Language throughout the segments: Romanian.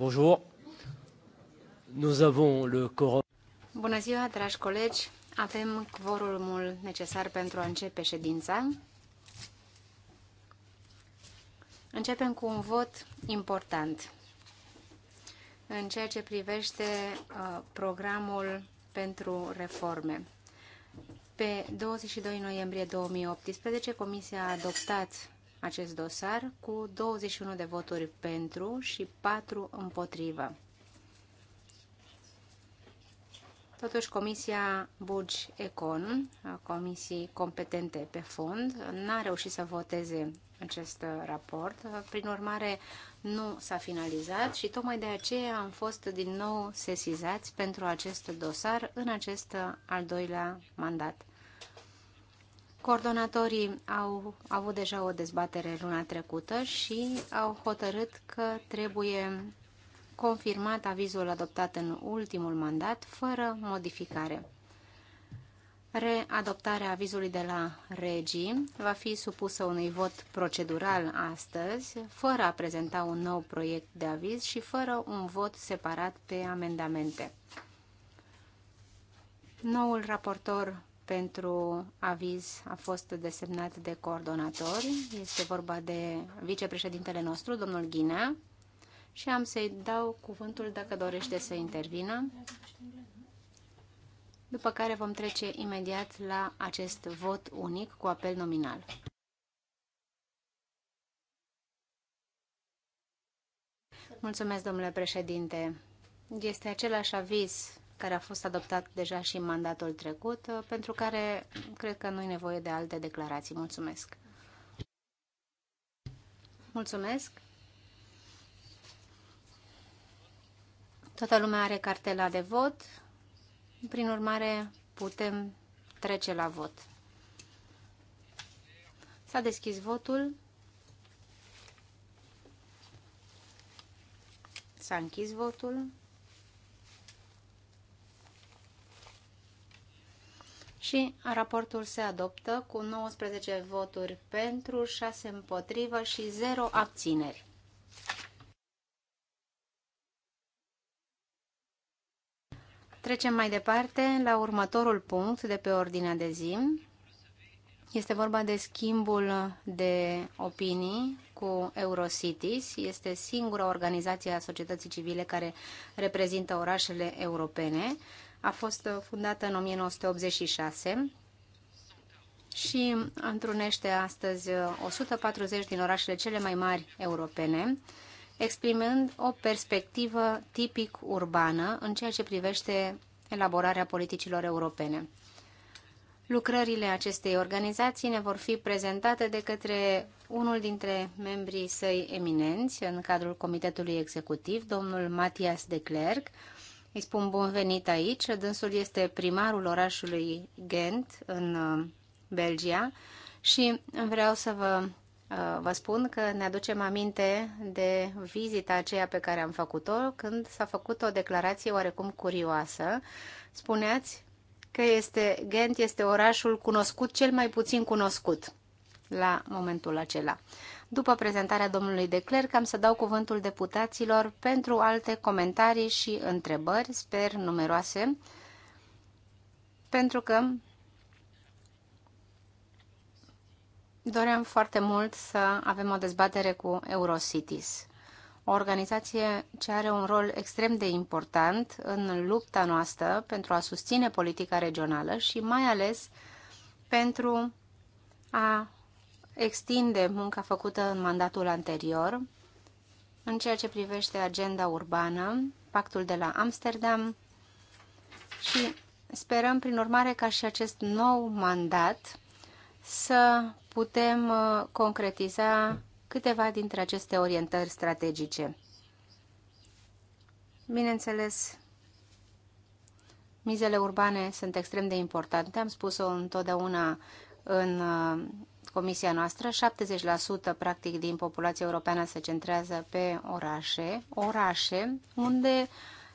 Bonjour. Nous avons le Bună ziua, dragi colegi. Avem quorumul necesar pentru a începe ședința. Începem cu un vot important în ceea ce privește uh, programul pentru reforme. Pe 22 noiembrie 2018, Comisia a adoptat acest dosar cu 21 de voturi pentru și 4 împotrivă. Totuși, Comisia Bugi Econ, comisii competente pe fond, n-a reușit să voteze acest uh, raport. Prin urmare, nu s-a finalizat și tocmai de aceea am fost din nou sesizați pentru acest dosar în acest uh, al doilea mandat. Coordonatorii au avut deja o dezbatere luna trecută și au hotărât că trebuie confirmat avizul adoptat în ultimul mandat fără modificare. Readoptarea avizului de la regii va fi supusă unui vot procedural astăzi, fără a prezenta un nou proiect de aviz și fără un vot separat pe amendamente. Noul raportor pentru aviz a fost desemnat de coordonatori. Este vorba de vicepreședintele nostru, domnul Ghinea, și am să-i dau cuvântul dacă dorește să intervină după care vom trece imediat la acest vot unic cu apel nominal. Mulțumesc, domnule președinte. Este același aviz care a fost adoptat deja și în mandatul trecut, pentru care cred că nu e nevoie de alte declarații. Mulțumesc. Mulțumesc. Toată lumea are cartela de vot. Prin urmare, putem trece la vot. S-a deschis votul. S-a închis votul. Și raportul se adoptă cu 19 voturi pentru, 6 împotrivă și 0 abțineri. Trecem mai departe la următorul punct de pe ordinea de zi. Este vorba de schimbul de opinii cu Eurocities. Este singura organizație a societății civile care reprezintă orașele europene. A fost fundată în 1986 și întrunește astăzi 140 din orașele cele mai mari europene exprimând o perspectivă tipic urbană în ceea ce privește elaborarea politicilor europene. Lucrările acestei organizații ne vor fi prezentate de către unul dintre membrii săi eminenți în cadrul Comitetului Executiv, domnul Matias de Clerc. Îi spun bun venit aici. Dânsul este primarul orașului Ghent, în uh, Belgia, și vreau să vă Uh, vă spun că ne aducem aminte de vizita aceea pe care am făcut-o când s-a făcut o declarație oarecum curioasă. Spuneați că este, Ghent este orașul cunoscut cel mai puțin cunoscut la momentul acela. După prezentarea domnului de Clerc, am să dau cuvântul deputaților pentru alte comentarii și întrebări, sper numeroase, pentru că Doream foarte mult să avem o dezbatere cu Eurocities, o organizație ce are un rol extrem de important în lupta noastră pentru a susține politica regională și mai ales pentru a extinde munca făcută în mandatul anterior în ceea ce privește agenda urbană, pactul de la Amsterdam și sperăm prin urmare ca și acest nou mandat să putem uh, concretiza câteva dintre aceste orientări strategice. Bineînțeles, mizele urbane sunt extrem de importante. Am spus-o întotdeauna în uh, comisia noastră, 70% practic din populația europeană se centrează pe orașe, orașe unde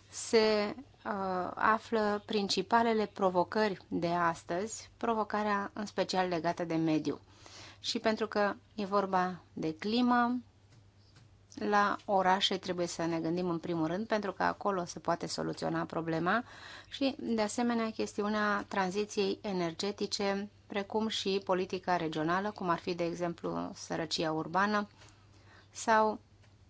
se Uh, află principalele provocări de astăzi, provocarea în special legată de mediu. Și pentru că e vorba de climă, la orașe trebuie să ne gândim în primul rând, pentru că acolo se poate soluționa problema și, de asemenea, chestiunea tranziției energetice, precum și politica regională, cum ar fi, de exemplu, sărăcia urbană sau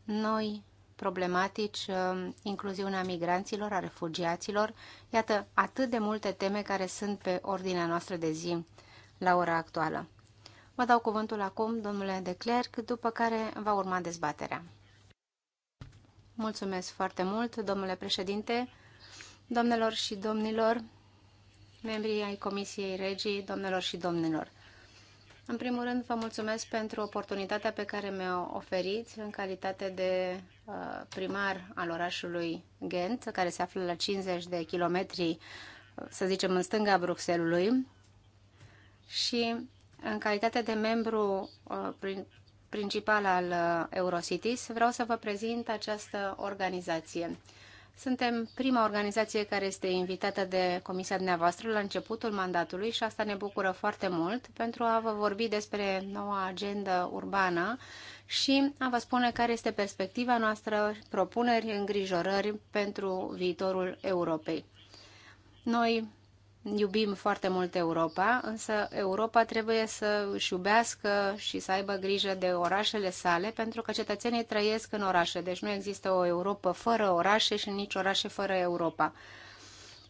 noi problematici, uh, incluziunea migranților, a refugiaților, iată atât de multe teme care sunt pe ordinea noastră de zi la ora actuală. Vă dau cuvântul acum, domnule de Clerc, după care va urma dezbaterea. Mulțumesc foarte mult, domnule președinte, domnilor și domnilor, membrii ai Comisiei Regii, domnilor și domnilor. În primul rând, vă mulțumesc pentru oportunitatea pe care mi-o oferiți în calitate de uh, primar al orașului Ghent, care se află la 50 de kilometri, uh, să zicem, în stânga Bruxelului și în calitate de membru uh, principal al Eurocities, vreau să vă prezint această organizație. Suntem prima organizație care este invitată de comisia dumneavoastră la începutul mandatului și asta ne bucură foarte mult pentru a vă vorbi despre noua agendă urbană și a vă spune care este perspectiva noastră, propuneri, îngrijorări pentru viitorul Europei. Noi iubim foarte mult Europa, însă Europa trebuie să își iubească și să aibă grijă de orașele sale, pentru că cetățenii trăiesc în orașe, deci nu există o Europa fără orașe și nici orașe fără Europa.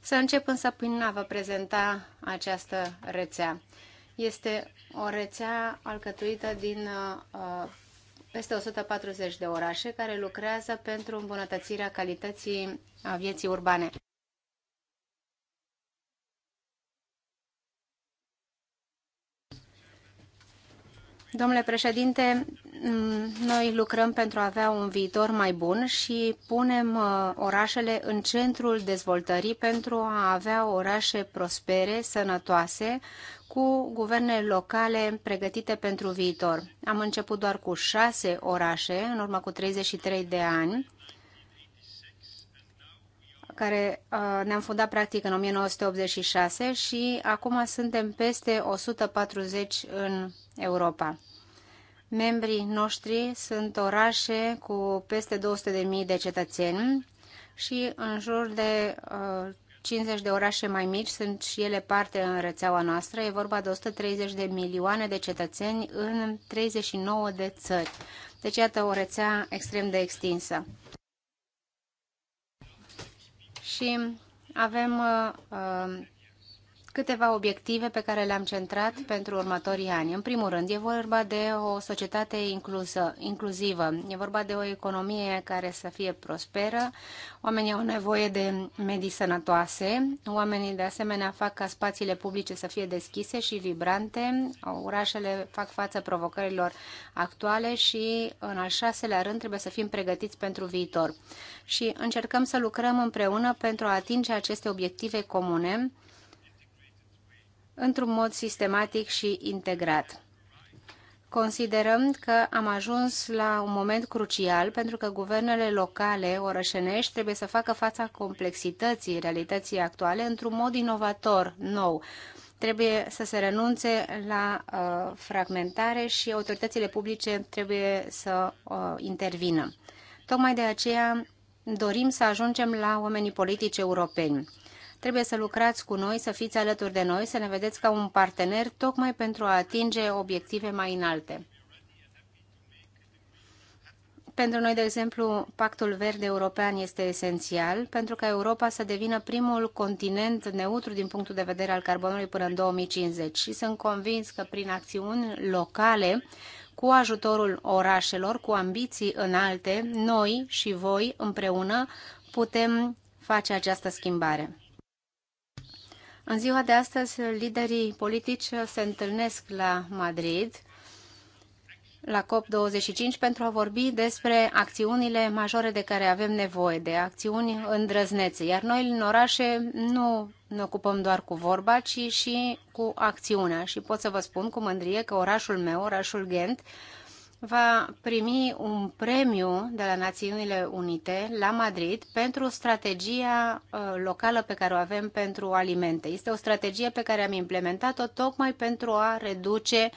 Să încep însă prin a vă prezenta această rețea. Este o rețea alcătuită din uh, peste 140 de orașe care lucrează pentru îmbunătățirea calității vieții urbane. Domnule președinte, mm, noi lucrăm pentru a avea un viitor mai bun și punem uh, orașele în centrul dezvoltării pentru a avea orașe prospere, sănătoase, cu guverne locale pregătite pentru viitor. Am început doar cu șase orașe, în urmă cu 33 de ani, care uh, ne-am fundat practic în 1986 și acum suntem peste 140 în Europa. Membrii noștri sunt orașe cu peste 200.000 de cetățeni și în jur de 50 uh, de orașe mai mici sunt și ele parte în rețeaua noastră. E vorba de 130 de milioane de cetățeni în 39 de țări. Deci, iată o rețea extrem de extinsă. Și avem uh, uh câteva obiective pe care le-am centrat pentru următorii ani. În primul rând, e vorba de o societate inclusă, inclusivă, e vorba de o economie care să fie prosperă, oamenii au nevoie de medii sănătoase, oamenii de asemenea fac ca spațiile publice să fie deschise și vibrante, orașele fac față provocărilor actuale și, în al șaselea rând, trebuie să fim pregătiți pentru viitor. Și încercăm să lucrăm împreună pentru a atinge aceste obiective comune, într-un mod sistematic și integrat. Considerăm că am ajuns la un moment crucial pentru că guvernele locale orășenești trebuie să facă fața complexității realității actuale într-un mod inovator, nou. Trebuie să se renunțe la uh, fragmentare și autoritățile publice trebuie să uh, intervină. Tocmai de aceea dorim să ajungem la oamenii politici europeni. Trebuie să lucrați cu noi, să fiți alături de noi, să ne vedeți ca un partener tocmai pentru a atinge obiective mai înalte. Pentru noi, de exemplu, Pactul Verde European este esențial pentru ca Europa să devină primul continent neutru din punctul de vedere al carbonului până în 2050 și sunt convins că prin acțiuni locale, cu ajutorul orașelor, cu ambiții înalte, noi și voi împreună putem face această schimbare. În ziua de astăzi, liderii politici se întâlnesc la Madrid, la COP25, pentru a vorbi despre acțiunile majore de care avem nevoie, de acțiuni îndrăznețe. Iar noi, în orașe, nu ne ocupăm doar cu vorba, ci și cu acțiunea. Și pot să vă spun cu mândrie că orașul meu, orașul Ghent, va primi un premiu de la Națiunile Unite la Madrid pentru strategia uh, locală pe care o avem pentru alimente. Este o strategie pe care am implementat-o tocmai pentru a reduce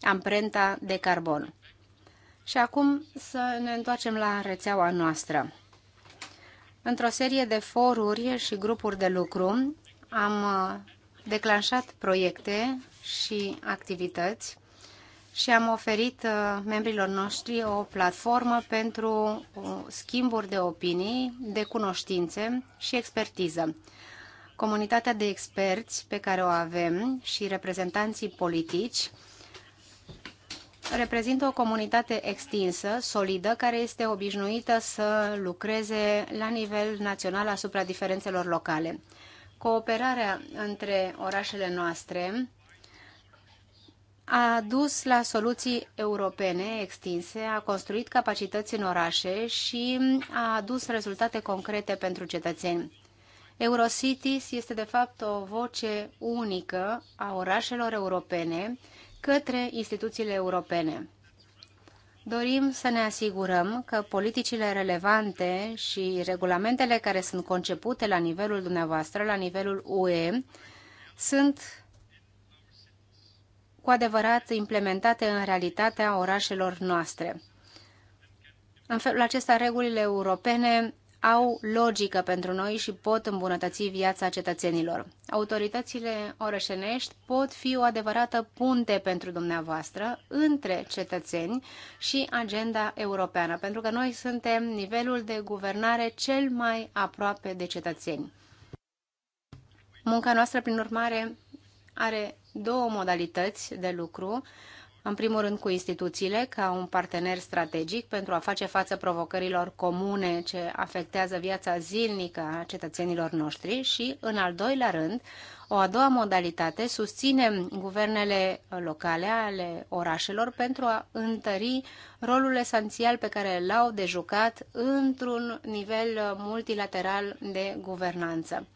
amprenta de carbon. Și acum să ne întoarcem la rețeaua noastră. Într-o serie de foruri și grupuri de lucru am uh, declanșat proiecte și activități și am oferit uh, membrilor noștri o platformă pentru uh, schimburi de opinii, de cunoștințe și expertiză. Comunitatea de experți pe care o avem și reprezentanții politici reprezintă o comunitate extinsă, solidă, care este obișnuită să lucreze la nivel național asupra diferențelor locale. Cooperarea între orașele noastre a dus la soluții europene extinse, a construit capacități în orașe și a adus rezultate concrete pentru cetățeni. Eurocities este de fapt o voce unică a orașelor europene către instituțiile europene. Dorim să ne asigurăm că politicile relevante și regulamentele care sunt concepute la nivelul dumneavoastră, la nivelul UE, sunt cu adevărat implementate în realitatea orașelor noastre. În felul acesta, regulile europene au logică pentru noi și pot îmbunătăți viața cetățenilor. Autoritățile orășenești pot fi o adevărată punte pentru dumneavoastră între cetățeni și agenda europeană, pentru că noi suntem nivelul de guvernare cel mai aproape de cetățeni. Munca noastră, prin urmare, are două modalități de lucru. În primul rând cu instituțiile, ca un partener strategic pentru a face față provocărilor comune ce afectează viața zilnică a cetățenilor noștri și, în al doilea rând, o a doua modalitate, susținem guvernele locale ale orașelor pentru a întări rolul esențial pe care l-au de jucat într-un nivel multilateral de guvernanță.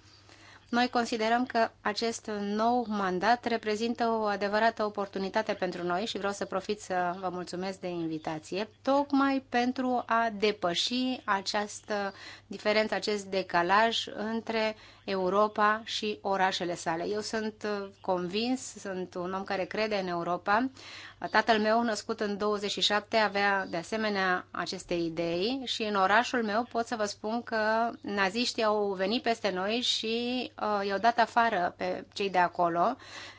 Noi considerăm că acest nou mandat reprezintă o adevărată oportunitate pentru noi și vreau să profit să vă mulțumesc de invitație, tocmai pentru a depăși această diferență, acest decalaj între uh, Europa și orașele sale. Eu sunt uh, convins, sunt un om care crede în Europa. Tatăl meu, născut în 27, avea de asemenea aceste idei și în orașul meu pot să vă spun că naziștii au venit peste noi și uh, i-au dat afară pe cei de acolo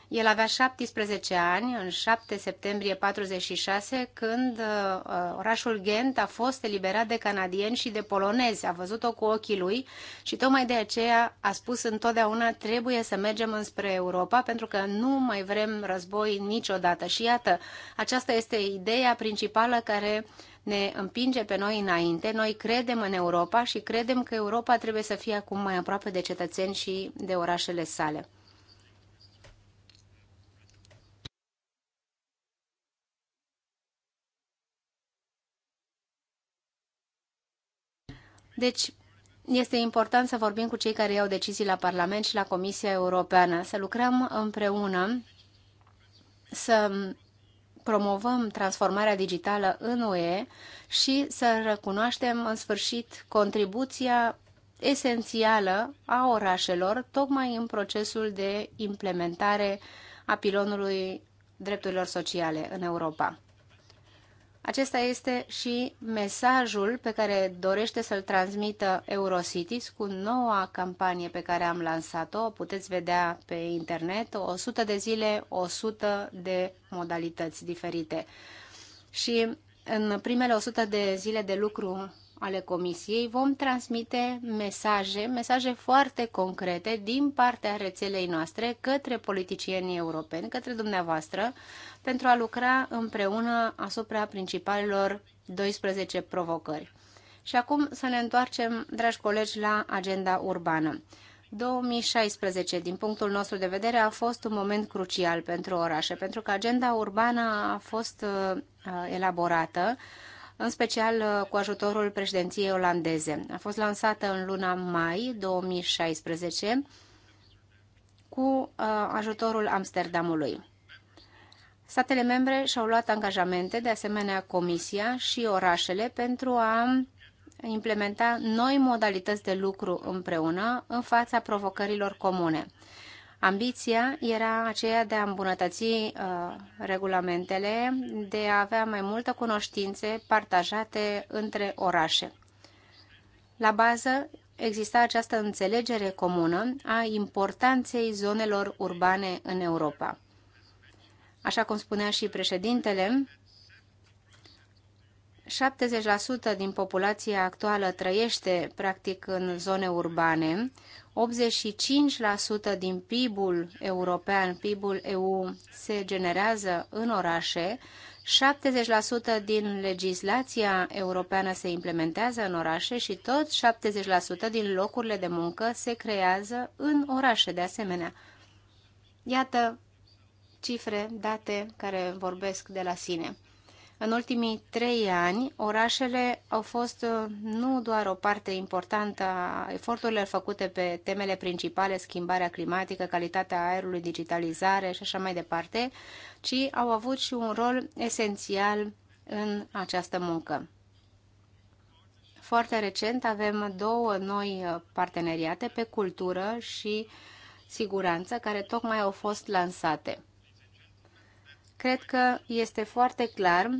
el avea 17 ani, în 7 septembrie 46, când uh, orașul Ghent a fost eliberat de canadieni și de polonezi. A văzut-o cu ochii lui și tocmai de aceea a spus întotdeauna trebuie să mergem înspre Europa pentru că nu mai vrem război niciodată. Și iată, aceasta este ideea principală care ne împinge pe noi înainte. Noi credem în Europa și credem că Europa trebuie să fie acum mai aproape de cetățeni și de orașele sale. Deci, este important să vorbim cu cei care iau decizii la Parlament și la Comisia Europeană, să lucrăm împreună, să promovăm transformarea digitală în UE și să recunoaștem în sfârșit contribuția esențială a orașelor, tocmai în procesul de implementare a pilonului drepturilor sociale în Europa. Acesta este și mesajul pe care dorește să-l transmită Eurocities cu noua campanie pe care am lansat-o. O Puteți vedea pe internet 100 de zile, 100 de modalități diferite. Și în primele 100 de zile de lucru ale Comisiei vom transmite mesaje, mesaje foarte concrete din partea rețelei noastre către politicienii europeni, către dumneavoastră, pentru a lucra împreună asupra principalelor 12 provocări. Și acum să ne întoarcem, dragi colegi, la agenda urbană. 2016, din punctul nostru de vedere, a fost un moment crucial pentru orașe, pentru că agenda urbană a fost uh, elaborată în special uh, cu ajutorul președinției olandeze. A fost lansată în luna mai 2016 cu uh, ajutorul Amsterdamului. Statele membre și-au luat angajamente, de asemenea Comisia și orașele, pentru a implementa noi modalități de lucru împreună în fața provocărilor comune. Ambiția era aceea de a îmbunătăți uh, regulamentele, de a avea mai multă cunoștințe partajate între orașe. La bază exista această înțelegere comună a importanței zonelor urbane în Europa. Așa cum spunea și președintele, 70% din populația actuală trăiește practic în zone urbane, 85% din PIB-ul european, PIB-ul EU, se generează în orașe, 70% din legislația europeană se implementează în orașe și tot 70% din locurile de muncă se creează în orașe de asemenea. Iată cifre, date care vorbesc de la sine. În ultimii trei ani, orașele au fost uh, nu doar o parte importantă a eforturilor făcute pe temele principale, schimbarea climatică, calitatea aerului, digitalizare și așa mai departe, ci au avut și un rol esențial în această muncă. Foarte recent avem două noi uh, parteneriate pe cultură și siguranță, care tocmai au fost lansate. Cred că este foarte clar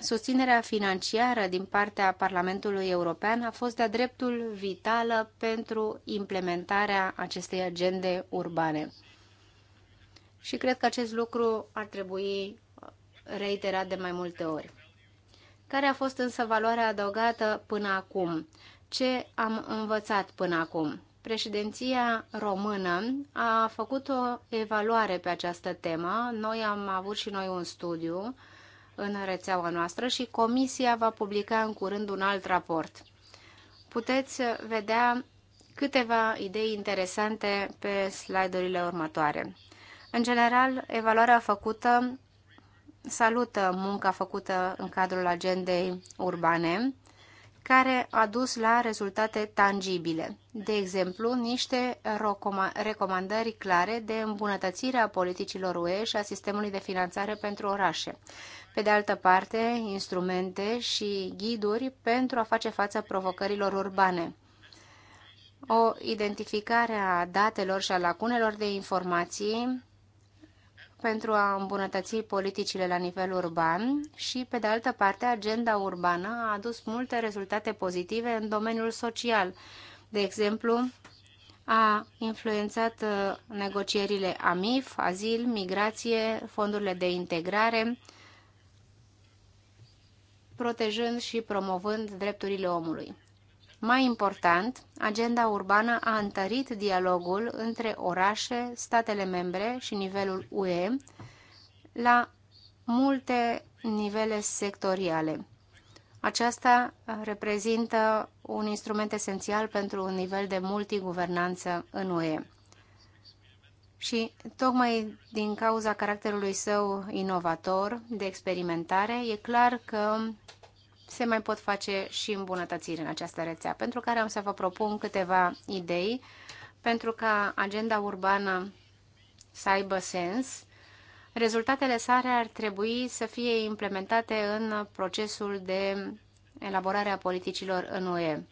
Susținerea financiară din partea Parlamentului European a fost de-a dreptul vitală pentru implementarea acestei agende urbane. Și cred că acest lucru ar trebui reiterat de mai multe ori. Care a fost însă valoarea adăugată până acum? Ce am învățat până acum? Președinția română a făcut o evaluare pe această temă. Noi am avut și noi un studiu în rețeaua noastră și Comisia va publica în curând un alt raport. Puteți vedea câteva idei interesante pe slide-urile următoare. În general, evaluarea făcută salută munca făcută în cadrul agendei urbane care a dus la rezultate tangibile. De exemplu, niște recomandări clare de îmbunătățire a politicilor UE și a sistemului de finanțare pentru orașe. Pe de altă parte, instrumente și ghiduri pentru a face față provocărilor urbane. O identificare a datelor și a lacunelor de informații pentru a îmbunătăți politicile la nivel urban și, pe de altă parte, agenda urbană a adus multe rezultate pozitive în domeniul social. De exemplu, a influențat uh, negocierile AMIF, azil, migrație, fondurile de integrare, protejând și promovând drepturile omului. Mai important, agenda urbană a întărit dialogul între orașe, statele membre și nivelul UE la multe nivele sectoriale. Aceasta uh, reprezintă un instrument esențial pentru un nivel de multiguvernanță în UE. Și tocmai din cauza caracterului său inovator, de experimentare, e clar că se mai pot face și îmbunătățiri în această rețea, pentru care am să vă propun câteva idei pentru ca agenda urbană să aibă sens. Rezultatele sale ar trebui să fie implementate în procesul de elaborare a politicilor în UE.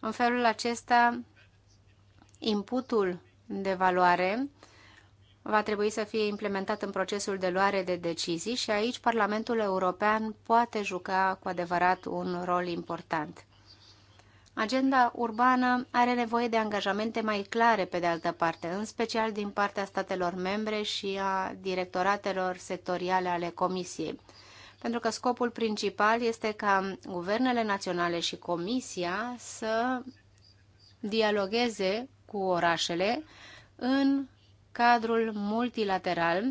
În felul acesta, inputul de valoare uh, va trebui să fie implementat în procesul de luare de decizii și aici Parlamentul European poate juca cu adevărat un rol important. Agenda urbană are nevoie de angajamente mai clare pe de altă parte, în special din partea statelor membre și a directoratelor sectoriale ale Comisiei. Pentru că scopul principal este ca guvernele naționale și Comisia să dialogueze cu orașele în cadrul multilateral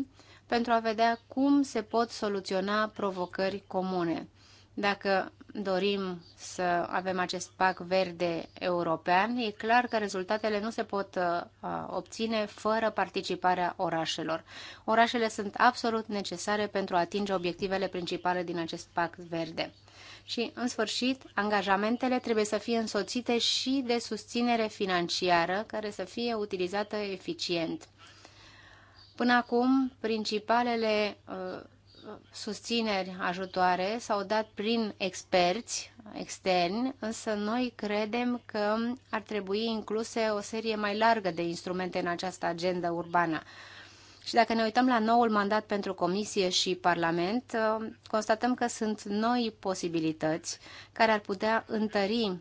pentru a vedea cum se pot soluționa provocări comune. Dacă dorim să avem acest pac verde european, e clar că rezultatele nu se pot uh, obține fără participarea orașelor. Orașele sunt absolut necesare pentru a atinge obiectivele principale din acest pact verde. Și, în sfârșit, angajamentele trebuie să fie însoțite și de susținere financiară care să fie utilizată eficient. Până acum, principalele uh, susțineri ajutoare s-au dat prin experți externi, însă noi credem că ar trebui incluse o serie mai largă de instrumente în această agendă urbană. Și dacă ne uităm la noul mandat pentru Comisie și Parlament, uh, constatăm că sunt noi posibilități care ar putea întări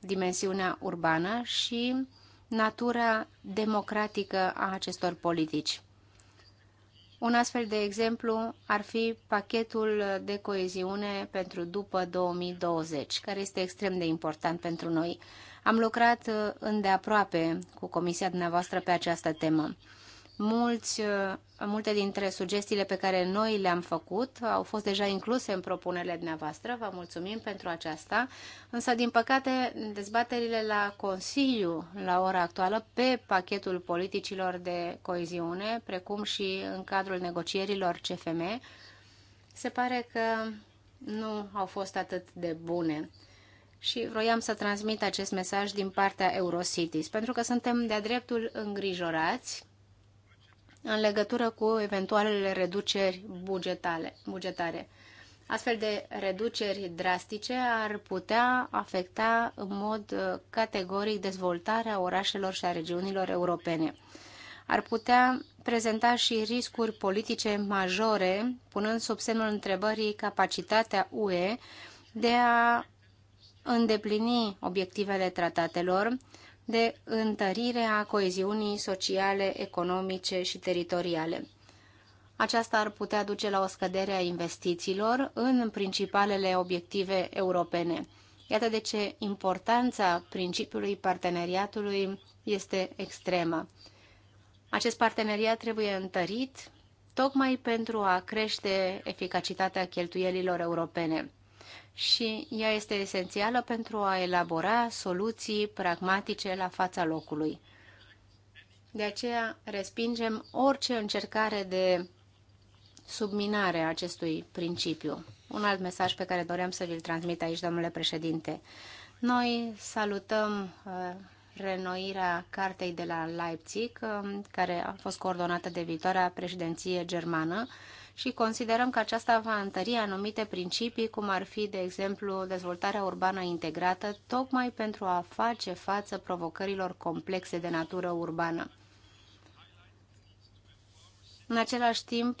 dimensiunea urbană și natura democratică a acestor politici. Un astfel de exemplu ar fi pachetul de coeziune pentru după 2020, care este extrem de important pentru noi. Am lucrat uh, îndeaproape cu comisia dumneavoastră pe această temă. Mulți, uh, multe dintre sugestiile pe care noi le-am făcut au fost deja incluse în propunerile dumneavoastră. Vă mulțumim pentru aceasta. Însă, din păcate, dezbaterile la Consiliu la ora actuală pe pachetul politicilor de coeziune, precum și în cadrul negocierilor CFM, se pare că nu au fost atât de bune și vroiam să transmit acest mesaj din partea Eurocities, pentru că suntem de-a dreptul îngrijorați în legătură cu eventualele reduceri bugetale, bugetare. Astfel de reduceri drastice ar putea afecta în mod uh, categoric dezvoltarea orașelor și a regiunilor europene. Ar putea prezenta și riscuri politice majore, punând sub semnul întrebării capacitatea UE de a îndeplini obiectivele tratatelor, de întărire a coeziunii sociale, economice și teritoriale. Aceasta ar putea duce la o scădere a investițiilor în principalele obiective europene. Iată de ce importanța principiului parteneriatului este extremă. Acest parteneriat trebuie întărit tocmai pentru a crește eficacitatea cheltuielilor europene și ea este esențială pentru a elabora soluții pragmatice la fața locului. De aceea respingem orice încercare de subminare a acestui principiu. Un alt mesaj pe care doream să vi-l transmit aici, domnule președinte. Noi salutăm uh, renoirea cartei de la Leipzig, um, care a fost coordonată de viitoarea președinție germană, și considerăm că aceasta va întări anumite principii, cum ar fi, de exemplu, dezvoltarea urbană integrată, tocmai pentru a face față provocărilor complexe de natură urbană. În același timp,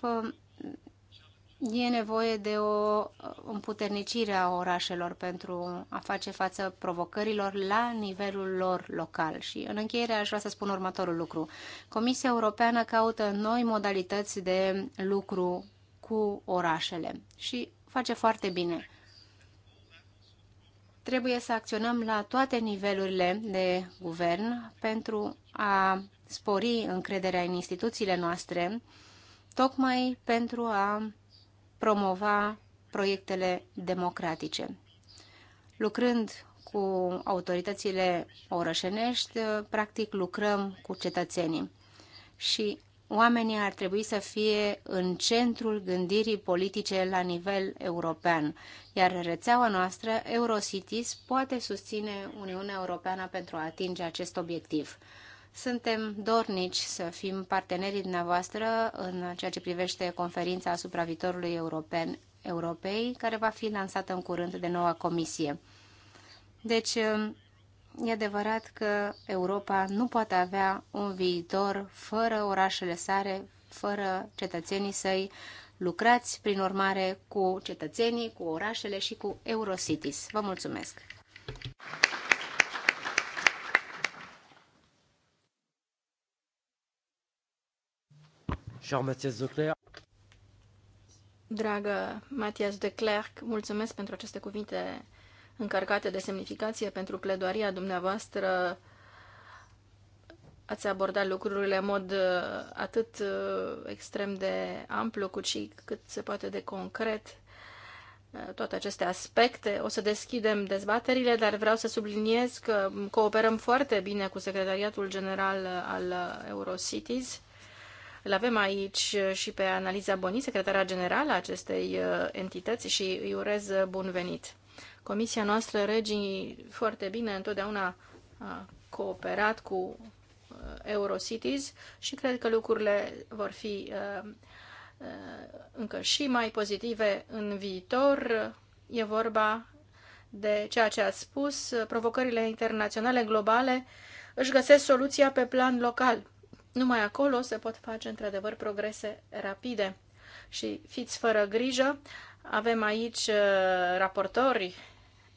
E nevoie de o împuternicire a orașelor pentru a face față provocărilor la nivelul lor local. Și în încheiere aș vrea să spun următorul lucru. Comisia Europeană caută noi modalități de lucru cu orașele și face foarte bine. Trebuie să acționăm la toate nivelurile de guvern pentru a spori încrederea în instituțiile noastre, tocmai pentru a promova proiectele democratice. Lucrând cu autoritățile orășenești, practic lucrăm cu cetățenii. Și oamenii ar trebui să fie în centrul gândirii politice la nivel european, iar rețeaua noastră, Eurocities, poate susține Uniunea Europeană pentru a atinge acest obiectiv. Suntem dornici să fim partenerii dumneavoastră în ceea ce privește conferința asupra viitorului european, Europei, care va fi lansată în curând de noua comisie. Deci, e adevărat că Europa nu poate avea un viitor fără orașele sale, fără cetățenii săi. Lucrați, prin urmare, cu cetățenii, cu orașele și cu Eurocities. Vă mulțumesc! Cher Mathias Clerc. Dragă Mathias de Clerc, mulțumesc pentru aceste cuvinte încărcate de semnificație, pentru pledoaria dumneavoastră. Ați abordat lucrurile în mod uh, atât uh, extrem de amplu, cât și cât se poate de concret uh, toate aceste aspecte. O să deschidem dezbaterile, dar vreau să subliniez că cooperăm foarte bine cu Secretariatul General al Eurocities îl avem aici uh, și pe Analiza Boni, secretara generală a acestei uh, entități și îi urez uh, bun venit. Comisia noastră, regii, foarte bine, întotdeauna a cooperat cu Eurocities și cred că lucrurile vor fi încă și mai pozitive în viitor. E vorba de ceea ce a spus, provocările internaționale globale își găsesc soluția pe plan local. Numai acolo se pot face într-adevăr progrese rapide. Și fiți fără grijă, avem aici uh, raportori,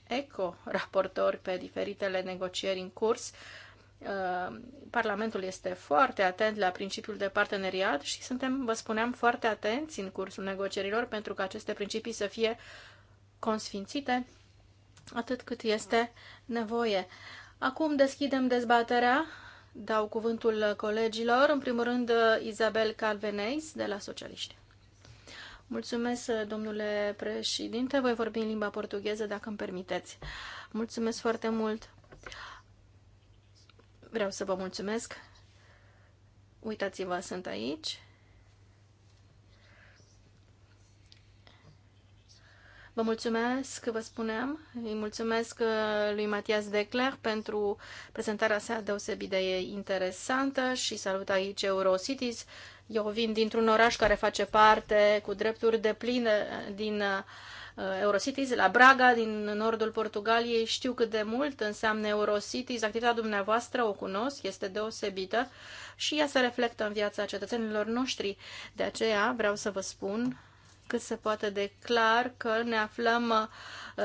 eco-raportori pe diferitele negocieri în curs. Uh, Parlamentul este foarte atent la principiul de parteneriat și suntem, vă spuneam, foarte atenți în cursul negocierilor pentru că aceste principii să fie consfințite atât cât este nevoie. Acum deschidem dezbaterea dau cuvântul colegilor. În primul rând, Izabel Calveneis, de la Socialiști. Mulțumesc, domnule președinte. Voi vorbi în limba portugheză, dacă îmi permiteți. Mulțumesc foarte mult. Vreau să vă mulțumesc. Uitați-vă, sunt aici. Vă mulțumesc, vă spuneam, îi mulțumesc uh, lui Matias Decler pentru prezentarea sa deosebit de interesantă și salut aici Eurocities. Eu vin dintr-un oraș care face parte cu drepturi de plină din uh, Eurocities, la Braga, din nordul Portugaliei. Știu cât de mult înseamnă Eurocities. Activitatea dumneavoastră o cunosc, este deosebită și ea se reflectă în viața cetățenilor noștri. De aceea vreau să vă spun cât se poate de clar că ne aflăm uh,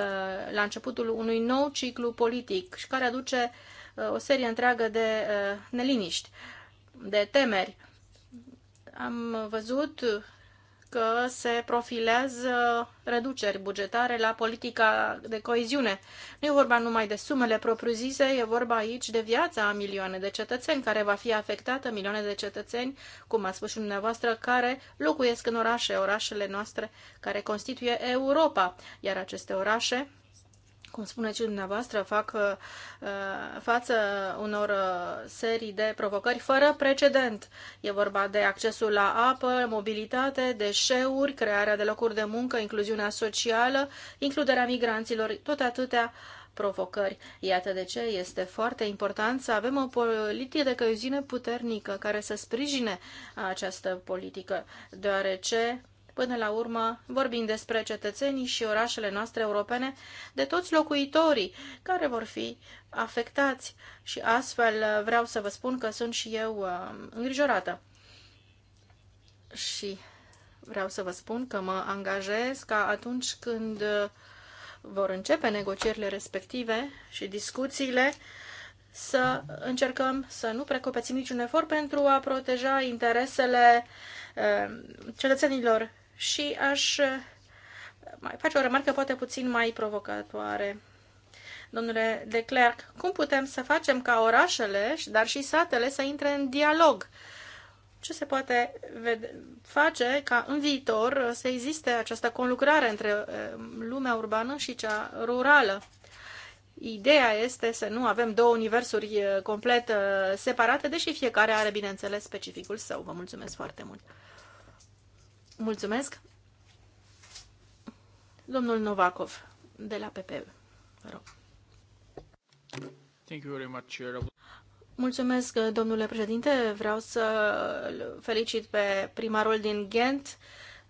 la începutul unui nou ciclu politic și care aduce uh, o serie întreagă de uh, neliniști, de temeri. Am văzut că se profilează reduceri bugetare la politica de coeziune. Nu e vorba numai de sumele propriu-zise, e vorba aici de viața a milioane de cetățeni care va fi afectată, milioane de cetățeni, cum a spus și dumneavoastră, care locuiesc în orașe, orașele noastre care constituie Europa, iar aceste orașe cum spuneți și dumneavoastră, fac uh, față unor uh, serii de provocări fără precedent. E vorba de accesul la apă, mobilitate, deșeuri, crearea de locuri de muncă, incluziunea socială, includerea migranților, tot atâtea provocări. Iată de ce este foarte important să avem o politică de căiuzine puternică care să sprijine această politică, deoarece Până la urmă, vorbim despre cetățenii și orașele noastre europene, de toți locuitorii care vor fi afectați și astfel uh, vreau să vă spun că sunt și eu uh, îngrijorată. Și vreau să vă spun că mă angajez ca atunci când uh, vor începe negocierile respective și discuțiile, să încercăm să nu precopeți niciun efort pentru a proteja interesele cetățenilor și aș eh, mai face o remarcă poate puțin mai provocatoare. Domnule de Clerc, cum putem să facem ca orașele, dar și satele să intre în dialog? Ce se poate face ca în viitor eh, să existe această conlucrare între eh, lumea urbană și cea rurală? Ideea este să nu avem două universuri complet separate, deși fiecare are, bineînțeles, specificul său. Vă mulțumesc foarte mult! Mulțumesc. Domnul Novakov, de la PP. Vă rog. Thank you very much, Mulțumesc, domnule președinte. Vreau să felicit pe primarul din Ghent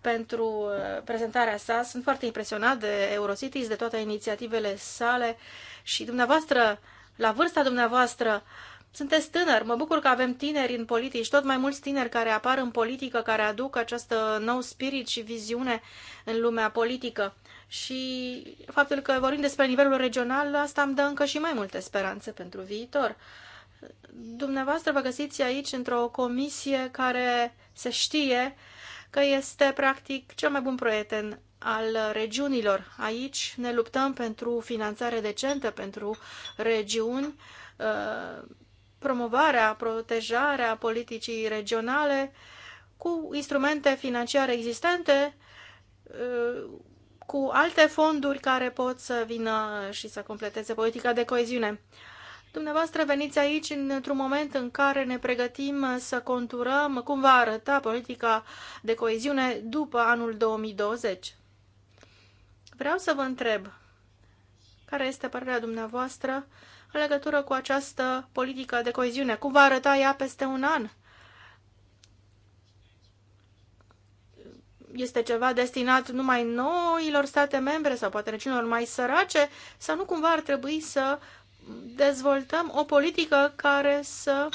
pentru uh, prezentarea sa. Sunt foarte impresionat de Eurocities, de toate inițiativele sale și dumneavoastră, la vârsta dumneavoastră, uh, sunteți tânăr, mă bucur că avem tineri în politici, tot mai mulți tineri care apar în politică, care aduc această nou spirit și viziune în lumea politică. Și faptul că vorbim despre nivelul regional, asta îmi dă încă și mai multe speranțe pentru viitor. Dumneavoastră vă găsiți aici într-o comisie care se știe că este practic cel mai bun prieten al regiunilor. Aici ne luptăm pentru finanțare decentă pentru regiuni uh, promovarea, protejarea politicii regionale cu instrumente financiare existente, cu alte fonduri care pot să vină și să completeze politica de coeziune. Dumneavoastră veniți aici într-un moment în care ne pregătim să conturăm cum va arăta politica de coeziune după anul 2020. Vreau să vă întreb care este părerea dumneavoastră în legătură cu această politică de coeziune? Cum va arăta ea peste un an? Este ceva destinat numai noilor state membre sau poate regiunilor mai sărace? Sau nu cumva ar trebui să dezvoltăm o politică care să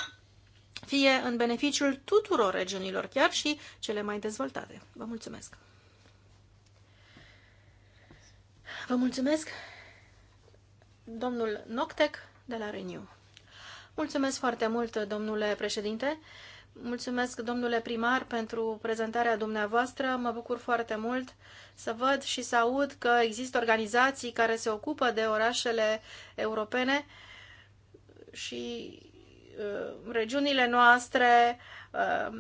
fie în beneficiul tuturor regiunilor, chiar și cele mai dezvoltate. Vă mulțumesc! Vă mulțumesc! domnul Noctec de la Renew. Mulțumesc foarte mult, domnule președinte. Mulțumesc, domnule primar, pentru prezentarea dumneavoastră. Mă bucur foarte mult să văd și să aud că există organizații care se ocupă de orașele europene și uh, regiunile noastre, uh,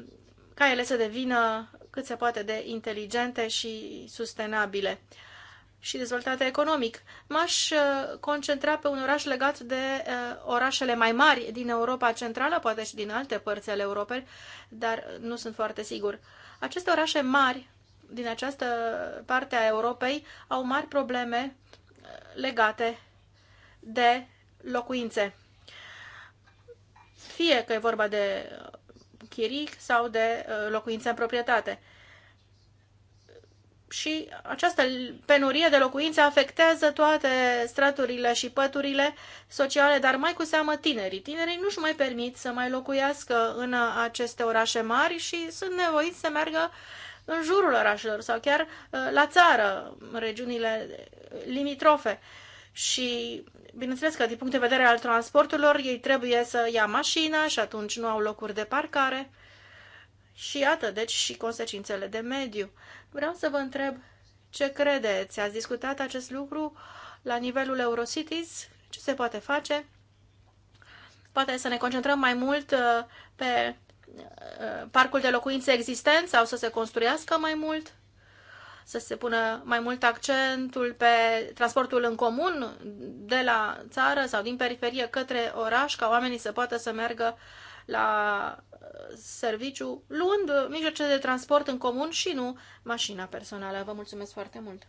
ca ele să devină cât se poate de inteligente și sustenabile și dezvoltate economic. M-aș uh, concentra pe un oraș legat de uh, orașele mai mari din Europa Centrală, poate și din alte părți ale Europei, dar nu sunt foarte sigur. Aceste orașe mari din această parte a Europei au mari probleme uh, legate de locuințe. Fie că e vorba de chirii sau de locuințe în proprietate și această penurie de locuințe afectează toate straturile și păturile sociale, dar mai cu seamă tinerii. Tinerii nu-și mai permit să mai locuiască în aceste orașe mari și sunt nevoiți să meargă în jurul orașelor sau chiar uh, la țară, în regiunile limitrofe. Și, bineînțeles că, din punct de vedere al transporturilor, ei trebuie să ia mașina și atunci nu au locuri de parcare. Și iată, deci, și consecințele de mediu. Vreau să vă întreb ce credeți. Ați discutat acest lucru la nivelul Eurocities? Ce se poate face? Poate să ne concentrăm mai mult uh, pe uh, parcul de locuințe existent sau să se construiască mai mult? Să se pună mai mult accentul pe transportul în comun de la țară sau din periferie către oraș, ca oamenii să poată să meargă uh, la uh, serviciu, luând mijloace de transport în comun și nu mașina personală. Vă mulțumesc foarte mult!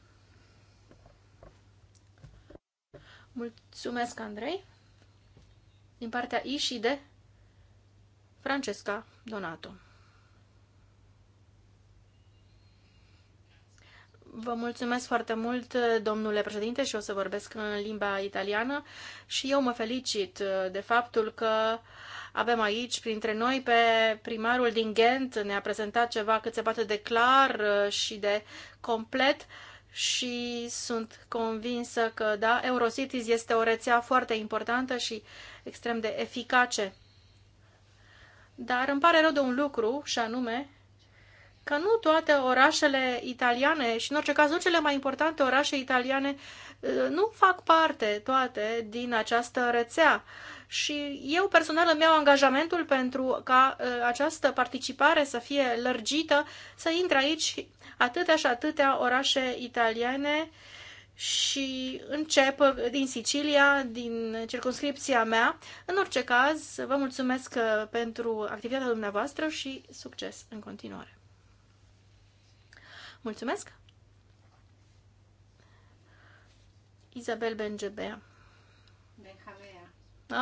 Mulțumesc, Andrei! Din partea I și de Francesca Donato. Vă mulțumesc foarte mult, domnule președinte, și o să vorbesc în limba italiană. Și eu mă felicit uh, de faptul că avem aici printre noi pe primarul din Ghent, ne-a prezentat ceva cât se poate de clar uh, și de complet și sunt convinsă că, da, Eurocities este o rețea foarte importantă și extrem de eficace. Dar îmi pare rău de un lucru, și anume că nu toate orașele italiane și în orice caz nu cele mai importante orașe italiane uh, nu fac parte toate din această rețea. Și eu personal îmi iau angajamentul pentru ca uh, această participare să fie lărgită, să intre aici atâtea și atâtea orașe italiene și încep uh, din Sicilia, din circunscripția mea. În orice caz, vă mulțumesc pentru activitatea dumneavoastră și succes în continuare! Mulțumesc! Isabel Benjebea. Benjamea.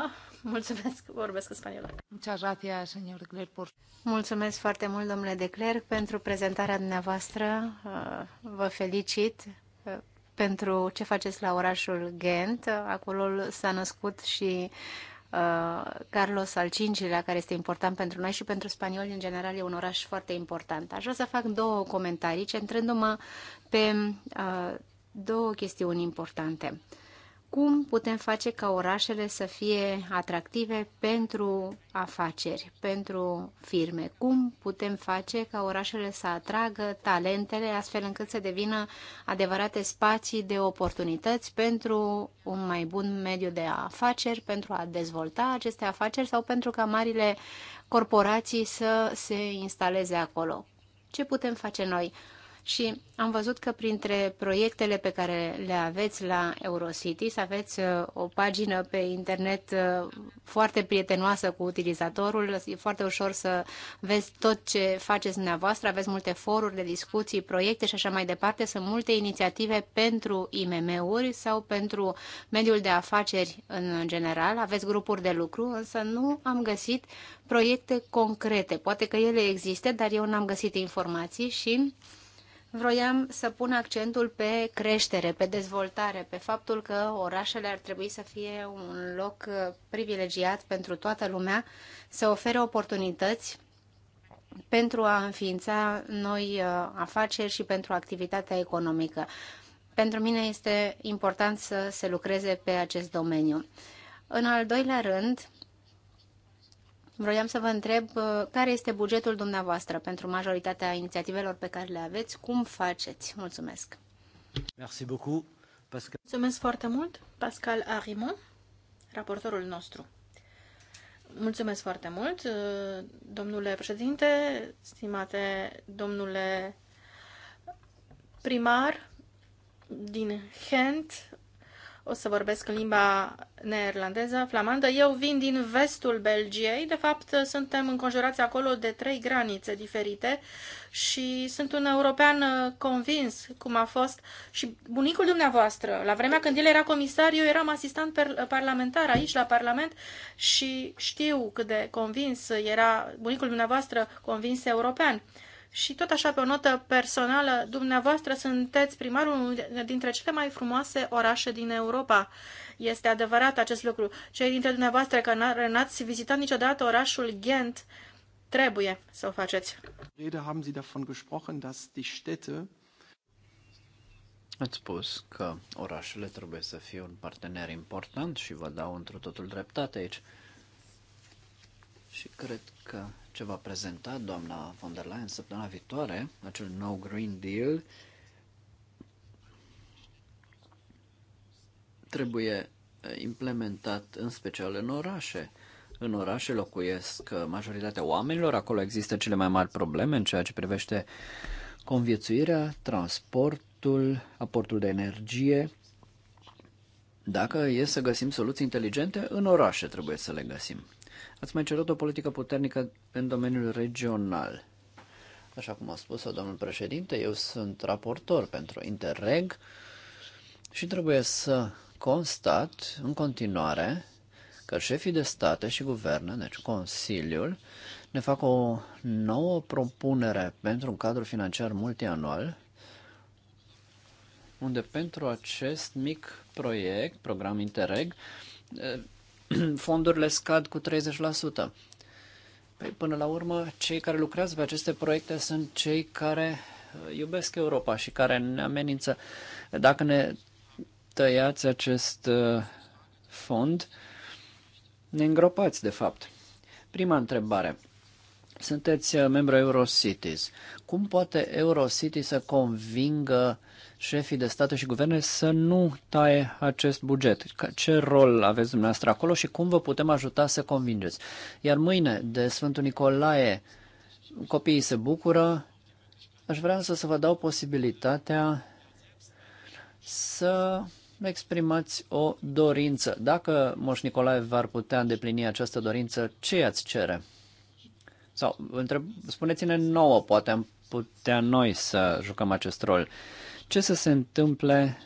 Ah, mulțumesc, vorbesc în spaniolă. Muchas gracias, señor Clerc. Por... Mulțumesc foarte mult, domnule De Clerc pentru prezentarea dumneavoastră. Uh, vă felicit uh, pentru ce faceți la orașul Ghent. Acolo s-a născut și uh, Uh, Carlos al V-lea, care este important pentru noi și pentru spanioli în general, e un oraș foarte important. Aș vrea să fac două comentarii, centrându-mă pe uh, două chestiuni importante. Uh, cum putem face ca orașele să fie atractive pentru afaceri, pentru firme? Cum putem face ca orașele să atragă talentele astfel încât să devină adevărate spații de oportunități pentru un mai bun mediu de afaceri, pentru a dezvolta aceste afaceri sau pentru ca marile corporații să se instaleze acolo? Ce putem face noi? și am văzut că printre proiectele pe care le aveți la Eurocities aveți uh, o pagină pe internet uh, foarte prietenoasă cu utilizatorul, e foarte ușor să vezi tot ce faceți dumneavoastră, aveți multe foruri de discuții, proiecte și așa mai departe, sunt multe inițiative pentru IMM-uri sau pentru mediul de afaceri în general, aveți grupuri de lucru, însă nu am găsit proiecte concrete. Poate că ele există, dar eu n-am găsit informații și vroiam să pun accentul pe creștere, pe dezvoltare, pe faptul că orașele ar trebui să fie un loc uh, privilegiat pentru toată lumea, să ofere oportunități pentru a înființa noi uh, afaceri și pentru activitatea economică. Pentru mine este important să se lucreze pe acest domeniu. În al doilea rând, Vroiam să vă întreb uh, care este bugetul dumneavoastră pentru majoritatea inițiativelor pe care le aveți, cum faceți? Mulțumesc! Merci beaucoup, Pascal. Mulțumesc foarte mult, Pascal Arimon, raportorul nostru. Mulțumesc foarte mult, uh, domnule președinte, stimate domnule primar din Hent, o să vorbesc în limba neerlandeză, flamandă. Eu vin din vestul Belgiei. De fapt, suntem înconjurați acolo de trei granițe diferite și sunt un european uh, convins cum a fost și bunicul dumneavoastră. La vremea când el era comisar, eu eram asistant uh, parlamentar aici la Parlament și știu cât de convins era bunicul dumneavoastră convins european. Și tot așa, pe o notă personală, dumneavoastră sunteți primarul dintre cele mai frumoase orașe din Europa. Este adevărat acest lucru. Cei dintre dumneavoastră care n-ați vizitat niciodată orașul Ghent, trebuie să o faceți. Rede haben Sie davon gesprochen, dass die Städte Ați spus că orașele trebuie să fie un partener important și vă dau într totul dreptate aici. Și cred că ce va prezenta doamna von der Leyen săptămâna viitoare, acel nou Green Deal, trebuie implementat în special în orașe. În orașe locuiesc majoritatea oamenilor, acolo există cele mai mari probleme în ceea ce privește conviețuirea, transportul, aportul de energie. Dacă e să găsim soluții inteligente, în orașe trebuie să le găsim. Ați mai cerut o politică puternică în domeniul regional. Așa cum a spus-o domnul președinte, eu sunt raportor pentru Interreg și trebuie să constat în continuare că șefii de state și guvernă, deci Consiliul, ne fac o nouă propunere pentru un cadru financiar multianual, unde pentru acest mic proiect, program Interreg, fondurile scad cu 30%. Păi, până la urmă, cei care lucrează pe aceste proiecte sunt cei care uh, iubesc Europa și care ne amenință. Dacă ne tăiați acest uh, fond, ne îngropați, de fapt. Prima întrebare. Sunteți uh, membru Eurocities. Cum poate Eurocities să convingă șefii de state și guverne să nu taie acest buget. Ce rol aveți dumneavoastră acolo și cum vă putem ajuta să convingeți? Iar mâine, de Sfântul Nicolae, copiii se bucură. Aș vrea însă să vă dau posibilitatea să exprimați o dorință. Dacă Moș Nicolae v-ar putea îndeplini această dorință, ce i-ați cere? Sau întreb, spuneți-ne nouă, poate am putea noi să jucăm acest rol ce să se întâmple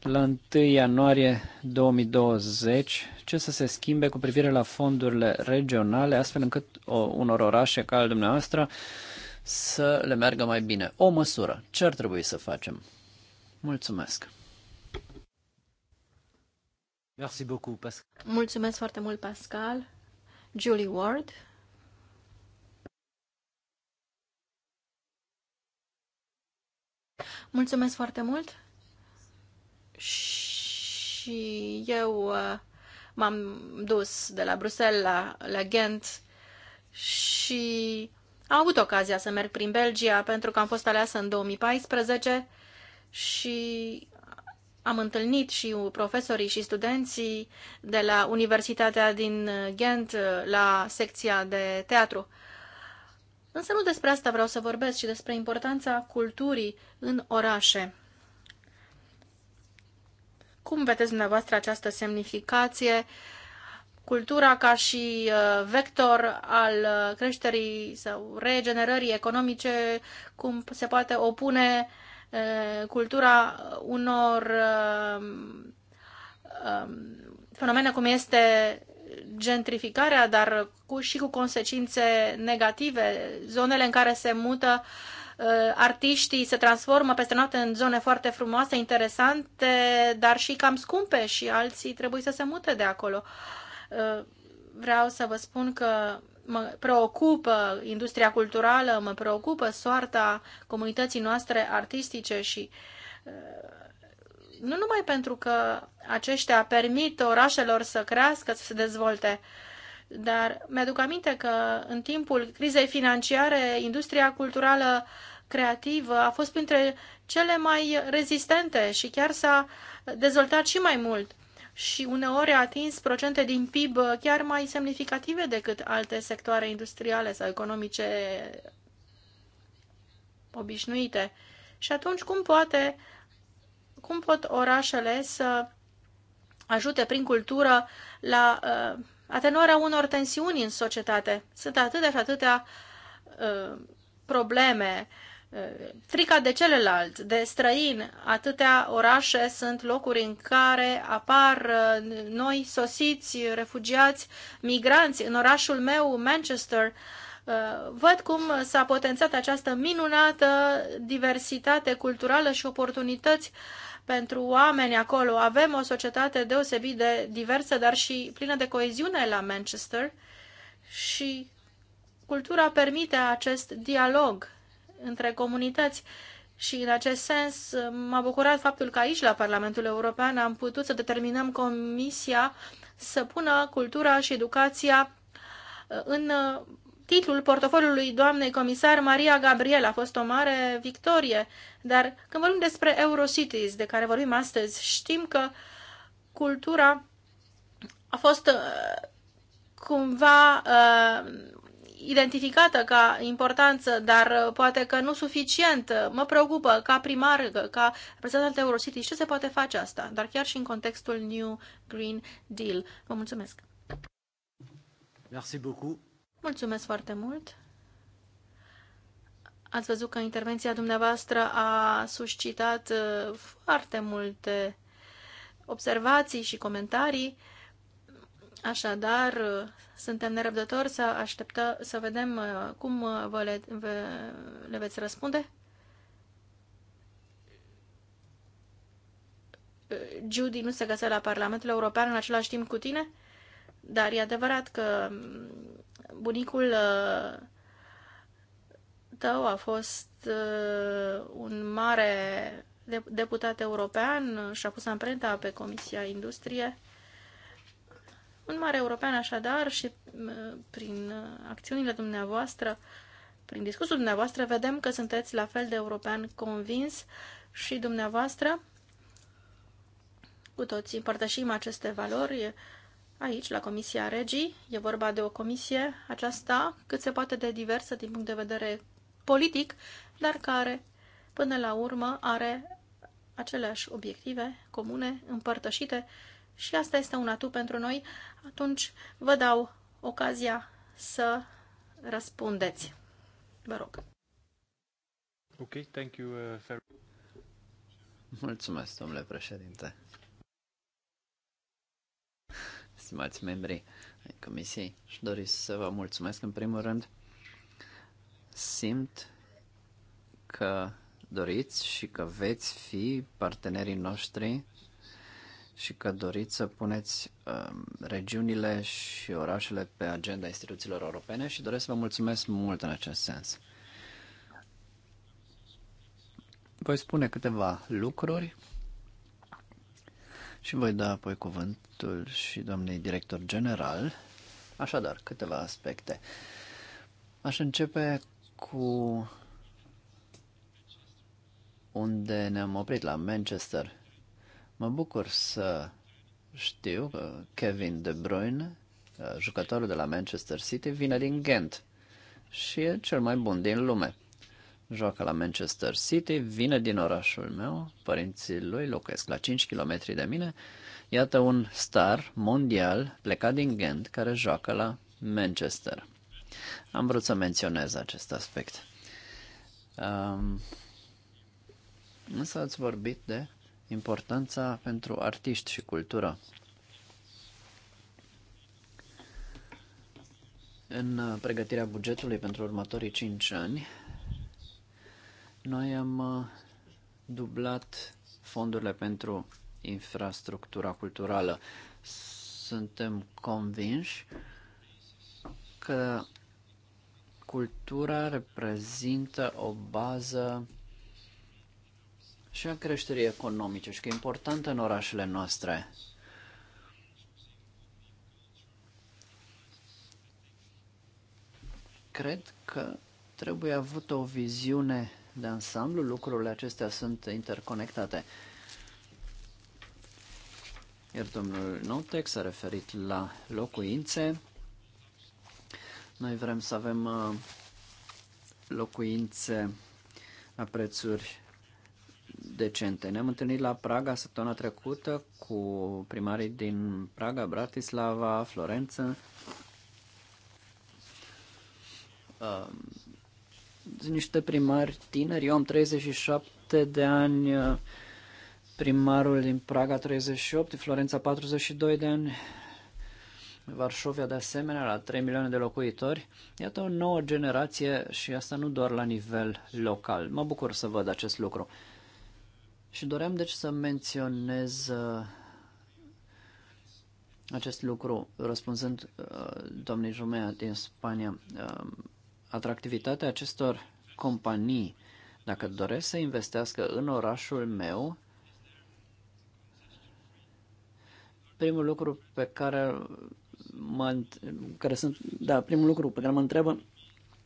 la 1 ianuarie 2020, ce să se schimbe cu privire la fondurile regionale, astfel încât o, unor orașe ca al dumneavoastră să le meargă mai bine. O măsură. Ce ar trebui să facem? Mulțumesc! Mulțumesc foarte mult, Pascal. Julie Ward, Mulțumesc foarte mult și eu uh, m-am dus de la Bruxelles la, la Ghent și am avut ocazia să merg prin Belgia pentru că am fost aleasă în 2014 și am întâlnit și profesorii și studenții de la Universitatea din Ghent uh, la secția de teatru. Însă nu despre asta vreau să vorbesc, ci despre importanța culturii în orașe. Cum vedeți dumneavoastră această semnificație? Cultura ca și uh, vector al uh, creșterii sau regenerării economice, cum se poate opune uh, cultura unor um, fenomene cum este gentrificarea, dar cu, și cu consecințe negative. Zonele în care se mută uh, artiștii se transformă peste noapte în zone foarte frumoase, interesante, dar și cam scumpe și alții trebuie să se mute de acolo. Uh, vreau să vă spun că mă preocupă industria culturală, mă preocupă soarta comunității noastre artistice și uh, nu numai pentru că aceștia permit orașelor să crească, să se dezvolte, dar mi-aduc aminte că în timpul crizei financiare, industria culturală creativă a fost printre cele mai rezistente și chiar s-a dezvoltat și mai mult și uneori a atins procente din PIB chiar mai semnificative decât alte sectoare industriale sau economice obișnuite. Și atunci cum poate cum pot orașele să ajute prin cultură la uh, atenuarea unor tensiuni în societate. Sunt atâtea și atâtea uh, probleme, uh, frica de celălalt, de străin, atâtea orașe sunt locuri în care apar uh, noi sosiți, refugiați, migranți. În orașul meu, Manchester, uh, Văd cum s-a potențat această minunată diversitate culturală și oportunități uh, pentru oameni acolo. Avem o societate deosebit de diversă, dar și plină de coeziune la Manchester și cultura permite acest dialog între comunități. Și în acest sens m-a bucurat faptul că aici, la Parlamentul European, am putut să determinăm Comisia să pună cultura și educația uh, în uh, titlul portofoliului doamnei comisar Maria Gabriel a fost o mare victorie, dar când vorbim despre Eurocities, de care vorbim astăzi, știm că cultura a fost uh, cumva uh, identificată ca importanță, dar uh, poate că nu suficient. Mă preocupă ca primar, ca reprezentant Eurocity, ce se poate face asta, dar chiar și în contextul New Green Deal. Vă mulțumesc! Merci beaucoup. Mulțumesc foarte mult! Ați văzut că intervenția dumneavoastră a suscitat uh, foarte multe observații și comentarii. Așadar, uh, suntem nerăbdători să așteptăm să vedem uh, cum vă le, vă, le veți răspunde. Judy nu se găsește la Parlamentul European în același timp cu tine, dar e adevărat că bunicul uh, tău a fost uh, un mare deputat european uh, și a pus amprenta pe Comisia Industrie. Un mare european așadar și prin acțiunile dumneavoastră, prin discursul dumneavoastră, vedem că sunteți la fel de european convins și dumneavoastră cu toții împărtășim aceste valori aici, la Comisia Regii. E vorba de o comisie aceasta cât se poate de diversă din punct de vedere politic, dar care, până la urmă, are aceleași obiective comune, împărtășite și asta este un atu pentru noi. Atunci vă dau ocazia să răspundeți. Vă rog. Ok, thank you, uh, Mulțumesc, domnule președinte stimați membri ai Comisiei, și doresc să vă mulțumesc în primul rând. Simt că doriți și că veți fi partenerii noștri și că doriți să puneți um, regiunile și orașele pe agenda instituțiilor europene și doresc să vă mulțumesc mult în acest sens. Voi spune câteva lucruri și voi da apoi cuvântul și doamnei director general. Așadar, câteva aspecte. Aș începe cu unde ne-am oprit la Manchester. Mă bucur să știu că Kevin De Bruyne, jucătorul de la Manchester City, vine din Ghent și e cel mai bun din lume joacă la Manchester City, vine din orașul meu, părinții lui locuiesc la 5 km de mine. Iată un star mondial plecat din Ghent care joacă la Manchester. Am vrut să menționez acest aspect. Um, însă ați vorbit de importanța pentru artiști și cultură. În pregătirea bugetului pentru următorii 5 ani, noi am uh, dublat fondurile pentru infrastructura culturală. Suntem convinși că cultura reprezintă o bază și a creșterii economice și că e importantă în orașele noastre. Cred că trebuie avut o viziune de ansamblu, lucrurile acestea sunt interconectate. Iar domnul Notec s-a referit la locuințe. Noi vrem să avem uh, locuințe la prețuri decente. Ne-am întâlnit la Praga săptămâna trecută cu primarii din Praga, Bratislava, Florență. Uh, niște primari tineri. Eu am 37 de ani, uh, primarul din Praga 38, Florența 42 de ani, Varșovia de asemenea la 3 milioane de locuitori. Iată o nouă generație și asta nu doar la nivel local. Mă bucur să văd acest lucru. Și doream deci să menționez uh, acest lucru răspunzând uh, Jumea din Spania. Uh, atractivitatea acestor companii, dacă doresc să investească în orașul meu, primul lucru pe care mă, care sunt, da, primul lucru pe care mă întreabă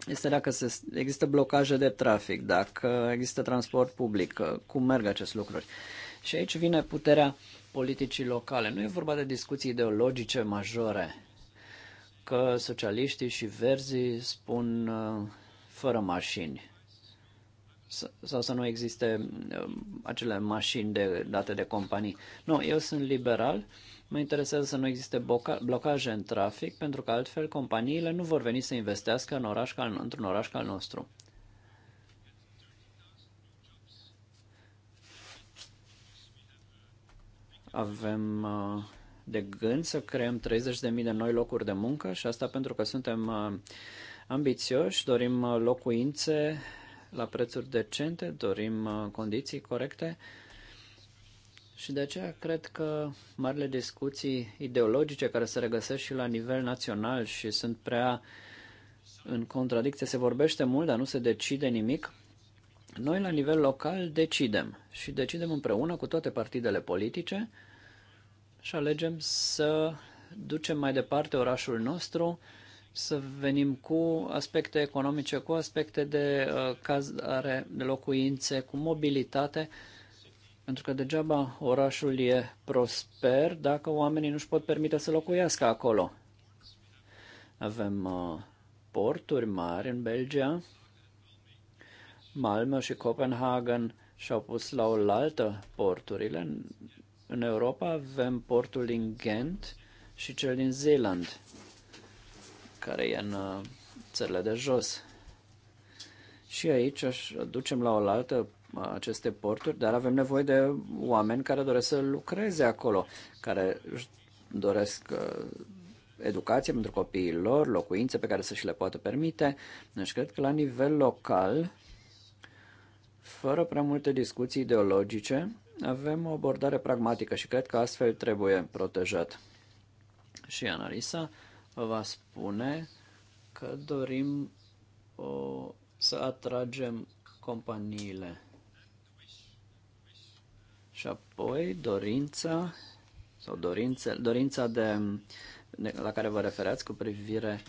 este dacă se, există blocaje de trafic, dacă există transport public, cum merg aceste lucruri. Și aici vine puterea politicii locale. Nu e vorba de discuții ideologice majore că socialiștii și verzii spun uh, fără mașini sau să nu existe um, acele mașini de, date de companii. Nu, eu sunt liberal, mă interesează să nu existe blocaje în trafic, pentru că altfel companiile nu vor veni să investească în oraș ca, într-un oraș ca al nostru. Avem uh, de gând să creăm 30.000 de noi locuri de muncă și asta pentru că suntem uh, ambițioși, dorim uh, locuințe la prețuri decente, dorim uh, condiții corecte și de aceea cred că marile discuții ideologice care se regăsesc și la nivel național și sunt prea în contradicție, se vorbește mult, dar nu se decide nimic, noi la nivel local decidem și decidem împreună cu toate partidele politice și alegem să ducem mai departe orașul nostru, să venim cu aspecte economice, cu aspecte de uh, cazare, de locuințe, cu mobilitate, pentru că degeaba orașul e prosper dacă oamenii nu-și pot permite să locuiască acolo. Avem uh, porturi mari în Belgia, Malmö și Copenhagen și-au pus la oaltă porturile, în Europa avem portul din Ghent și cel din Zeeland, care e în uh, țările de jos. Și aici aș ducem la oaltă uh, aceste porturi, dar avem nevoie de oameni care doresc să lucreze acolo, care își doresc uh, educație pentru copiii lor, locuințe pe care să și le poată permite. Deci cred că la nivel local, fără prea multe discuții ideologice, avem o abordare pragmatică și cred că astfel trebuie protejat. Și Analisa vă va spune că dorim o, să atragem companiile. Și apoi dorința sau dorințe, dorința de, de, la care vă referați cu privire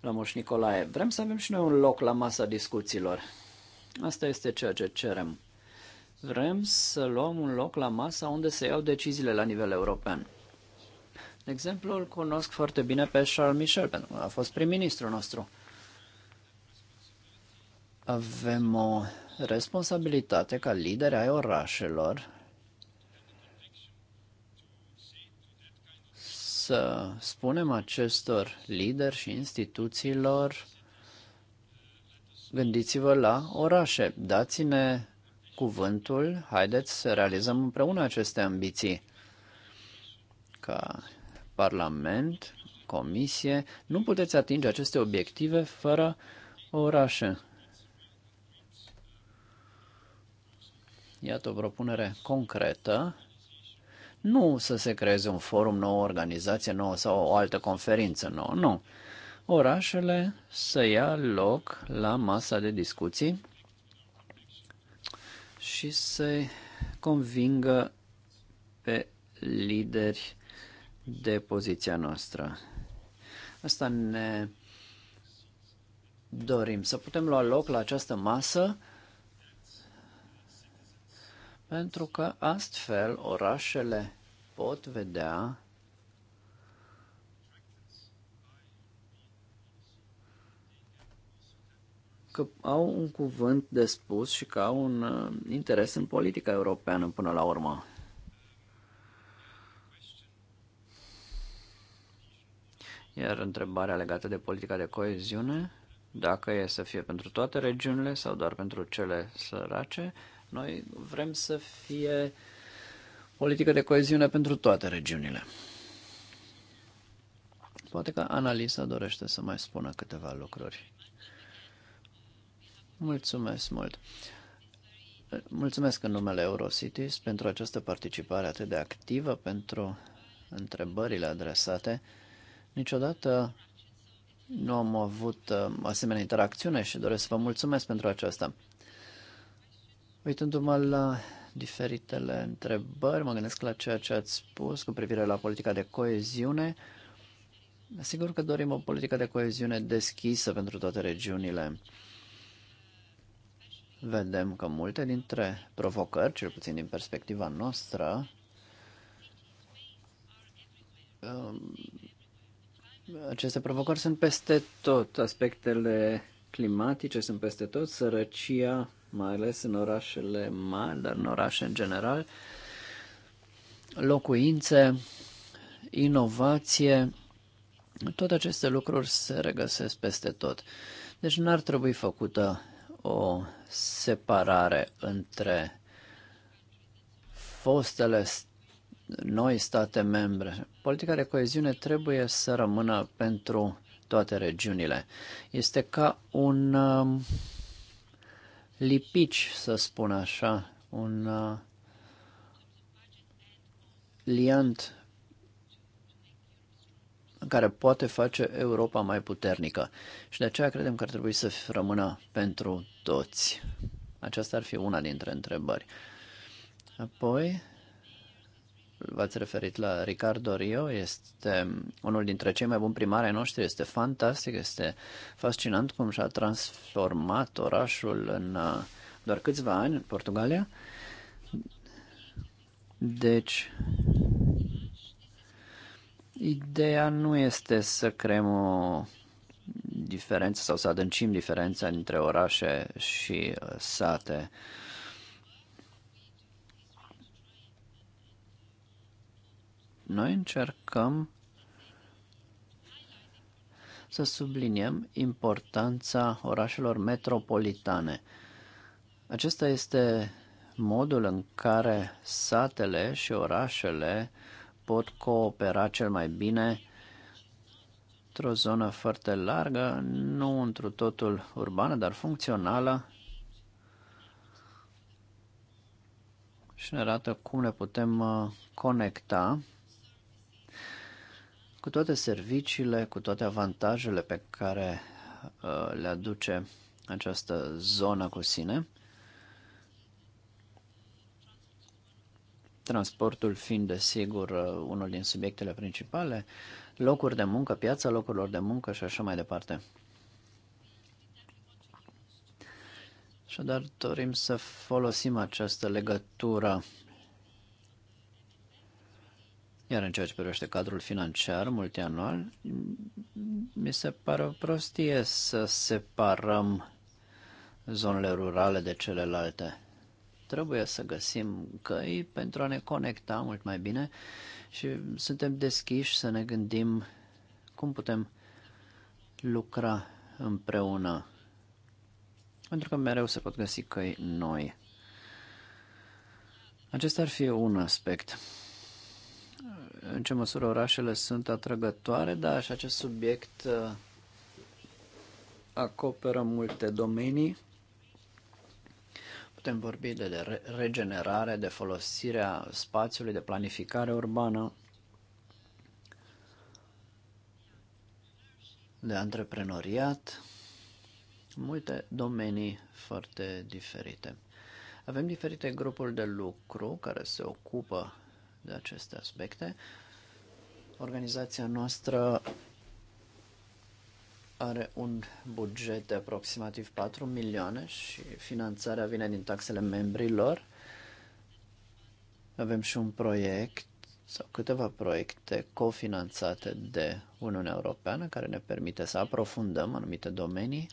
la Moș Nicolae. Vrem să avem și noi un loc la masa discuțiilor. Asta este ceea ce cerem. Vrem să luăm un loc la masa unde se iau deciziile la nivel european. De exemplu, îl cunosc foarte bine pe Charles Michel, pentru că a fost prim-ministru nostru. Avem o responsabilitate ca lideri ai orașelor să spunem acestor lideri și instituțiilor gândiți-vă la orașe, dați-ne cuvântul, haideți să realizăm împreună aceste ambiții. Ca Parlament, Comisie, nu puteți atinge aceste obiective fără orașe. Iată o propunere concretă. Nu să se creeze un forum nou, o organizație nouă sau o altă conferință nouă, nu. Orașele să ia loc la masa de discuții și să-i convingă pe lideri de poziția noastră. Asta ne dorim, să putem lua loc la această masă pentru că astfel orașele pot vedea că au un cuvânt de spus și că au un uh, interes în politica europeană până la urmă. Iar întrebarea legată de politica de coeziune, dacă e să fie pentru toate regiunile sau doar pentru cele sărace, noi vrem să fie politică de coeziune pentru toate regiunile. Poate că analiza dorește să mai spună câteva lucruri. Mulțumesc mult! Mulțumesc în numele Eurocities pentru această participare atât de activă, pentru întrebările adresate. Niciodată nu am avut uh, asemenea interacțiune și doresc să vă mulțumesc pentru aceasta. Uitându-mă la diferitele întrebări, mă gândesc la ceea ce ați spus cu privire la politica de coeziune. Sigur că dorim o politică de coeziune deschisă pentru toate regiunile vedem că multe dintre provocări, cel puțin din perspectiva noastră, um, aceste provocări sunt peste tot. Aspectele climatice sunt peste tot, sărăcia, mai ales în orașele mari, dar în orașe în general, locuințe, inovație, toate aceste lucruri se regăsesc peste tot. Deci n-ar trebui făcută o separare între fostele noi state membre. Politica de coeziune trebuie să rămână pentru toate regiunile. Este ca un uh, lipici, să spun așa, un uh, liant care poate face Europa mai puternică. Și de aceea credem că ar trebui să rămână pentru toți. Aceasta ar fi una dintre întrebări. Apoi, v-ați referit la Ricardo Rio, este unul dintre cei mai buni primari ai noștri, este fantastic, este fascinant cum și-a transformat orașul în uh, doar câțiva ani în Portugalia. Deci, Ideea nu este să creăm o diferență sau să adâncim diferența între orașe și uh, sate. Noi încercăm să subliniem importanța orașelor metropolitane. Acesta este modul în care satele și orașele uh, pot coopera cel mai bine într-o zonă foarte largă, nu întru totul urbană, dar funcțională și ne arată cum ne putem uh, conecta cu toate serviciile, cu toate avantajele pe care uh, le aduce această zonă cu sine. transportul fiind, desigur, uh, unul din subiectele principale, locuri de muncă, piața locurilor de muncă și așa mai departe. Și dar, dorim să folosim această legătură. Iar în ceea ce privește cadrul financiar multianual, mi se pare o prostie să separăm zonele rurale de celelalte. Trebuie să găsim căi pentru a ne conecta mult mai bine și suntem deschiși să ne gândim cum putem lucra împreună. Pentru că mereu se pot găsi căi noi. Acesta ar fi un aspect. În ce măsură orașele sunt atrăgătoare, da, și acest subiect uh, acoperă multe domenii. Putem vorbi de regenerare, de folosirea spațiului, de planificare urbană, de antreprenoriat, multe domenii foarte diferite. Avem diferite grupuri de lucru care se ocupă de aceste aspecte. Organizația noastră are un buget de aproximativ 4 milioane și finanțarea vine din taxele membrilor. Avem și un proiect sau câteva proiecte cofinanțate de Uniunea Europeană care ne permite să aprofundăm anumite domenii.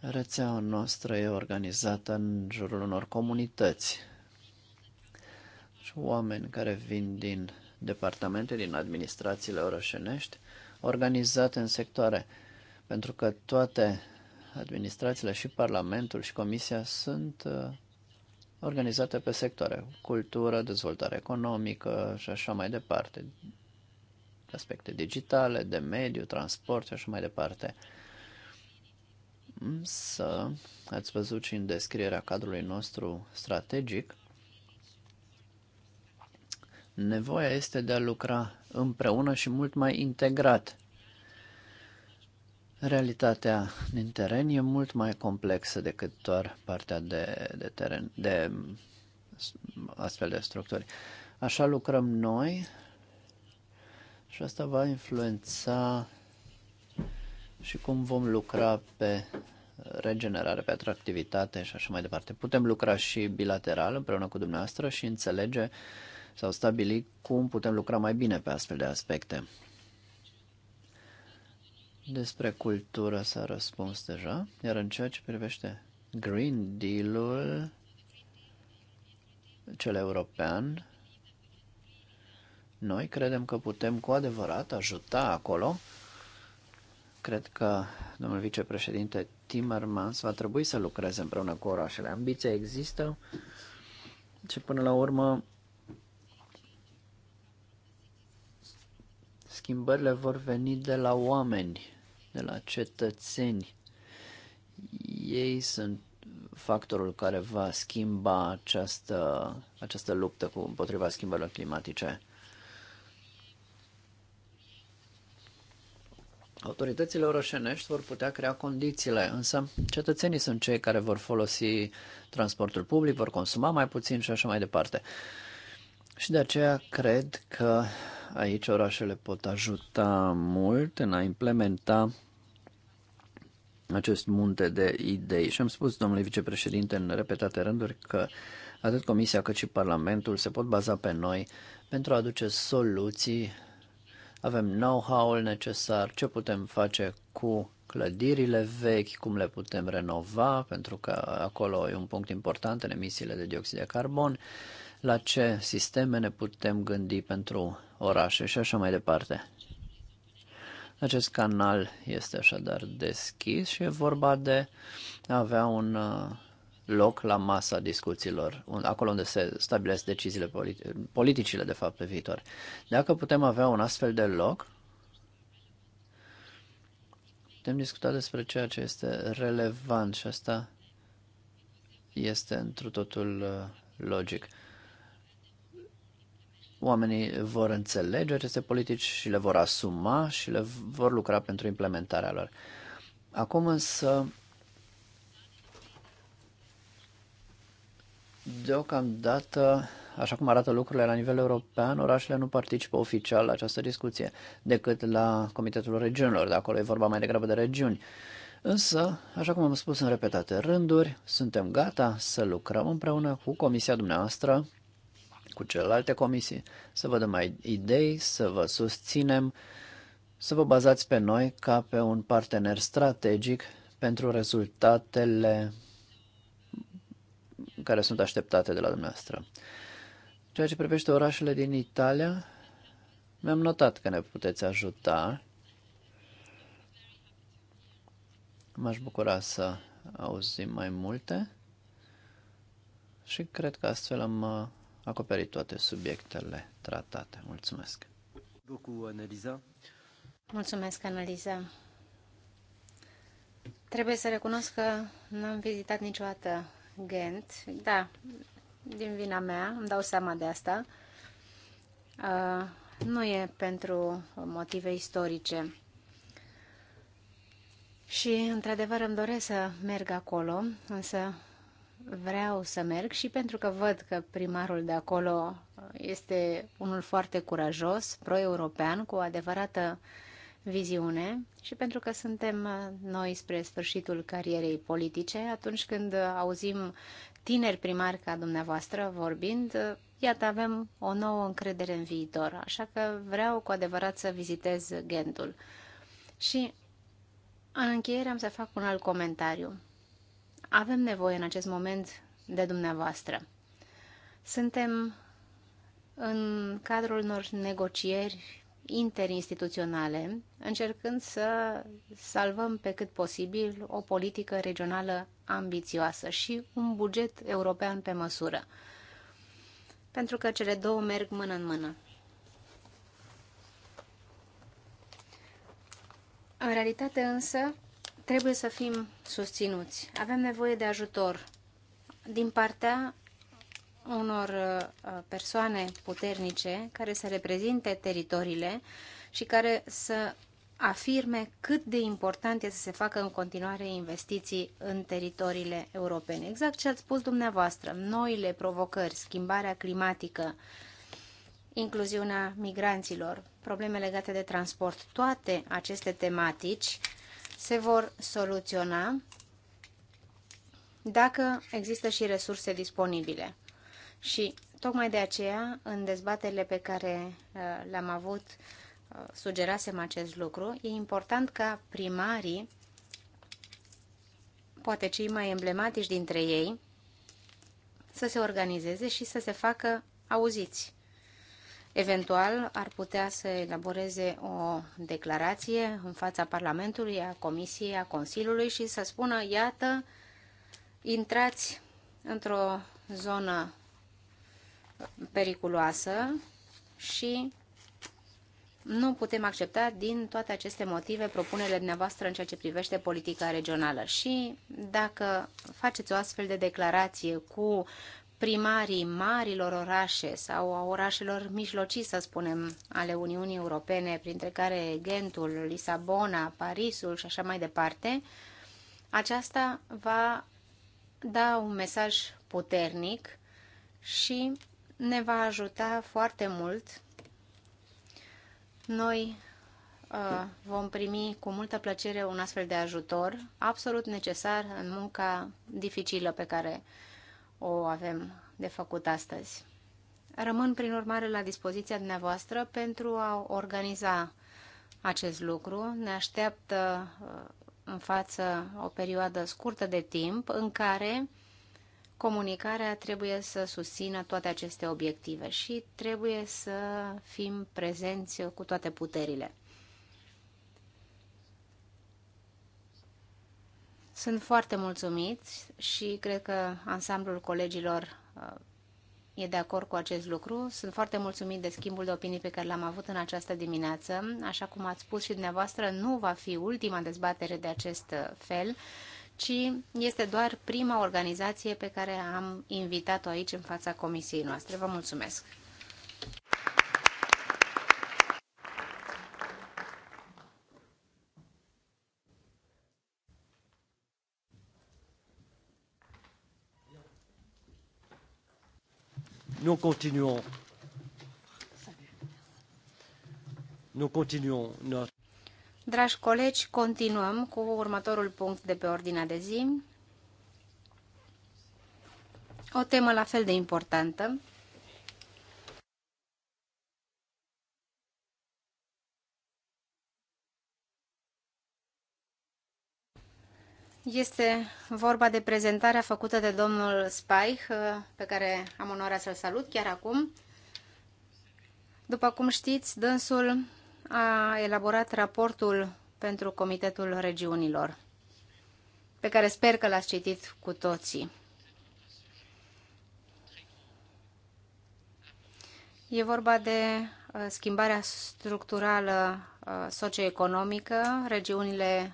Rețeaua noastră e organizată în jurul unor comunități și oameni care vin din departamente, din administrațiile orășenești, organizate în sectoare, pentru că toate administrațiile și Parlamentul și Comisia sunt uh, organizate pe sectoare, cultură, dezvoltare economică și așa mai departe, aspecte digitale, de mediu, transport și așa mai departe. Însă, ați văzut și în descrierea cadrului nostru strategic, nevoia este de a lucra împreună și mult mai integrat. Realitatea din teren e mult mai complexă decât doar partea de, de teren, de astfel de structuri. Așa lucrăm noi și asta va influența și cum vom lucra pe regenerare, pe atractivitate și așa mai departe. Putem lucra și bilateral împreună cu dumneavoastră și înțelege sau stabili cum putem lucra mai bine pe astfel de aspecte. Despre cultură s-a răspuns deja, iar în ceea ce privește Green Deal-ul, cel european, noi credem că putem cu adevărat ajuta acolo. Cred că domnul vicepreședinte Timmermans va trebui să lucreze împreună cu orașele. Ambiția există și până la urmă schimbările vor veni de la oameni, de la cetățeni. Ei sunt factorul care va schimba această, această luptă cu, împotriva schimbărilor climatice. Autoritățile orășenești vor putea crea condițiile, însă cetățenii sunt cei care vor folosi transportul public, vor consuma mai puțin și așa mai departe. Uh, și de aceea cred că aici orașele pot ajuta mult în a implementa acest munte de idei. Și am spus, domnule vicepreședinte, în repetate rânduri că atât Comisia cât și Parlamentul se pot baza pe noi pentru a aduce soluții. Avem know-how-ul necesar, ce putem face cu clădirile vechi, cum le putem renova, pentru că acolo e un punct important în emisiile de dioxid de carbon. Uh, la ce sisteme ne putem gândi pentru orașe și așa mai departe. Acest canal este așadar deschis și e vorba de a avea un uh, loc la masa discuțiilor, acolo unde se stabilesc deciziile politi- politicile, de fapt, pe viitor. Dacă putem avea un astfel de loc, putem discuta despre ceea ce este relevant și asta este într totul uh, logic. Oamenii vor înțelege aceste politici și le vor asuma și le vor lucra pentru implementarea lor. Acum însă, deocamdată, așa cum arată lucrurile la nivel european, orașele nu participă oficial la această discuție, decât la Comitetul Regiunilor, de acolo e vorba mai degrabă de regiuni. Însă, așa cum am spus în repetate rânduri, suntem gata să lucrăm împreună cu Comisia dumneavoastră cu celelalte comisii, să vă dăm mai idei, să vă susținem, să vă bazați pe noi ca pe un partener strategic pentru rezultatele care sunt așteptate de la dumneavoastră. Ceea ce privește orașele din Italia, mi-am notat că ne puteți ajuta. M-aș bucura să auzim mai multe și cred că astfel am uh, acoperit toate subiectele tratate. Mulțumesc! Analiza. Mulțumesc, Analiza! Trebuie să recunosc că n-am vizitat niciodată Ghent. Da, din vina mea, îmi dau seama de asta. Uh, nu e pentru motive istorice. Și, într-adevăr, îmi doresc să merg acolo, însă vreau să merg și pentru că văd că primarul de acolo este unul foarte curajos, pro-european, cu o adevărată viziune și pentru că suntem noi spre sfârșitul carierei politice, atunci când auzim tineri primari ca dumneavoastră vorbind, iată, avem o nouă încredere în viitor, așa că vreau cu adevărat să vizitez Gentul. Și în încheiere am să fac un alt comentariu. Avem nevoie în acest moment de dumneavoastră. Suntem în cadrul unor negocieri interinstituționale, încercând să salvăm pe cât posibil o politică regională ambițioasă și un buget european pe măsură. Pentru că cele două merg mână în mână. În realitate însă, Trebuie să fim susținuți. Avem nevoie de ajutor din partea unor uh, persoane puternice care să reprezinte teritoriile și care să afirme cât de important este să se facă în continuare investiții în teritoriile europene. Exact ce ați spus dumneavoastră, noile provocări, schimbarea climatică, incluziunea migranților, probleme legate de transport, toate aceste tematici se vor soluționa dacă există și resurse disponibile. Și tocmai de aceea, în dezbaterile pe care uh, le-am avut, uh, sugerasem acest lucru, e important ca primarii, poate cei mai emblematici dintre ei, să se organizeze și să se facă auziți. Eventual, ar putea să elaboreze o declarație în fața Parlamentului, a Comisiei, a Consiliului și să spună, iată, intrați într-o zonă periculoasă și nu putem accepta din toate aceste motive propunerile dumneavoastră în ceea ce privește politica regională. Și dacă faceți o astfel de declarație cu primarii marilor orașe sau a orașelor mijlocii, să spunem, ale Uniunii Europene, printre care Gentul, Lisabona, Parisul și așa mai departe, aceasta va da un mesaj puternic și ne va ajuta foarte mult. Noi uh, vom primi cu multă plăcere un astfel de ajutor, absolut necesar în munca dificilă pe care o avem de făcut astăzi. Rămân, prin urmare, la dispoziția dumneavoastră pentru a organiza acest lucru. Ne așteaptă uh, în față o perioadă scurtă de timp în care comunicarea trebuie să susțină toate aceste obiective și trebuie să fim prezenți cu toate puterile. Sunt foarte mulțumit și cred că ansamblul colegilor uh, e de acord cu acest lucru. Sunt foarte mulțumit de schimbul de opinii pe care l-am avut în această dimineață. Așa cum ați spus și dumneavoastră, nu va fi ultima dezbatere de acest uh, fel, ci este doar prima organizație pe care am invitat-o aici în fața comisiei noastre. Vă mulțumesc! Nous continuons. Nous continuons notre... Dragi colegi, continuăm cu următorul punct de pe ordinea de zi. O temă la fel de importantă. Este vorba de prezentarea făcută de domnul Spaich, uh, pe care am onoarea să-l salut chiar acum. După cum știți, dânsul a elaborat raportul pentru Comitetul Regiunilor, pe care sper că l-ați citit cu toții. E vorba de uh, schimbarea structurală uh, socioeconomică, regiunile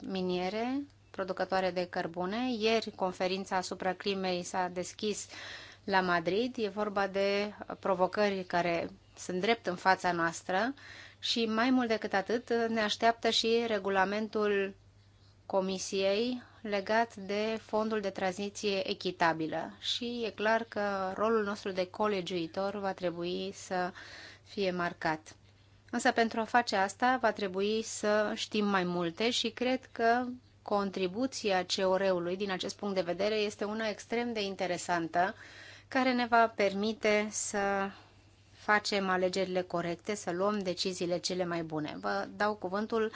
miniere, producătoare de cărbune. Ieri conferința asupra climei s-a deschis la Madrid. E vorba de provocări care sunt drept în fața noastră și mai mult decât atât ne așteaptă și regulamentul Comisiei legat de fondul de tranziție echitabilă și e clar că rolul nostru de colegiuitor va trebui să fie marcat. Însă pentru a face asta va trebui să știm mai multe și cred că contribuția CEOR-ului din acest punct de vedere este una extrem de interesantă, care ne va permite să facem alegerile corecte, să luăm deciziile cele mai bune. Vă dau cuvântul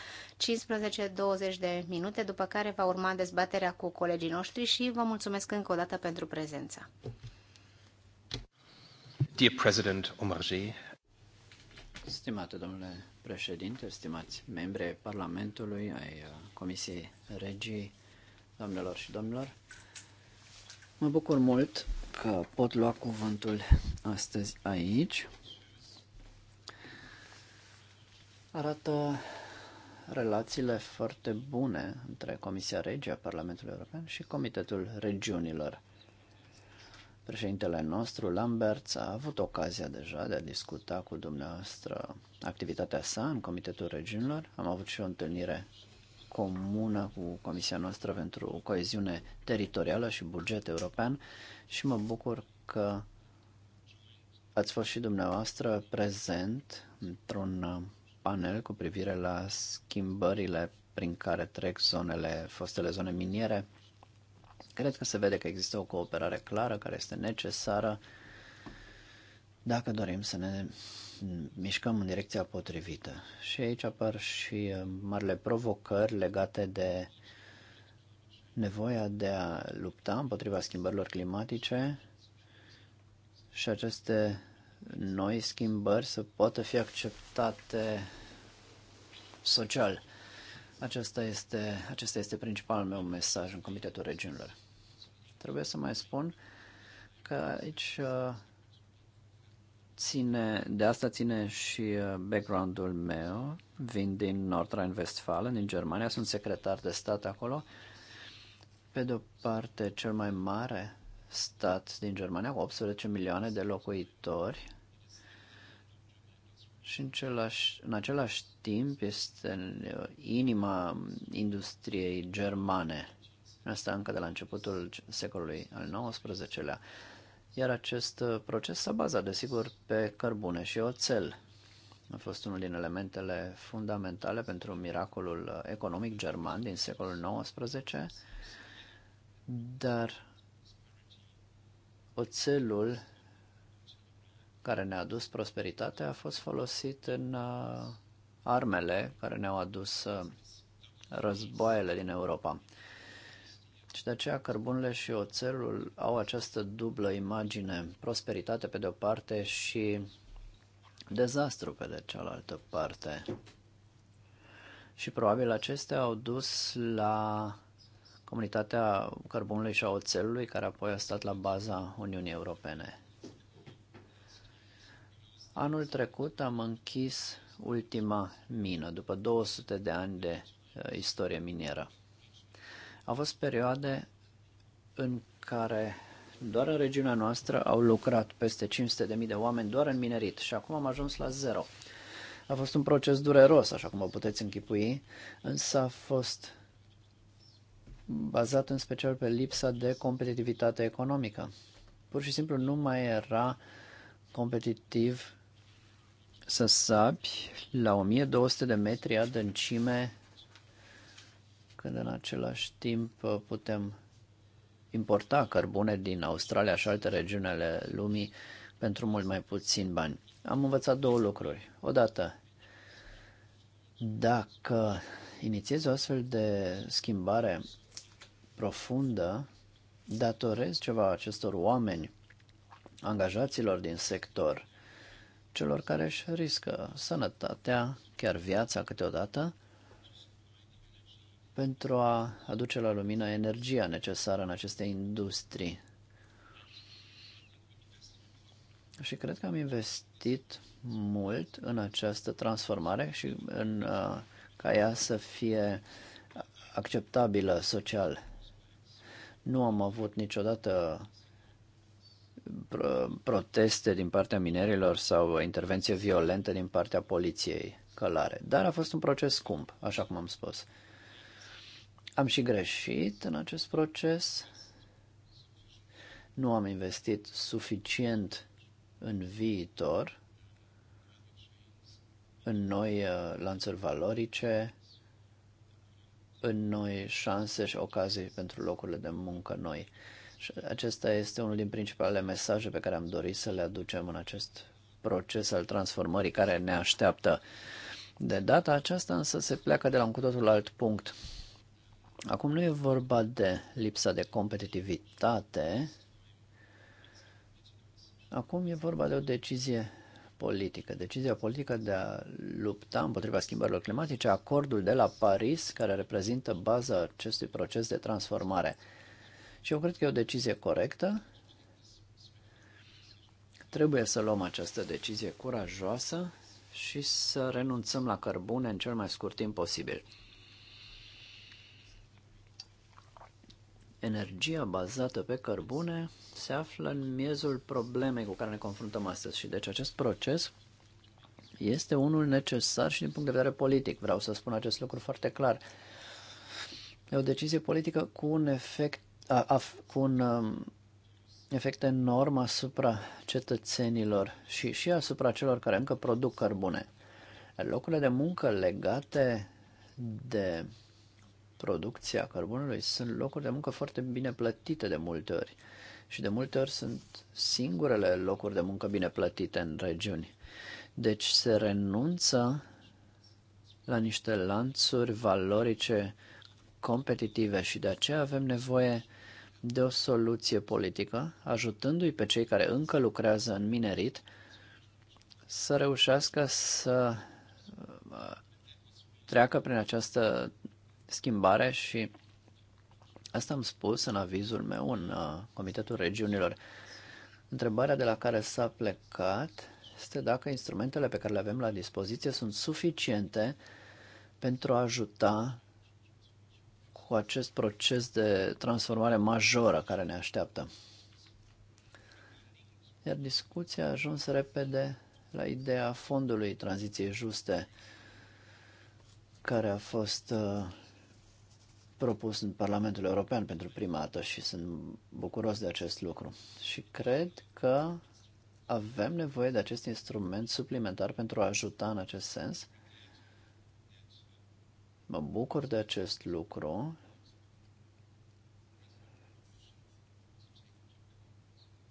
15-20 de minute, după care va urma dezbaterea cu colegii noștri și vă mulțumesc încă o dată pentru prezența. Dear President Omarjee, Stimate domnule președinte, stimați membri ai Parlamentului, ai uh, Comisiei Regii, doamnelor și domnilor. Mă bucur mult că pot lua cuvântul astăzi aici. Arată relațiile foarte bune între Comisia Regie a Parlamentului European și Comitetul Regiunilor. Președintele nostru, Lambert, a avut ocazia deja de a discuta cu dumneavoastră activitatea sa în Comitetul Regiunilor. Am avut și o întâlnire comună cu Comisia noastră pentru coeziune teritorială și buget european și mă bucur că ați fost și dumneavoastră prezent într-un panel cu privire la schimbările prin care trec zonele, fostele zone miniere Cred că se vede că există o cooperare clară care este necesară dacă dorim să ne mișcăm în direcția potrivită. Și aici apar și uh, marile provocări legate de nevoia de a lupta împotriva schimbărilor climatice și aceste noi schimbări să poată fi acceptate social. Acesta este, acesta este principalul meu mesaj în Comitetul Regiunilor. Trebuie să mai spun că aici uh, ține, de asta ține și uh, background-ul meu. Vin din Nord Rhine-Westfalen, din Germania, sunt secretar de stat acolo. Pe de-o parte, cel mai mare stat din Germania, cu 18 milioane de locuitori, și în, celași, în același timp este uh, inima industriei germane. Asta încă de la începutul secolului al XIX-lea. Iar acest uh, proces s-a bazat, desigur, pe cărbune și oțel. A fost unul din elementele fundamentale pentru miracolul uh, economic german din secolul XIX, dar oțelul care ne-a adus prosperitatea a fost folosit în uh, armele care ne-au adus războaiele din Europa. Și de aceea cărbunele și oțelul au această dublă imagine, prosperitate pe de-o parte și dezastru pe de cealaltă parte. Și probabil acestea au dus la comunitatea cărbunului și a oțelului, care apoi a stat la baza Uniunii Europene. Anul trecut am închis ultima mină, după 200 de ani de uh, istorie minieră. Au fost perioade în care doar în regiunea noastră au lucrat peste 500.000 de oameni doar în minerit și acum am ajuns la zero. A fost un proces dureros, așa cum o puteți închipui, însă a fost bazat în special pe lipsa de competitivitate economică. Pur și simplu nu mai era competitiv să sapi la 1200 de metri adâncime când în același timp uh, putem importa cărbune din Australia și alte regiuni ale lumii pentru mult mai puțin bani. Am învățat două lucruri. Odată, dacă inițiezi o astfel de schimbare profundă, datorez ceva acestor oameni, angajaților din sector, celor care își riscă sănătatea, chiar viața câteodată, pentru a aduce la lumină energia necesară în aceste industrii. Și cred că am investit mult în această transformare și în uh, ca ea să fie acceptabilă social. Nu am avut niciodată proteste din partea minerilor sau intervenție violentă din partea poliției călare, dar a fost un proces scump, așa cum am spus. Am și greșit în acest proces. Nu am investit suficient în viitor, în noi uh, lanțuri valorice, în noi șanse și ocazii pentru locurile de muncă noi. Și acesta este unul din principalele mesaje pe care am dorit să le aducem în acest proces al transformării care ne așteaptă. De data aceasta însă se pleacă de la un cu totul alt punct. Acum nu e vorba de lipsa de competitivitate, acum e vorba de o decizie politică. Decizia politică de a lupta împotriva schimbărilor climatice, acordul de la Paris, care reprezintă baza acestui proces de transformare. Și eu cred că e o decizie corectă. Trebuie să luăm această decizie curajoasă și să renunțăm la cărbune în cel mai scurt timp posibil. energia bazată pe cărbune se află în miezul problemei cu care ne confruntăm astăzi și deci acest proces este unul necesar și din punct de vedere politic. Vreau să spun acest lucru foarte clar. E o decizie politică cu un efect, a, a, cu un um, efect enorm asupra cetățenilor și, și asupra celor care încă produc cărbune. Locurile de muncă legate de producția cărbunului sunt locuri de muncă foarte bine plătite de multe ori și de multe ori sunt singurele locuri de muncă bine plătite în regiuni. Deci se renunță la niște lanțuri valorice competitive și de aceea avem nevoie de o soluție politică, ajutându-i pe cei care încă lucrează în minerit să reușească să uh, treacă prin această schimbare și asta am spus în avizul meu în uh, Comitetul Regiunilor. Întrebarea de la care s-a plecat este dacă instrumentele pe care le avem la dispoziție sunt suficiente pentru a ajuta cu acest proces de transformare majoră care ne așteaptă. Iar discuția a ajuns repede la ideea fondului tranziției juste care a fost uh, propus în Parlamentul European pentru prima dată și sunt bucuros de acest lucru. Și cred că avem nevoie de acest instrument suplimentar pentru a ajuta în acest sens. Mă bucur de acest lucru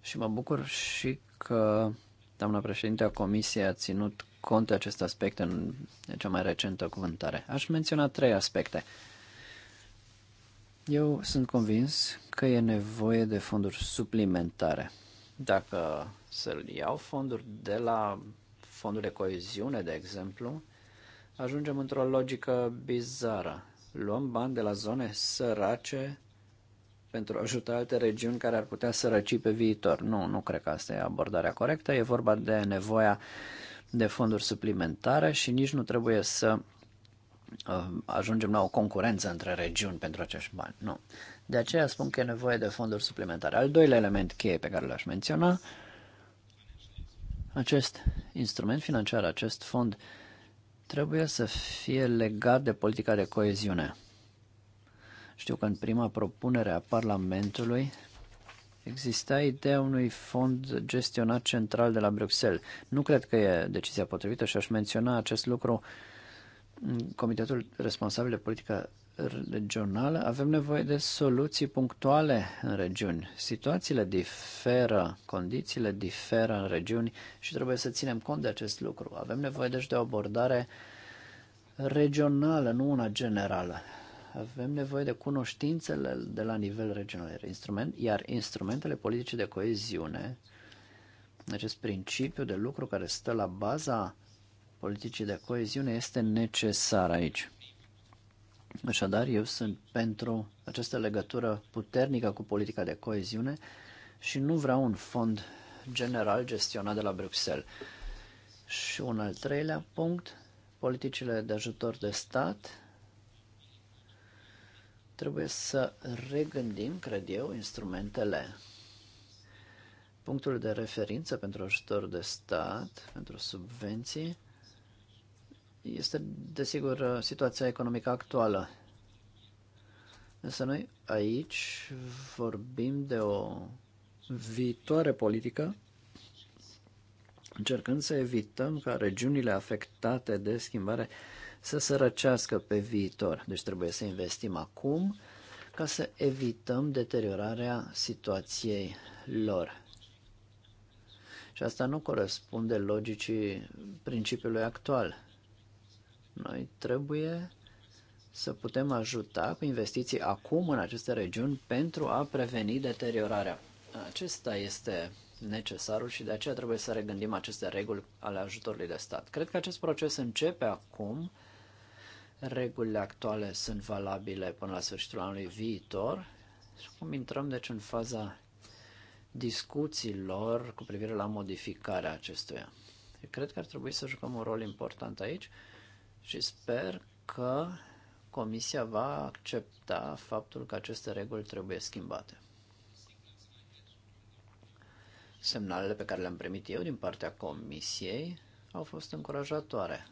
și mă bucur și că doamna președinte a Comisiei a ținut cont de acest aspect în cea mai recentă cuvântare. Aș menționa trei aspecte. Eu sunt convins că e nevoie de fonduri suplimentare. Dacă să iau fonduri de la fonduri de coeziune, de exemplu, ajungem într-o logică bizară. Luăm bani de la zone sărace pentru a ajuta alte regiuni care ar putea sărăci pe viitor. Nu, nu cred că asta e abordarea corectă. E vorba de nevoia de fonduri suplimentare și nici nu trebuie să Uh, ajungem la o concurență între regiuni pentru acești bani. Nu. De aceea spun că e nevoie de fonduri suplimentare. Al doilea element cheie pe care l-aș menționa, acest instrument financiar, acest fond, trebuie să fie legat de politica de coeziune. Știu că în prima propunere a Parlamentului exista ideea unui fond gestionat central de la Bruxelles. Nu cred că e decizia potrivită și aș menționa acest lucru uh, în Comitetul Responsabil de Politică Regională avem nevoie de soluții punctuale în regiuni. Situațiile diferă, condițiile diferă în regiuni și trebuie să ținem cont de acest lucru. Avem nevoie deci de o abordare regională, nu una generală. Avem nevoie de cunoștințele de la nivel regional, instrument, iar instrumentele politice de coeziune, acest principiu de lucru care stă la baza politicii de coeziune este necesar aici. Așadar, eu sunt pentru această legătură puternică cu politica de coeziune și nu vreau un fond general gestionat de la Bruxelles. Și un al treilea punct, politicile de ajutor de stat trebuie să regândim, cred eu, instrumentele. Punctul de referință pentru ajutor de stat, pentru subvenții, este, desigur, uh, situația economică actuală. Însă noi aici vorbim de o viitoare politică încercând să evităm ca regiunile afectate de schimbare să sărăcească pe viitor. Deci trebuie să investim acum ca să evităm deteriorarea situației lor. Și asta nu corespunde logicii principiului actual. Noi trebuie să putem ajuta cu investiții acum în aceste regiuni pentru a preveni deteriorarea. Acesta este necesarul și de aceea trebuie să regândim aceste reguli ale ajutorului de stat. Cred că acest proces începe acum. Regulile actuale sunt valabile până la sfârșitul anului viitor și acum intrăm deci în faza discuțiilor cu privire la modificarea acestuia. Eu cred că ar trebui să jucăm un rol important aici și sper că Comisia va accepta faptul că aceste reguli trebuie schimbate. Semnalele pe care le-am primit eu din partea Comisiei au fost încurajatoare.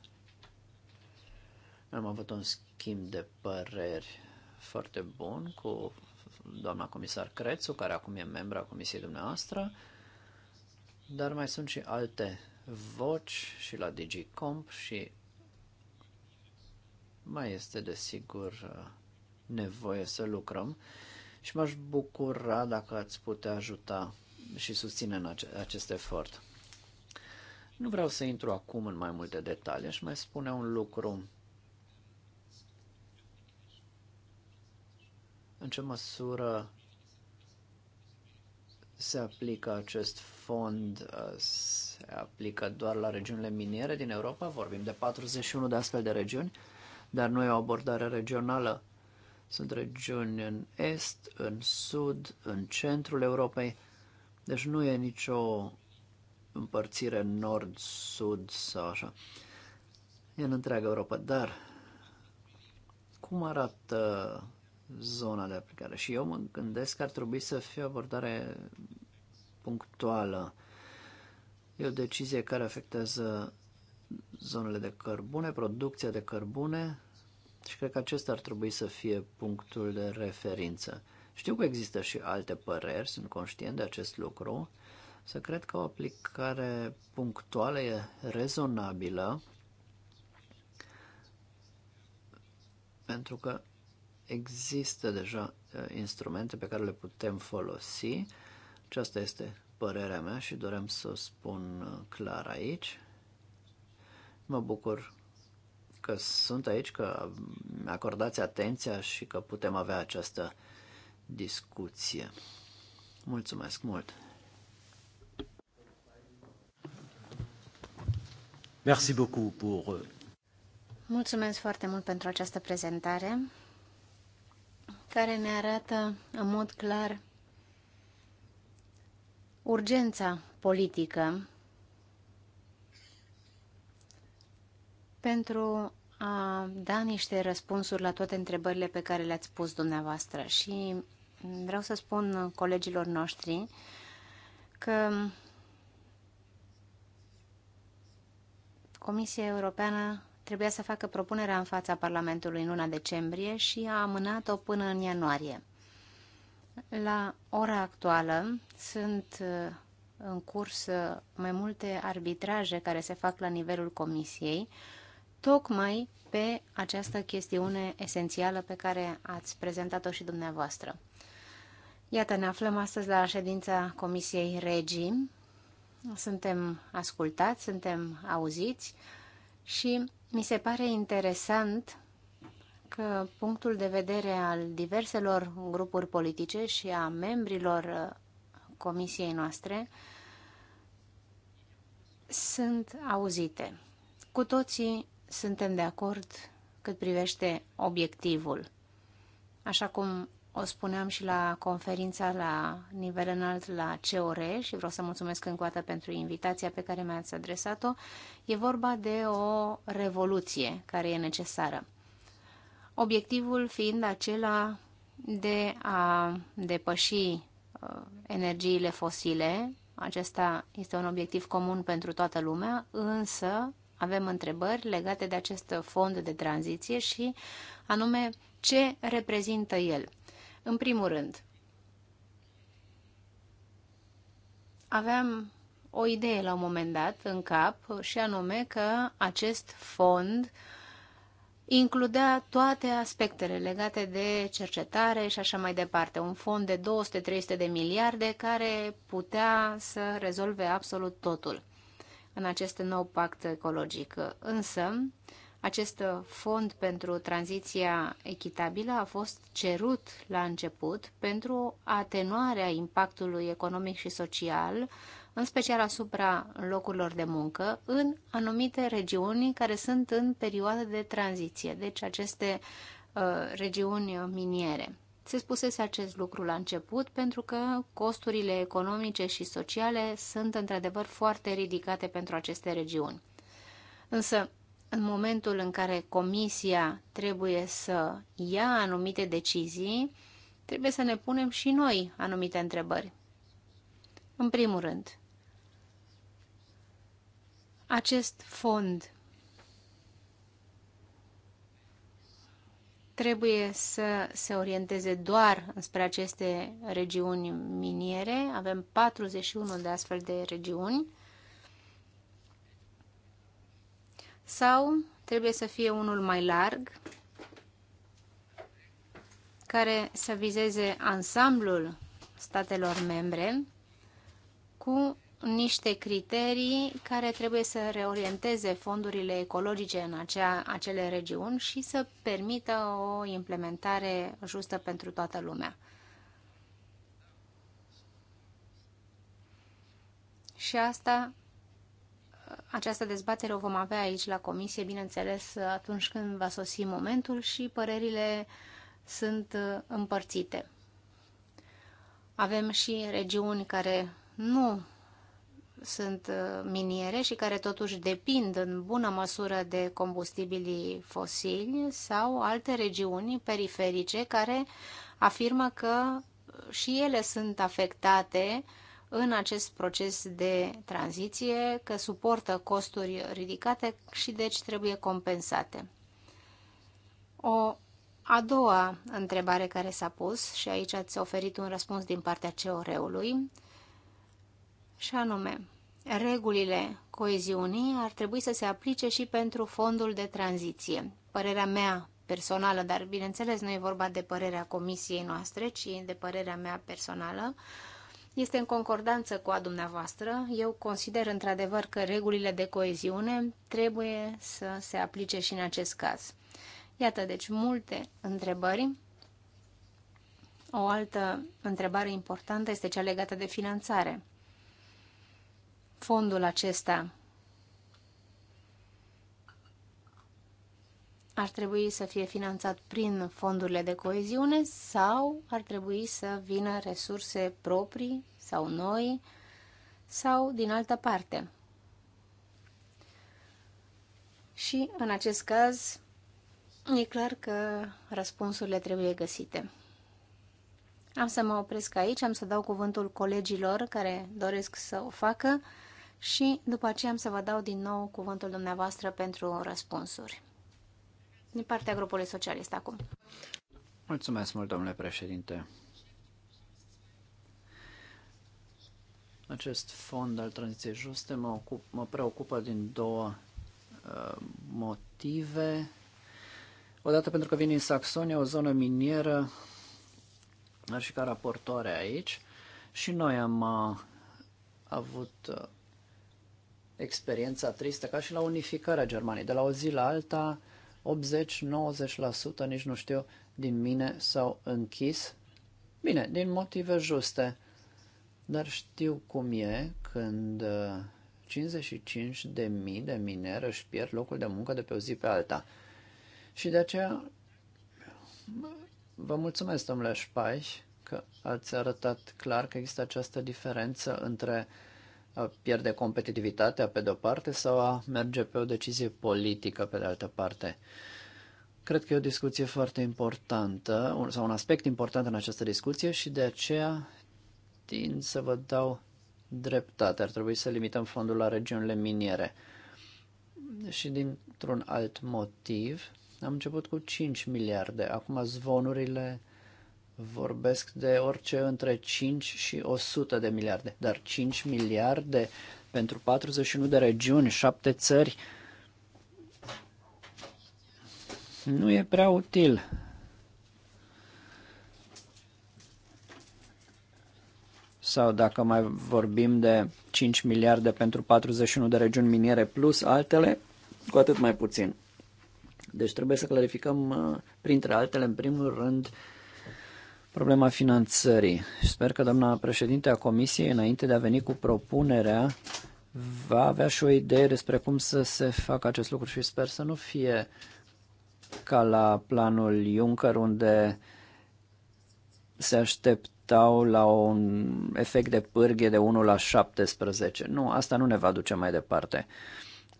Am avut un schimb de păreri foarte bun cu doamna comisar Crețu, care acum e membra Comisiei dumneavoastră, dar mai sunt și alte voci și la DigiComp și mai este, desigur, nevoie să lucrăm și m-aș bucura dacă ați putea ajuta și susține în acest efort. Nu vreau să intru acum în mai multe detalii, aș mai spune un lucru. În ce măsură se aplică acest fond, se aplică doar la regiunile miniere din Europa, vorbim de 41 de astfel de regiuni, dar nu e o abordare regională. Sunt regiuni în est, în sud, în centrul Europei, deci nu e nicio împărțire nord-sud sau așa. E în întreaga Europa, dar cum arată zona de aplicare? Și eu mă gândesc că ar trebui să fie o abordare punctuală. E o decizie care afectează zonele de cărbune, producția de cărbune și cred că acesta ar trebui să fie punctul de referință. Știu că există și alte păreri, sunt conștient de acest lucru, să cred că o aplicare punctuală e rezonabilă pentru că există deja uh, instrumente pe care le putem folosi. Aceasta este părerea mea și dorem să o spun uh, clar aici. Mă bucur că sunt aici, că mi acordați atenția și că putem avea această discuție. Mulțumesc mult! Merci beaucoup pour... Euh, Mulțumesc foarte mult pentru această prezentare care ne arată în mod clar urgența politică pentru a da niște răspunsuri la toate întrebările pe care le-ați pus dumneavoastră și vreau să spun colegilor noștri că Comisia Europeană trebuia să facă propunerea în fața Parlamentului în luna decembrie și a amânat-o până în ianuarie. La ora actuală sunt uh, în curs uh, mai multe arbitraje care se fac la nivelul Comisiei tocmai pe această chestiune esențială pe care ați prezentat-o și dumneavoastră. Iată, ne aflăm astăzi la ședința Comisiei Regii. Suntem ascultați, suntem auziți și mi se pare interesant că punctul de vedere al diverselor grupuri politice și a membrilor uh, comisiei noastre sunt auzite. Cu toții suntem de acord cât privește obiectivul. Așa cum o spuneam și la conferința la nivel înalt la COR și vreau să mulțumesc încă o dată pentru invitația pe care mi-ați adresat-o, e vorba de o revoluție care e necesară. Obiectivul fiind acela de a depăși uh, energiile fosile, acesta este un obiectiv comun pentru toată lumea, însă avem întrebări legate de acest fond de tranziție și anume ce reprezintă el. În primul rând, aveam o idee la un moment dat în cap și anume că acest fond includea toate aspectele legate de cercetare și așa mai departe. Un fond de 200-300 de miliarde care putea să rezolve absolut totul în acest nou pact ecologic. Însă, acest fond pentru tranziția echitabilă a fost cerut la început pentru atenuarea impactului economic și social, în special asupra locurilor de muncă, în anumite regiuni care sunt în perioadă de tranziție, deci aceste uh, regiuni miniere. Se spusese acest lucru la început pentru că costurile economice și sociale sunt într-adevăr foarte ridicate pentru aceste regiuni. Însă, în momentul în care Comisia trebuie să ia anumite decizii, trebuie să ne punem și noi anumite întrebări. În primul rând, acest fond trebuie să se orienteze doar spre aceste regiuni miniere. Avem 41 de astfel de regiuni. Sau trebuie să fie unul mai larg, care să vizeze ansamblul statelor membre cu niște criterii care trebuie să reorienteze fondurile ecologice în acea, acele regiuni și să permită o implementare justă pentru toată lumea. Și asta, această dezbatere o vom avea aici la comisie, bineînțeles, atunci când va sosi momentul și părerile sunt împărțite. Avem și regiuni care nu sunt uh, miniere și care totuși depind în bună măsură de combustibilii fosili sau alte regiuni periferice care afirmă că și ele sunt afectate în acest proces de tranziție, că suportă costuri ridicate și deci trebuie compensate. O a doua întrebare care s-a pus, și aici ați oferit un răspuns din partea CEOR-ului, și anume, regulile coeziunii ar trebui să se aplice și pentru fondul de tranziție. Părerea mea personală, dar bineînțeles nu e vorba de părerea comisiei noastre, ci de părerea mea personală, este în concordanță cu a dumneavoastră. Eu consider într-adevăr că regulile de coeziune trebuie să se aplice și în acest caz. Iată, deci, multe întrebări. O altă întrebare importantă este cea legată de finanțare fondul acesta ar trebui să fie finanțat prin fondurile de coeziune sau ar trebui să vină resurse proprii sau noi sau din altă parte. Și în acest caz e clar că răspunsurile trebuie găsite. Am să mă opresc aici, am să dau cuvântul colegilor care doresc să o facă și după aceea am să vă dau din nou cuvântul dumneavoastră pentru răspunsuri. Din partea grupului socialist acum. Mulțumesc mult, domnule președinte. Acest fond al tranziției juste mă, ocup, mă preocupă din două uh, motive. Odată pentru că vin din Saxonia, o zonă minieră, dar și ca raportoare aici, și noi am uh, avut uh, experiența tristă, ca și la unificarea Germaniei. De la o zi la alta, 80-90%, nici nu știu, din mine s-au închis. Bine, din motive juste, dar știu cum e când 55 uh, de mii de mineri își pierd locul de muncă de pe o zi pe alta. Și de aceea vă mulțumesc, domnule spaiș că ați arătat clar că există această diferență între uh, a pierde competitivitatea pe de-o parte sau a merge pe o decizie politică pe de altă parte. Cred că e o discuție foarte importantă sau un aspect important în această discuție și de aceea tin să vă dau dreptate. Ar trebui să limităm fondul la regiunile miniere. Și dintr-un alt motiv am început cu 5 miliarde. Acum zvonurile vorbesc de orice între 5 și 100 de miliarde, dar 5 miliarde pentru 41 de regiuni, 7 țări, nu e prea util. Sau dacă mai vorbim de 5 miliarde pentru 41 de regiuni miniere plus altele, cu atât mai puțin. Deci trebuie să clarificăm, uh, printre altele, în primul rând, uh, problema finanțării. Sper că doamna președinte a Comisiei, înainte de a veni cu propunerea, va avea și o idee despre cum să se facă acest lucru și sper să nu fie ca la planul Juncker, unde se așteptau la un efect de pârghie de 1 la 17. Nu, asta nu ne va duce mai departe.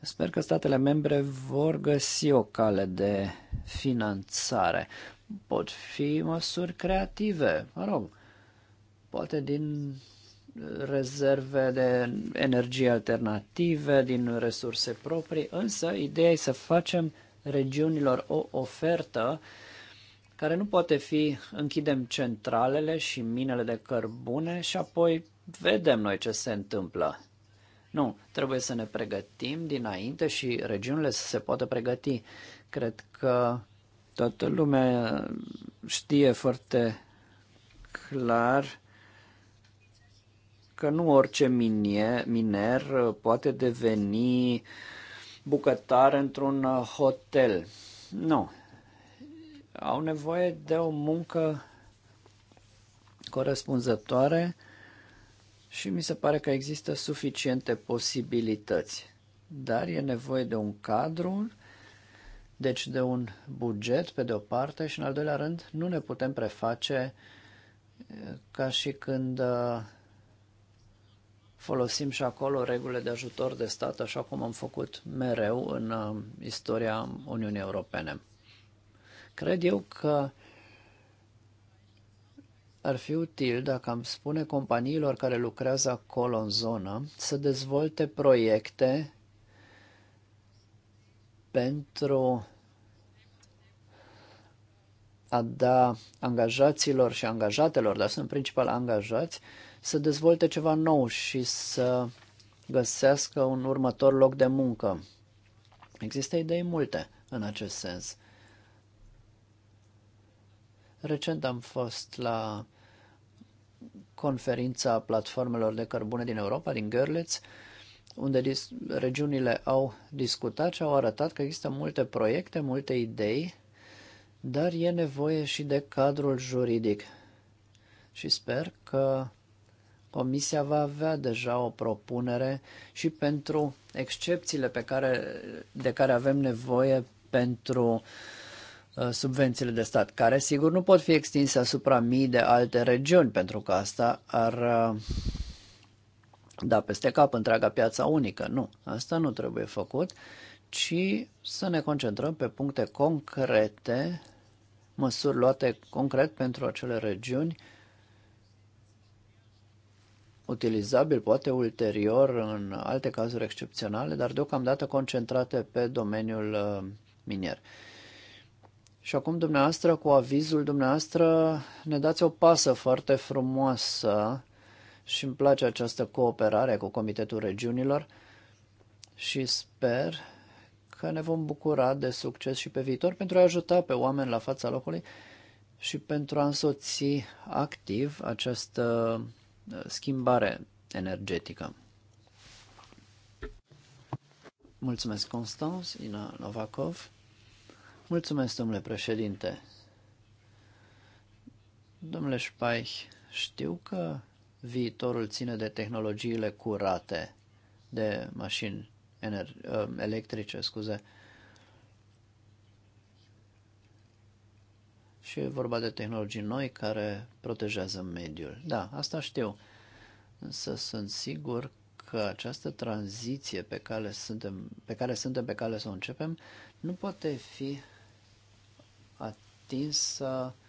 Sper că statele membre vor găsi o cale de finanțare pot fi măsuri creative, mă rog, poate din rezerve de energie alternative, din resurse proprii, însă ideea e să facem regiunilor o ofertă care nu poate fi închidem centralele și minele de cărbune și apoi vedem noi ce se întâmplă. Nu, trebuie să ne pregătim dinainte și regiunile să se poată pregăti. Cred că Toată lumea uh, știe foarte clar că nu orice miner uh, poate deveni bucătar într-un uh, hotel. Nu. Au nevoie de o muncă corespunzătoare și mi se pare că există suficiente posibilități. Dar e nevoie de un cadru deci de un buget pe de o parte și în al doilea rând nu ne putem preface ca și când uh, folosim și acolo regulile de ajutor de stat așa cum am făcut mereu în uh, istoria Uniunii Europene. Cred eu că ar fi util dacă am spune companiilor care lucrează acolo în zonă să dezvolte proiecte pentru a da angajaților și angajatelor, dar sunt principal angajați, să dezvolte ceva nou și să găsească un următor loc de muncă. Există idei multe în acest sens. Recent am fost la conferința platformelor de cărbune din Europa, din Görlitz, unde regiunile au discutat și au arătat că există multe proiecte, multe idei, dar e nevoie și de cadrul juridic. Și sper că Comisia va avea deja o propunere și pentru excepțiile pe care, de care avem nevoie pentru uh, subvențiile de stat, care sigur nu pot fi extinse asupra mii de alte regiuni, pentru că asta ar uh, da peste cap întreaga piața unică. Nu, asta nu trebuie făcut, ci să ne concentrăm pe puncte concrete, măsuri luate concret pentru acele regiuni, utilizabil poate ulterior în alte cazuri excepționale, dar deocamdată concentrate pe domeniul uh, minier. Și acum dumneavoastră, cu avizul dumneavoastră, ne dați o pasă foarte frumoasă și îmi place această cooperare cu Comitetul Regiunilor și sper că ne vom bucura de succes și pe viitor pentru a ajuta pe oameni la fața locului și pentru a însoți activ această uh, schimbare energetică. Mulțumesc, Constans, Ina Novakov. Mulțumesc, domnule președinte. Domnule Spaich, știu că viitorul ține de tehnologiile curate, de mașini ener- uh, electrice, scuze. Și e vorba de tehnologii noi care protejează mediul. Da, asta știu. Însă sunt sigur că această tranziție pe care suntem pe care, suntem pe cale să o începem nu poate fi atinsă uh,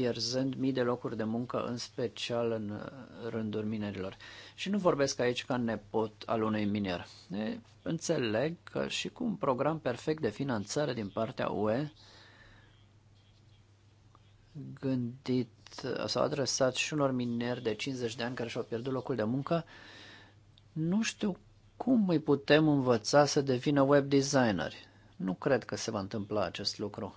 pierzând mii de locuri de muncă, în special în uh, rândul minerilor. Și nu vorbesc aici ca nepot al unui miner. E, înțeleg că și cu un program perfect de finanțare din partea UE, gândit uh, sau adresat și unor mineri de 50 de ani care și-au pierdut locul de muncă, nu știu cum îi putem învăța să devină web designeri. Nu cred că se va întâmpla acest lucru.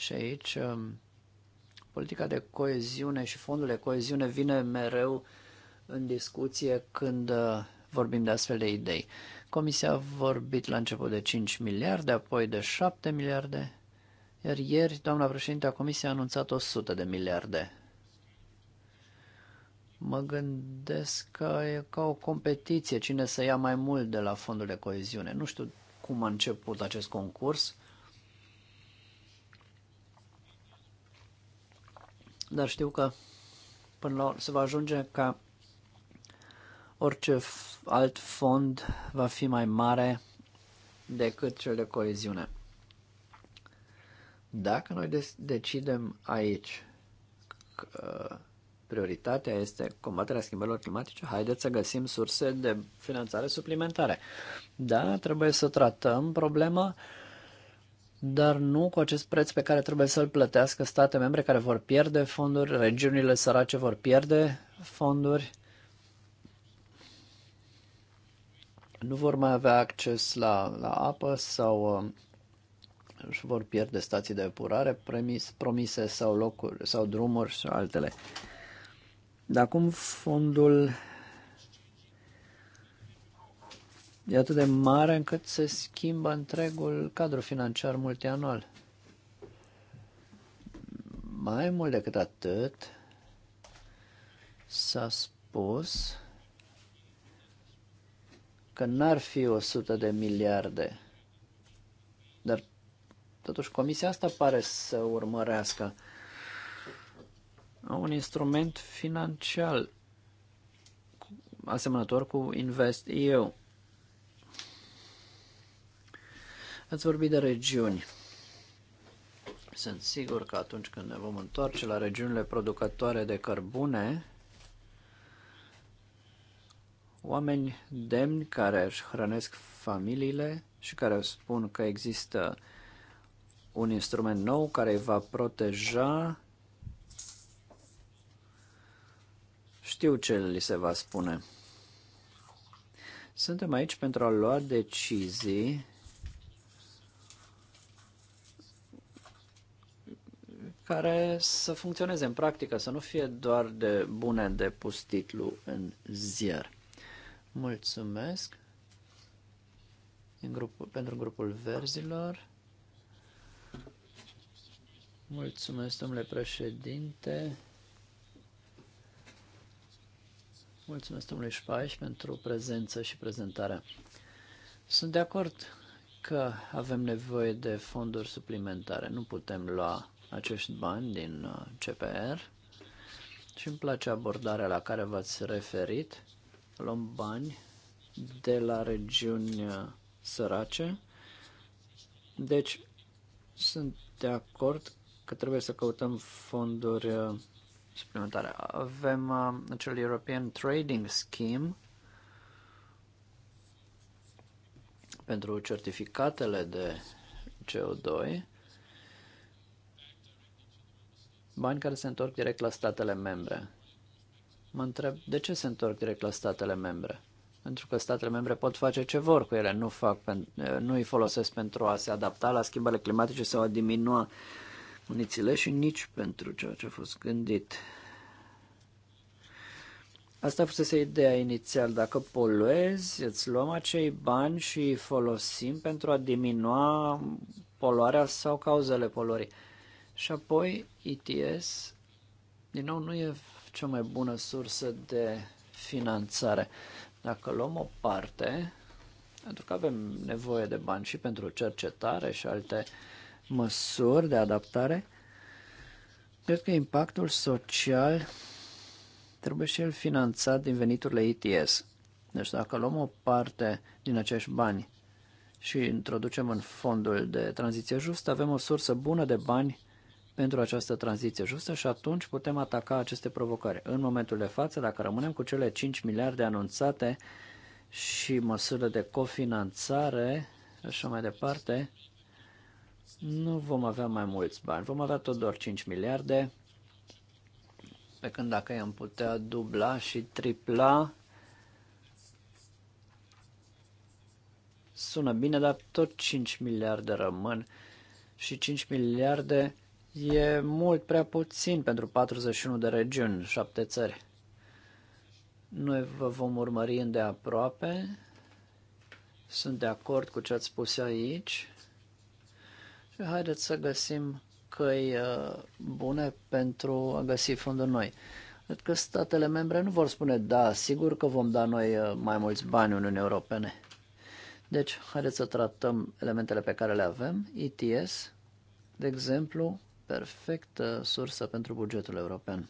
Și aici um, politica de coeziune și fondul de coeziune vine mereu în discuție când uh, vorbim de astfel de idei. Comisia a vorbit la început de 5 miliarde, apoi de 7 miliarde, iar ieri doamna președinte a Comisiei a anunțat 100 de miliarde. Mă gândesc că e ca o competiție cine să ia mai mult de la fondul de coeziune. Nu știu cum a început acest concurs, dar știu că până la se va ajunge ca orice alt fond va fi mai mare decât cel de coeziune. Dacă noi decidem aici că prioritatea este combaterea schimbărilor climatice, haideți să găsim surse de finanțare suplimentare. Da, trebuie să tratăm problema dar nu cu acest preț pe care trebuie să-l plătească state membre care vor pierde fonduri, regiunile sărace vor pierde fonduri, nu vor mai avea acces la, la apă sau um, își vor pierde stații de epurare premis, promise sau locuri sau drumuri și altele. Dar acum fondul e atât de mare încât se schimbă întregul cadru financiar multianual. Mai mult decât atât, s-a spus că n-ar fi 100 de miliarde, dar totuși comisia asta pare să urmărească un instrument financiar asemănător cu EU. Ați vorbit de regiuni. Sunt sigur că atunci când ne vom întoarce la regiunile producătoare de cărbune, oameni demni care își hrănesc familiile și care spun că există un instrument nou care îi va proteja. Știu ce li se va spune. Suntem aici pentru a lua decizii care să funcționeze în practică, să nu fie doar de bune de pus titlu în ziar. Mulțumesc în grupul, pentru grupul verzilor. Mulțumesc, domnule președinte. Mulțumesc, domnule Șpaș, pentru prezență și prezentarea. Sunt de acord că avem nevoie de fonduri suplimentare. Nu putem lua acești bani din uh, CPR și îmi place abordarea la care v-ați referit. Luăm bani de la regiuni uh, sărace. Deci, sunt de acord că trebuie să căutăm fonduri uh, suplimentare. Avem acel European Trading Scheme pentru certificatele de CO2 bani care se întorc direct la statele membre. Mă întreb de ce se întorc direct la statele membre? Pentru că statele membre pot face ce vor cu ele, nu, fac, nu îi folosesc pentru a se adapta la schimbările climatice sau a diminua unițile și nici pentru ceea ce a fost gândit. Asta fusese ideea inițial. Dacă poluezi, îți luăm acei bani și îi folosim pentru a diminua poluarea sau cauzele poluării. Și apoi ETS, din nou, nu e cea mai bună sursă de finanțare. Dacă luăm o parte, pentru că avem nevoie de bani și pentru cercetare și alte măsuri de adaptare, cred că impactul social trebuie și el finanțat din veniturile ETS. Deci dacă luăm o parte din acești bani și introducem în fondul de tranziție just, avem o sursă bună de bani pentru această tranziție justă și atunci putem ataca aceste provocări. În momentul de față, dacă rămânem cu cele 5 miliarde anunțate și măsurile de cofinanțare așa mai departe, nu vom avea mai mulți bani. Vom avea tot doar 5 miliarde, pe când dacă i-am putea dubla și tripla, sună bine, dar tot 5 miliarde rămân și 5 miliarde e mult prea puțin pentru 41 de regiuni, 7 țări. Noi vă vom urmări îndeaproape. Sunt de acord cu ce ați spus aici. Și haideți să găsim căi uh, bune pentru a găsi fonduri noi. Cred că statele membre nu vor spune, da, sigur că vom da noi uh, mai mulți bani Uniunii Europene. Deci, haideți să tratăm elementele pe care le avem, ETS, de exemplu, perfectă sursă pentru bugetul european.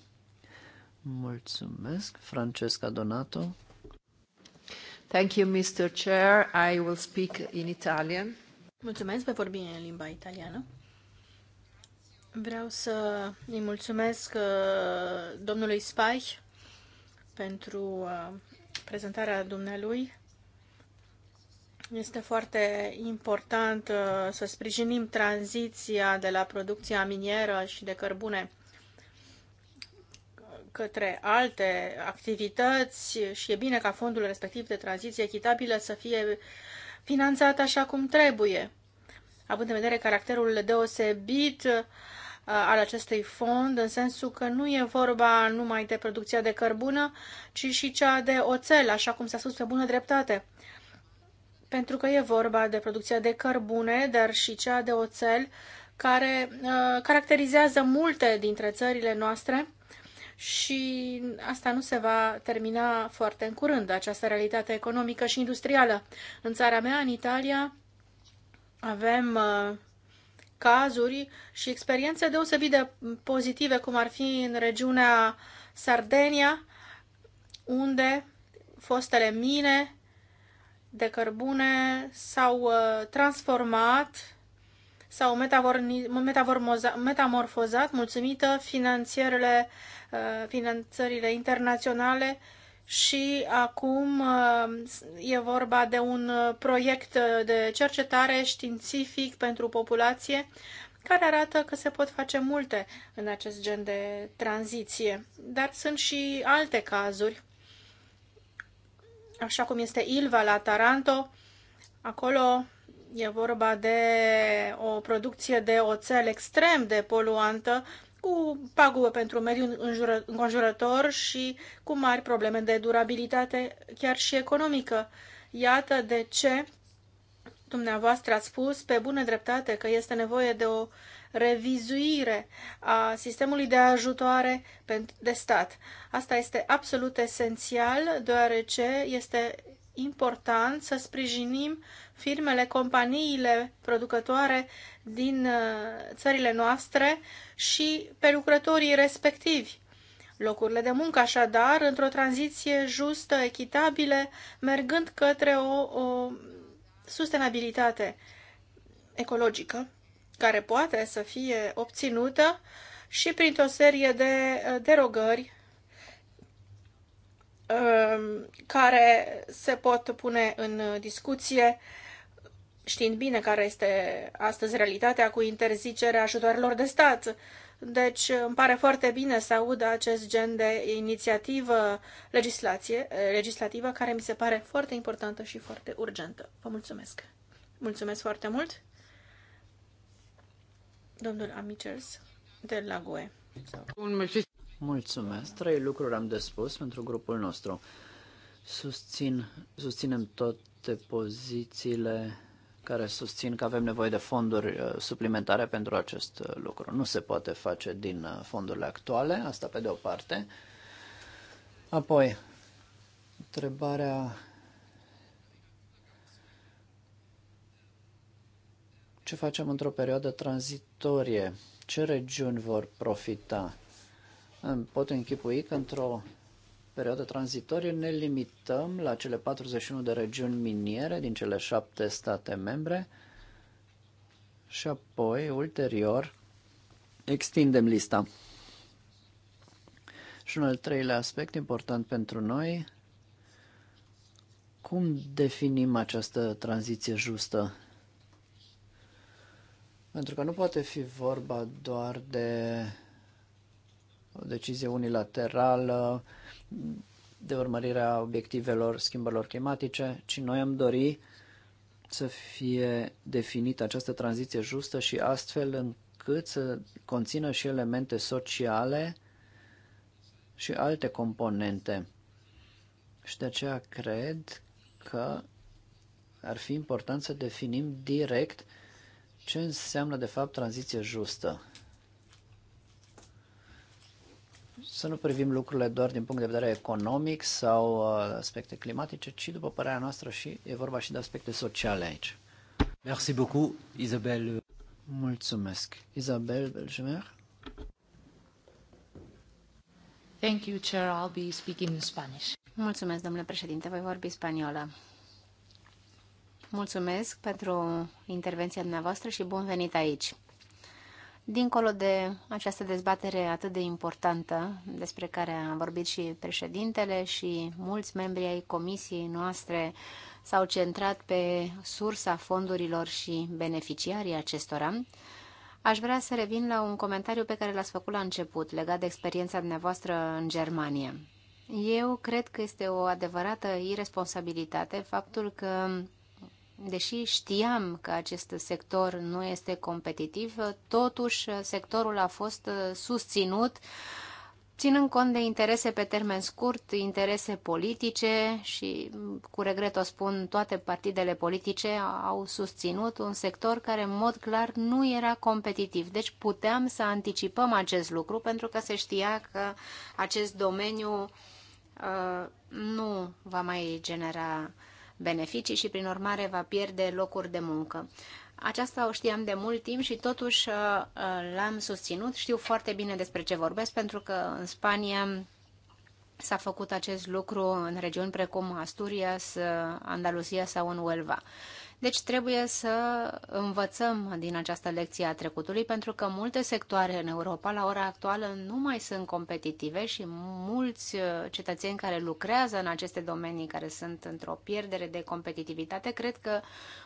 Mulțumesc, Francesca Donato. Thank you, Mr. Chair. I will speak in Italian. Mulțumesc, voi vorbi în limba italiană. Vreau să îi mulțumesc uh, domnului Spai pentru uh, prezentarea dumnealui este foarte important uh, să sprijinim tranziția de la producția minieră și de cărbune către alte activități și e bine ca fondul respectiv de tranziție echitabilă să fie finanțat așa cum trebuie. Având în vedere caracterul deosebit uh, al acestui fond, în sensul că nu e vorba numai de producția de cărbună, ci și cea de oțel, așa cum s-a spus pe bună dreptate pentru că e vorba de producția de cărbune, dar și cea de oțel, care uh, caracterizează multe dintre țările noastre și asta nu se va termina foarte în curând, această realitate economică și industrială. În țara mea, în Italia, avem uh, cazuri și experiențe deosebit de pozitive, cum ar fi în regiunea Sardenia, unde fostele mine de cărbune s-au uh, transformat sau metamorfozat mulțumită uh, finanțările internaționale și acum uh, e vorba de un uh, proiect de cercetare științific pentru populație care arată că se pot face multe în acest gen de tranziție. Dar sunt și alte cazuri așa cum este Ilva la Taranto. Acolo e vorba de o producție de oțel extrem de poluantă, cu pagubă pentru mediul înconjurător și cu mari probleme de durabilitate, chiar și economică. Iată de ce dumneavoastră ați spus pe bună dreptate că este nevoie de o revizuire a sistemului de ajutoare de stat. Asta este absolut esențial, deoarece este important să sprijinim firmele, companiile producătoare din uh, țările noastre și pe lucrătorii respectivi. Locurile de muncă, așadar, într-o tranziție justă, echitabilă, mergând către o, o sustenabilitate ecologică care poate să fie obținută și printr-o serie de uh, derogări um, care se pot pune în discuție, știind bine care este astăzi realitatea cu interzicerea ajutoarelor de stat. Deci îmi pare foarte bine să aud acest gen de inițiativă legislație, eh, legislativă care mi se pare foarte importantă și foarte urgentă. Vă mulțumesc! Mulțumesc foarte mult! Domnul Amichers de la GUE. Mulțumesc. Trei lucruri am de spus pentru grupul nostru. Susțin, susținem toate pozițiile care susțin că avem nevoie de fonduri uh, suplimentare pentru acest uh, lucru. Nu se poate face din uh, fondurile actuale, asta pe de o parte. Apoi, întrebarea ce facem într-o perioadă tranzitorie? Ce regiuni vor profita? Îmi pot închipui că într-o perioadă tranzitorie ne limităm la cele 41 de regiuni miniere din cele șapte state membre și apoi, ulterior, extindem lista. Și un al treilea aspect important pentru noi, cum definim această tranziție justă? Pentru că nu poate fi vorba doar de o decizie unilaterală de urmărirea obiectivelor schimbărilor climatice, ci noi am dori să fie definită această tranziție justă și astfel încât să conțină și elemente sociale și alte componente. Și de aceea cred că ar fi important să definim direct ce înseamnă de fapt tranziție justă. Să nu privim lucrurile doar din punct de vedere economic sau uh, aspecte climatice, ci după părerea noastră și e vorba și de aspecte sociale aici. Merci beaucoup, Isabel. Mulțumesc. Isabel, Belgemer. Thank you, Chair. I'll be speaking in Spanish. Mulțumesc, domnule președinte. Voi vorbi spaniolă mulțumesc pentru intervenția dumneavoastră și bun venit aici. Dincolo de această dezbatere atât de importantă, despre care a vorbit și președintele și mulți membri ai comisiei noastre s-au centrat pe sursa fondurilor și beneficiarii acestora, aș vrea să revin la un comentariu pe care l-ați făcut la început, legat de experiența dumneavoastră în Germania. Eu cred că este o adevărată irresponsabilitate faptul că deși știam că acest sector nu este competitiv, totuși sectorul a fost susținut ținând cont de interese pe termen scurt, interese politice și, cu regret o spun, toate partidele politice au susținut un sector care, în mod clar, nu era competitiv. Deci puteam să anticipăm acest lucru pentru că se știa că acest domeniu uh, nu va mai genera uh, beneficii și, prin urmare, va pierde locuri de muncă. Aceasta o știam de mult timp și totuși uh, uh, l-am susținut. Știu foarte bine despre ce vorbesc pentru că în Spania s-a făcut acest lucru în regiuni precum Asturias, uh, Andalusia sau în Huelva. Deci trebuie să învățăm din această lecție a trecutului, pentru că multe sectoare în Europa la ora actuală nu mai sunt competitive și mulți uh, cetățeni care lucrează în aceste domenii, care sunt într-o pierdere de competitivitate, cred că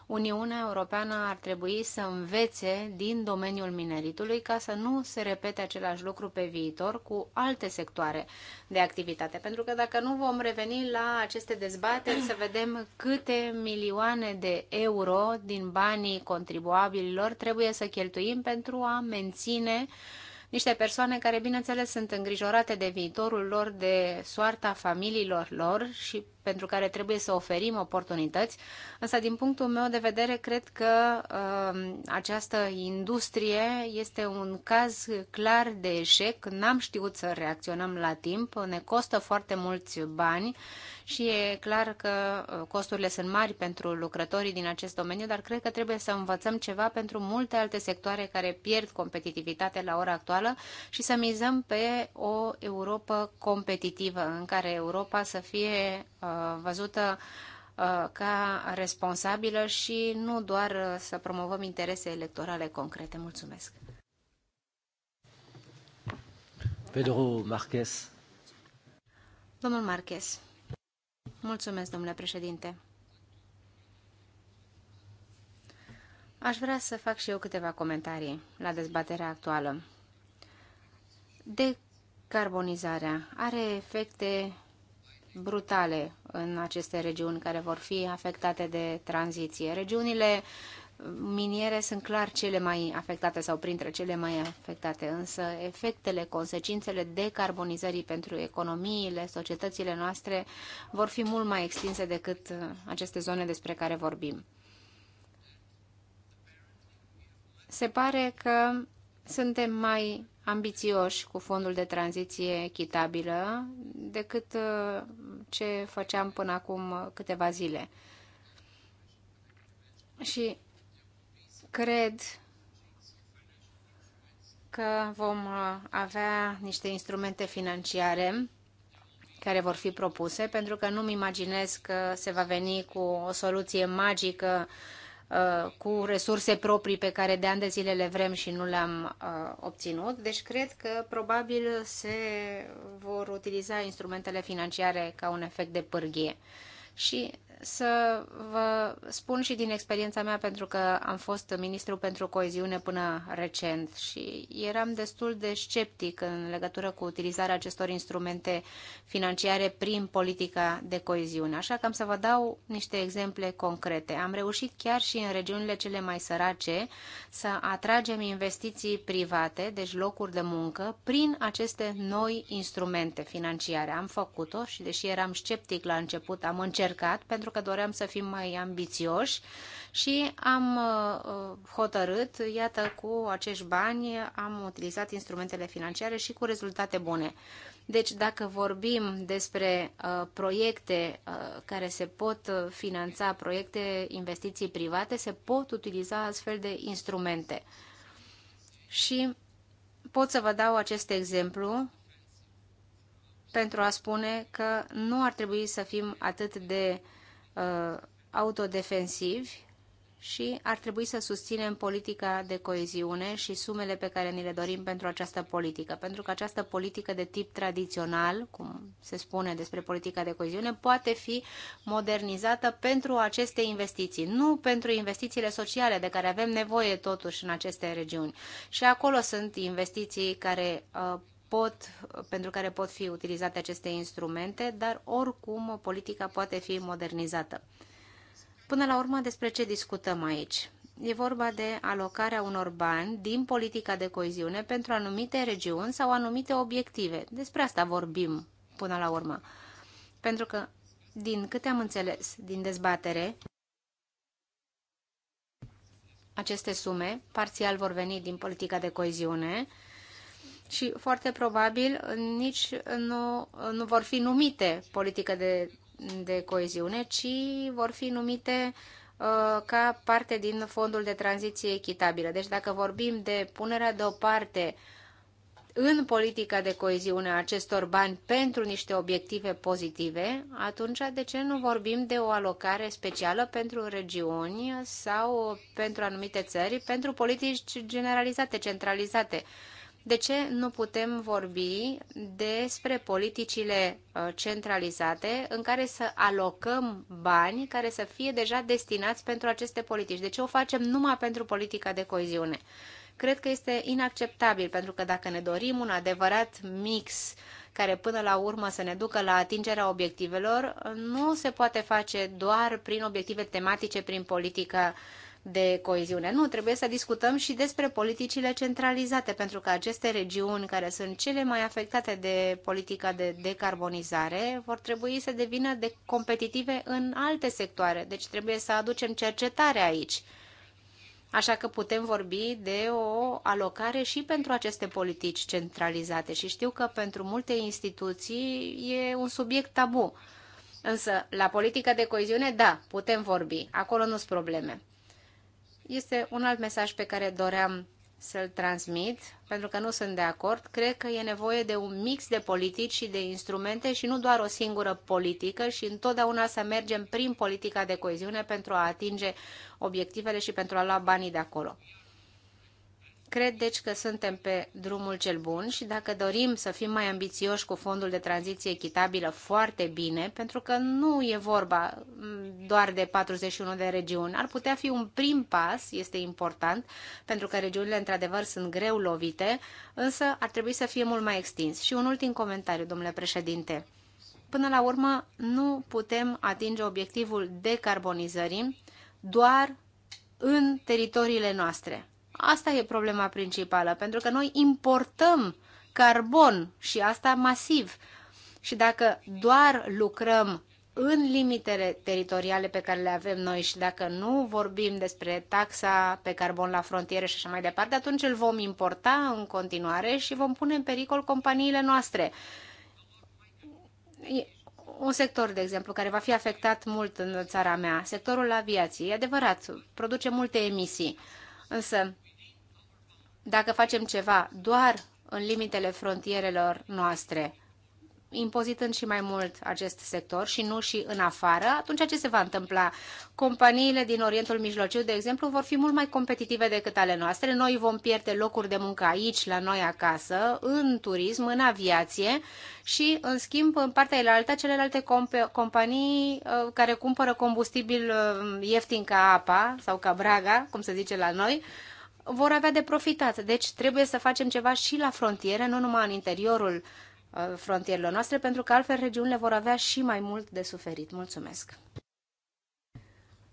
Uniunea Europeană ar trebui să învețe din domeniul mineritului ca să nu se repete același lucru pe viitor cu alte sectoare de activitate. Pentru că dacă nu vom reveni la aceste dezbateri, să vedem câte milioane de euro euro din banii contribuabililor trebuie să cheltuim pentru a menține niște persoane care, bineînțeles, sunt îngrijorate de viitorul lor, de soarta familiilor lor și pentru care trebuie să oferim oportunități, însă din punctul meu de vedere cred că uh, această industrie este un caz clar de eșec, n-am știut să reacționăm la timp, ne costă foarte mulți bani și e clar că uh, costurile sunt mari pentru lucrătorii din acest domeniu, dar cred că trebuie să învățăm ceva pentru multe alte sectoare care pierd competitivitate la ora actuală și să mizăm pe o Europa competitivă, în care Europa să fie uh, Uh, văzută uh, ca responsabilă și nu doar uh, să promovăm interese electorale concrete. Mulțumesc. Pedro Marquez. Domnul Marquez. Mulțumesc, domnule președinte. Aș vrea să fac și eu câteva comentarii la dezbaterea actuală. Decarbonizarea are efecte brutale în aceste regiuni care vor fi afectate de tranziție. Regiunile miniere sunt clar cele mai afectate sau printre cele mai afectate, însă efectele, consecințele decarbonizării pentru economiile, societățile noastre vor fi mult mai extinse decât aceste zone despre care vorbim. Se pare că suntem mai ambițioși cu fondul de tranziție echitabilă decât uh, ce făceam până acum câteva zile. Și cred că vom uh, avea niște instrumente financiare care vor fi propuse, pentru că nu-mi imaginez că se va veni cu o soluție magică uh, Uh, cu resurse proprii pe care de ani de zile le vrem și nu le-am uh, obținut. Deci cred că probabil se vor utiliza instrumentele financiare ca un efect de pârghie. Și să vă spun și din experiența mea, pentru că am fost ministru pentru coeziune până recent și eram destul de sceptic în legătură cu utilizarea acestor instrumente financiare prin politica de coeziune. Așa că am să vă dau niște exemple concrete. Am reușit chiar și în regiunile cele mai sărace să atragem investiții private, deci locuri de muncă, prin aceste noi instrumente financiare. Am făcut-o și, deși eram sceptic la început, am încercat pentru că doream să fim mai ambițioși și am uh, uh, hotărât, iată, cu acești bani am utilizat instrumentele financiare și cu rezultate bune. Deci, dacă vorbim despre uh, proiecte uh, care se pot uh, finanța, proiecte investiții private, se pot utiliza astfel de instrumente. Și pot să vă dau acest exemplu pentru a spune că nu ar trebui să fim atât de uh, uh, autodefensivi și ar trebui să susținem politica de coeziune și sumele pe care ni le dorim pentru această politică. Pentru că această politică de tip tradițional, cum se spune despre politica de coeziune, poate fi modernizată pentru aceste investiții, nu pentru investițiile sociale de care avem nevoie totuși în aceste regiuni. Și acolo sunt investiții care uh, pot, pentru care pot fi utilizate aceste instrumente, dar oricum politica poate fi modernizată. Până la urmă, despre ce discutăm aici? E vorba de alocarea unor bani din politica de coeziune pentru anumite regiuni sau anumite obiective. Despre asta vorbim până la urmă. Pentru că, din câte am înțeles din dezbatere, aceste sume parțial vor veni din politica de coeziune și foarte probabil nici nu, nu vor fi numite politică de, de coeziune, ci vor fi numite uh, ca parte din fondul de tranziție echitabilă. Deci dacă vorbim de punerea deoparte în politica de coeziune a acestor bani pentru niște obiective pozitive, atunci de ce nu vorbim de o alocare specială pentru regiuni sau pentru anumite țări, pentru politici generalizate, centralizate? de ce nu putem vorbi despre politicile uh, centralizate în care să alocăm bani care să fie deja destinați pentru aceste politici? De ce o facem numai pentru politica de coeziune? Cred că este inacceptabil, pentru că dacă ne dorim un adevărat mix care până la urmă să ne ducă la atingerea obiectivelor, nu se poate face doar prin obiective tematice, prin politica de coeziune. Nu, trebuie să discutăm și despre politicile centralizate, pentru că aceste regiuni care sunt cele mai afectate de politica de decarbonizare vor trebui să devină de competitive în alte sectoare. Deci trebuie să aducem cercetare aici. Așa că putem vorbi de o alocare și pentru aceste politici centralizate și știu că pentru multe instituții e un subiect tabu. Însă, la politica de coeziune, da, putem vorbi. Acolo nu sunt probleme este un alt mesaj pe care doream să-l transmit, pentru că nu sunt de acord. Cred că e nevoie de un mix de politici și de instrumente și nu doar o singură politică și întotdeauna să mergem prin politica de coeziune pentru a atinge obiectivele și pentru a lua banii de acolo. Cred deci că suntem pe drumul cel bun și dacă dorim să fim mai ambițioși cu fondul de tranziție echitabilă, foarte bine, pentru că nu e vorba mm, doar de 41 de regiuni. Ar putea fi un prim pas, este important, pentru că regiunile într-adevăr sunt greu lovite, însă ar trebui să fie mult mai extins. Și un ultim comentariu, domnule președinte. Până la urmă, nu putem atinge obiectivul decarbonizării doar în teritoriile noastre Asta e problema principală, pentru că noi importăm carbon și asta masiv. Și dacă doar lucrăm în limitele teritoriale pe care le avem noi și dacă nu vorbim despre taxa pe carbon la frontiere și așa mai departe, atunci îl vom importa în continuare și vom pune în pericol companiile noastre. E un sector, de exemplu, care va fi afectat mult în țara mea, sectorul aviației, e adevărat, produce multe emisii, însă dacă facem ceva doar în limitele frontierelor noastre, impozitând și mai mult acest sector și nu și în afară, atunci ce se va întâmpla? Companiile din Orientul Mijlociu, de exemplu, vor fi mult mai competitive decât ale noastre. Noi vom pierde locuri de muncă aici, la noi acasă, în turism, în aviație și, în schimb, în partea elaltă, celelalte comp- companii uh, care cumpără combustibil uh, ieftin ca apa sau ca braga, cum se zice la noi, uh, vor avea de profitat. Deci trebuie să facem ceva și la frontiere, nu numai în interiorul uh, frontierelor noastre, pentru că altfel regiunile vor avea și mai mult de suferit. Mulțumesc!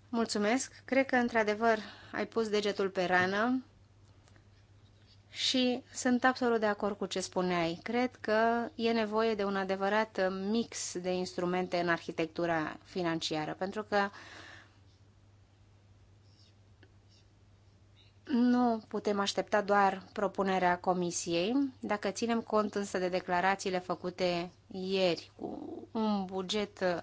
Mulțumesc! Cred că, într-adevăr, ai pus degetul pe rană și sunt absolut de acord cu ce spuneai. Cred că e nevoie de un adevărat mix de instrumente în arhitectura financiară, pentru că nu putem aștepta doar propunerea Comisiei. Dacă ținem cont însă de declarațiile făcute ieri cu un buget uh,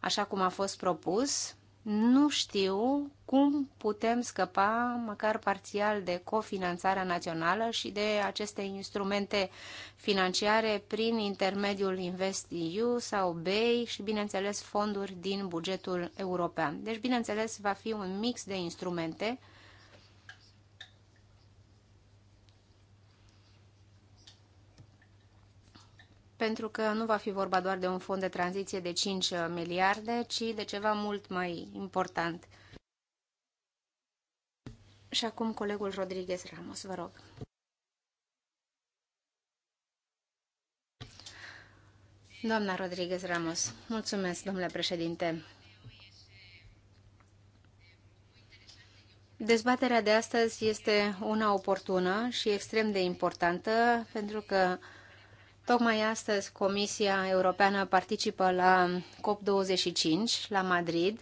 așa cum a fost propus, nu știu cum putem scăpa măcar parțial de cofinanțarea națională și de aceste instrumente financiare prin intermediul InvestEU sau BEI și, bineînțeles, fonduri din bugetul european. Deci, bineînțeles, va fi un mix de instrumente pentru că nu va fi vorba doar de un fond de tranziție de 5 uh, miliarde, ci de ceva mult mai important. Și acum colegul Rodriguez Ramos, vă rog. Doamna Rodriguez Ramos, mulțumesc, domnule președinte. Dezbaterea de astăzi este una oportună și extrem de importantă, pentru că Tocmai astăzi Comisia Europeană participă la COP25 la Madrid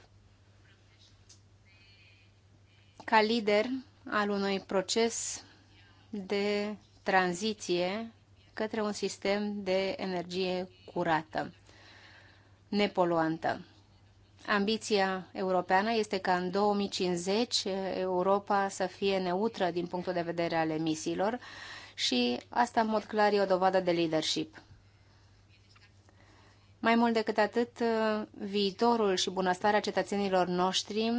ca lider al unui proces de tranziție către un sistem de energie curată, nepoluantă. Ambiția europeană este ca în 2050 Europa să fie neutră din punctul de vedere al emisiilor și asta, în mod clar, e o dovadă de leadership. Mai mult decât atât, viitorul și bunăstarea cetățenilor noștri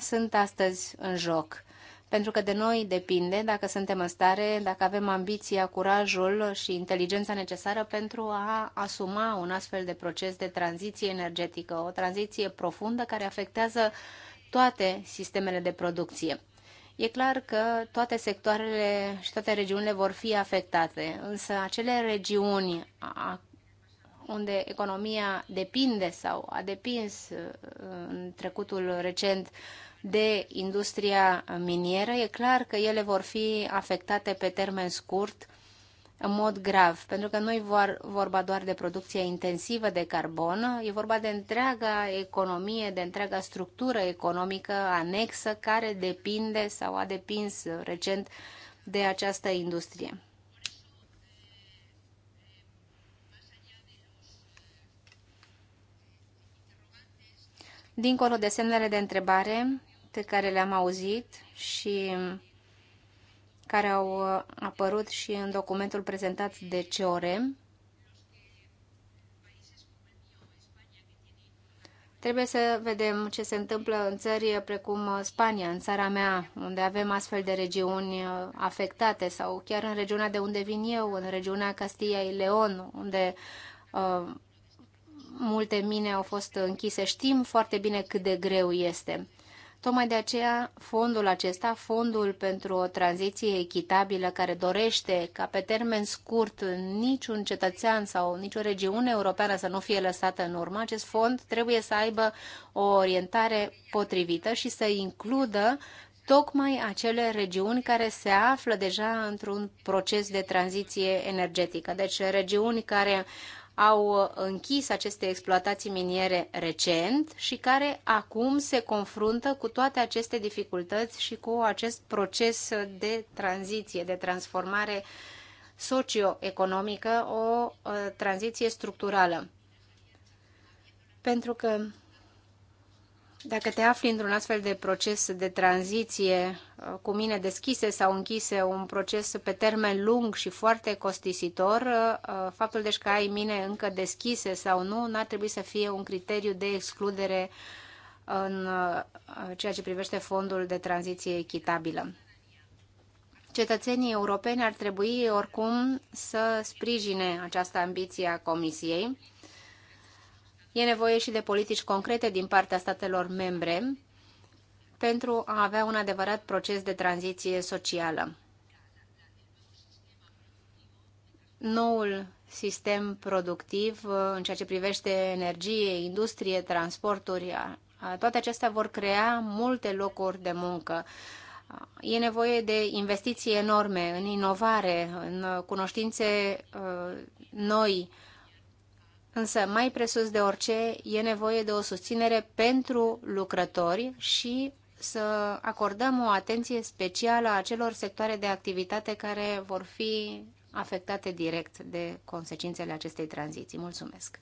sunt astăzi în joc. Pentru că de noi depinde dacă suntem în stare, dacă avem ambiția, curajul și inteligența necesară pentru a asuma un astfel de proces de tranziție energetică, o tranziție profundă care afectează toate sistemele de producție. E clar că toate sectoarele și toate regiunile vor fi afectate, însă acele regiuni unde economia depinde sau a depins uh, în trecutul recent de industria minieră, e clar că ele vor fi afectate pe termen scurt în mod grav, pentru că nu e vorba doar de producția intensivă de carbon, e vorba de întreaga economie, de întreaga structură economică anexă care depinde sau a depins recent de această industrie. Dincolo de semnele de întrebare pe care le-am auzit și care au uh, apărut și în documentul prezentat de CORM. Trebuie să vedem ce se întâmplă în țări precum uh, Spania, în țara mea, unde avem astfel de regiuni uh, afectate, sau chiar în regiunea de unde vin eu, în regiunea Castiei Leon, unde uh, multe mine au fost închise. Știm foarte bine cât de greu este. Tocmai de aceea, fondul acesta, fondul pentru o tranziție echitabilă care dorește ca pe termen scurt niciun cetățean sau nicio regiune europeană să nu fie lăsată în urmă, acest fond trebuie să aibă o orientare potrivită și să includă tocmai acele regiuni care se află deja într-un proces de tranziție energetică. Deci regiuni care au închis aceste exploatații miniere recent și care acum se confruntă cu toate aceste dificultăți și cu acest proces de tranziție, de transformare socioeconomică, o uh, tranziție structurală. Pentru că dacă te afli într-un astfel de proces de tranziție uh, cu mine deschise sau închise, un proces pe termen lung și foarte costisitor, uh, uh, faptul deci că ai mine încă deschise sau nu, n-ar trebui să fie un criteriu de excludere în ceea ce privește fondul de tranziție echitabilă. Cetățenii europeni ar trebui oricum să sprijine această ambiție a Comisiei E nevoie și de politici concrete din partea statelor membre pentru a avea un adevărat proces de tranziție socială. Noul sistem productiv uh, în ceea ce privește energie, industrie, transporturi, toate acestea vor crea multe locuri de muncă. Uh, e nevoie de investiții enorme în inovare, în uh, cunoștințe noi, Însă, mai presus de orice, e nevoie de o susținere pentru lucrători și să acordăm o atenție specială a celor sectoare de activitate care vor fi afectate direct de consecințele acestei tranziții. Mulțumesc!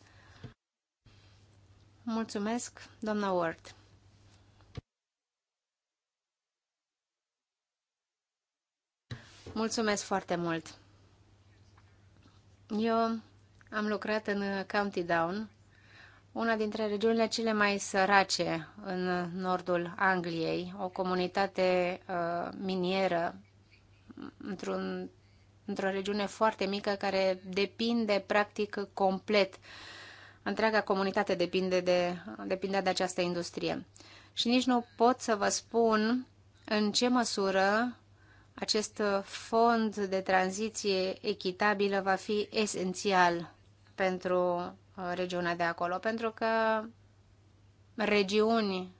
Mulțumesc, doamna Ward! Mulțumesc foarte mult! Eu am lucrat în County Down, una dintre regiunile cele mai sărace în nordul Angliei, o comunitate uh, minieră într-un, într-o regiune foarte mică care depinde practic complet. Întreaga comunitate depinde de, depinde de această industrie. Și nici nu pot să vă spun în ce măsură acest fond de tranziție echitabilă va fi esențial pentru uh, regiunea de acolo, pentru că regiuni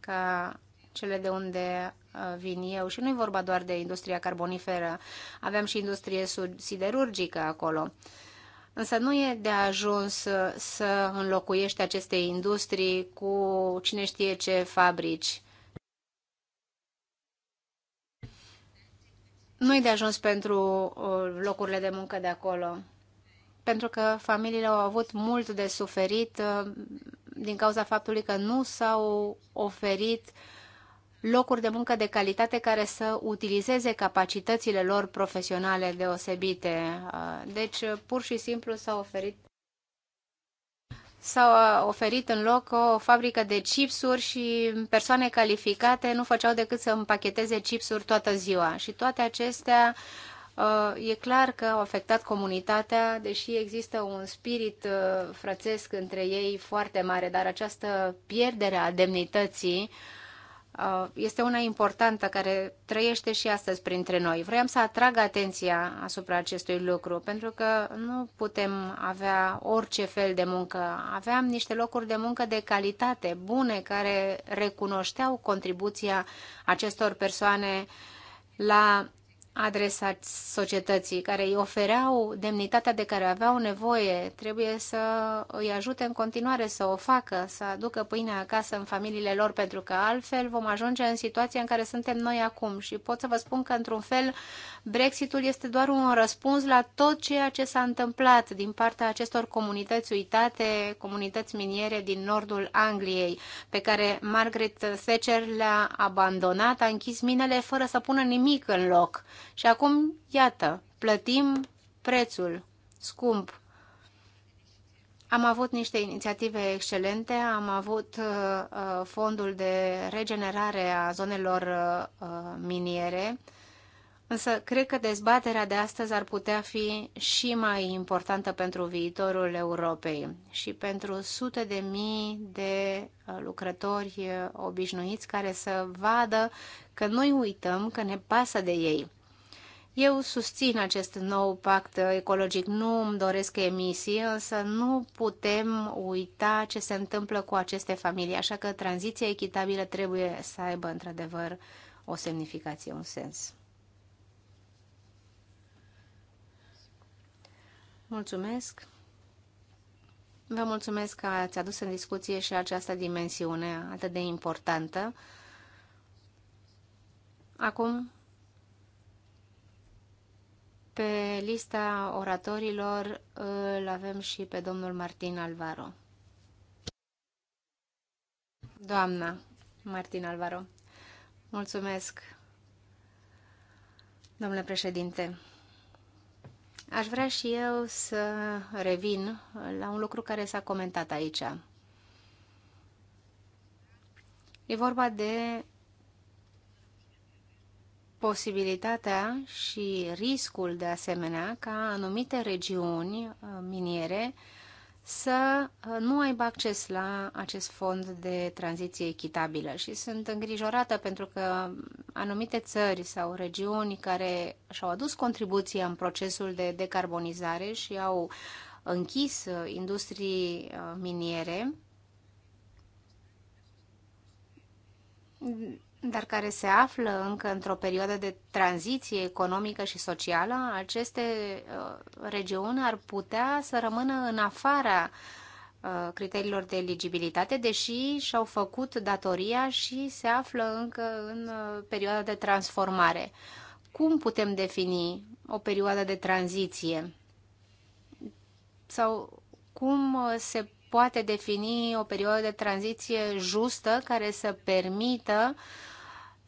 ca cele de unde uh, vin eu și nu e vorba doar de industria carboniferă, aveam și industrie siderurgică acolo. Însă nu e de ajuns uh, să înlocuiești aceste industrii cu cine știe ce fabrici. Nu e de ajuns pentru locurile de muncă de acolo pentru că familiile au avut mult de suferit uh, din cauza faptului că nu s-au oferit locuri de muncă de calitate care să utilizeze capacitățile lor profesionale deosebite. Uh, deci, uh, pur și simplu s-au oferit s-au oferit în loc o fabrică de chipsuri și persoane calificate nu făceau decât să împacheteze chipsuri toată ziua. Și toate acestea Uh, e clar că au afectat comunitatea, deși există un spirit uh, frățesc între ei foarte mare, dar această pierdere a demnității uh, este una importantă care trăiește și astăzi printre noi. Vreau să atrag atenția asupra acestui lucru, pentru că nu putem avea orice fel de muncă. Aveam niște locuri de muncă de calitate, bune, care recunoșteau contribuția acestor persoane la adresați societății, care îi ofereau demnitatea de care aveau nevoie. Trebuie să îi ajute în continuare să o facă, să aducă pâinea acasă în familiile lor, pentru că altfel vom ajunge în situația în care suntem noi acum. Și pot să vă spun că, într-un fel, Brexitul este doar un răspuns la tot ceea ce s-a întâmplat din partea acestor comunități uitate, comunități miniere din nordul Angliei, pe care Margaret Thatcher le-a abandonat, a închis minele fără să pună nimic în loc. Și acum, iată, plătim prețul scump. Am avut niște inițiative excelente, am avut uh, uh fondul de regenerare a zonelor uh, uh, miniere, însă cred că dezbaterea de astăzi ar putea fi și mai importantă pentru viitorul Europei și pentru sute de mii de uh, lucrători obișnuiți care să vadă că noi uităm, că ne pasă de ei. Eu susțin acest nou pact ecologic, nu îmi doresc emisii, însă nu putem uita ce se întâmplă cu aceste familii, așa că tranziția echitabilă trebuie să aibă într-adevăr o semnificație, un sens. Mulțumesc! Vă mulțumesc că ați adus în discuție și această dimensiune atât de importantă. Acum pe lista oratorilor îl avem și pe domnul Martin Alvaro. Doamna Martin Alvaro, mulțumesc, domnule președinte. Aș vrea și eu să revin la un lucru care s-a comentat aici. E vorba de posibilitatea și riscul de asemenea ca anumite regiuni uh, miniere să uh, nu aibă acces la acest fond de tranziție echitabilă și sunt îngrijorată pentru că anumite țări sau regiuni care și-au adus contribuția în procesul de decarbonizare și au închis uh, industrii miniere dar care se află încă într-o perioadă de tranziție economică și socială, aceste uh, regiuni ar putea să rămână în afara uh, criteriilor de eligibilitate, deși și-au făcut datoria și se află încă în uh, perioada de transformare. Cum putem defini o perioadă de tranziție? Sau cum se poate defini o perioadă de tranziție justă care să permită uh,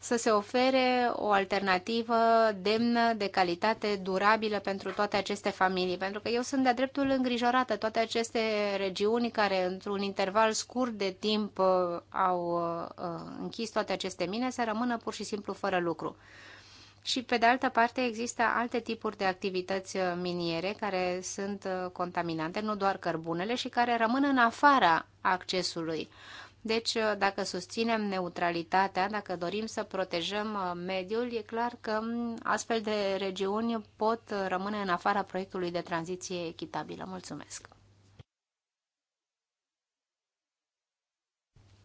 să se ofere o alternativă demnă, de calitate, durabilă pentru toate aceste familii. Pentru că eu sunt de-a dreptul îngrijorată. Toate aceste regiuni care într-un interval scurt de timp uh, au uh, uh, închis toate aceste mine să rămână pur și simplu fără lucru. Și pe de altă parte există alte tipuri de activități miniere care sunt contaminante, nu doar cărbunele, și care rămân în afara accesului. Deci, uh, dacă susținem neutralitatea, dacă dorim să protejăm uh, mediul, e clar că mm, astfel de regiuni pot uh, rămâne în afara proiectului de tranziție echitabilă. Mulțumesc!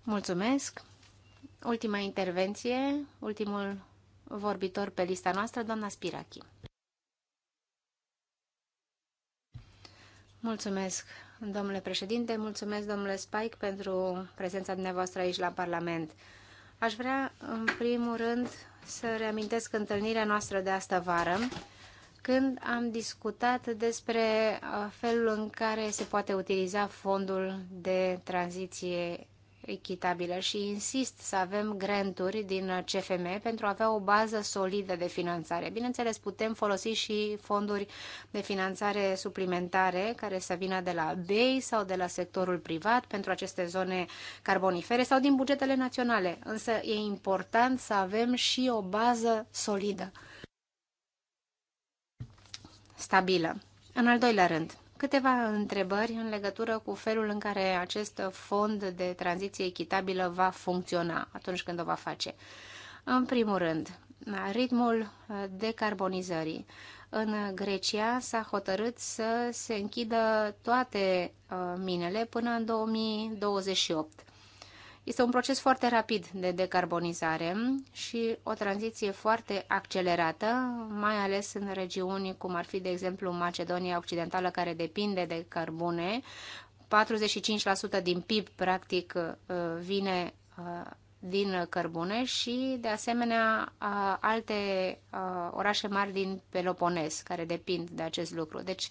Mulțumesc! Ultima intervenție, ultimul vorbitor pe lista noastră, doamna Spirachi. Mulțumesc, domnule președinte, mulțumesc, domnule Spike, pentru prezența dumneavoastră aici la Parlament. Aș vrea, în primul rând, să reamintesc întâlnirea noastră de astă vară, când am discutat despre uh, felul în care se poate utiliza fondul de tranziție echitabilă și insist să avem granturi din CFM pentru a avea o bază solidă de finanțare. Bineînțeles, putem folosi și fonduri de finanțare suplimentare care să vină de la BEI sau de la sectorul privat pentru aceste zone carbonifere sau din bugetele naționale, însă e important să avem și o bază solidă, stabilă. În al doilea rând, Câteva întrebări în legătură cu felul în care acest fond de tranziție echitabilă va funcționa atunci când o va face. În primul rând, ritmul decarbonizării. În Grecia s-a hotărât să se închidă toate uh, minele până în 2028. Este un proces foarte rapid de decarbonizare și o tranziție foarte accelerată, mai ales în regiuni cum ar fi, de exemplu, Macedonia Occidentală, care depinde de carbune. 45% din PIB, practic, uh, vine uh, din cărbune și, de asemenea, uh, alte orașe mari din Peloponez, care depind de acest lucru. Deci,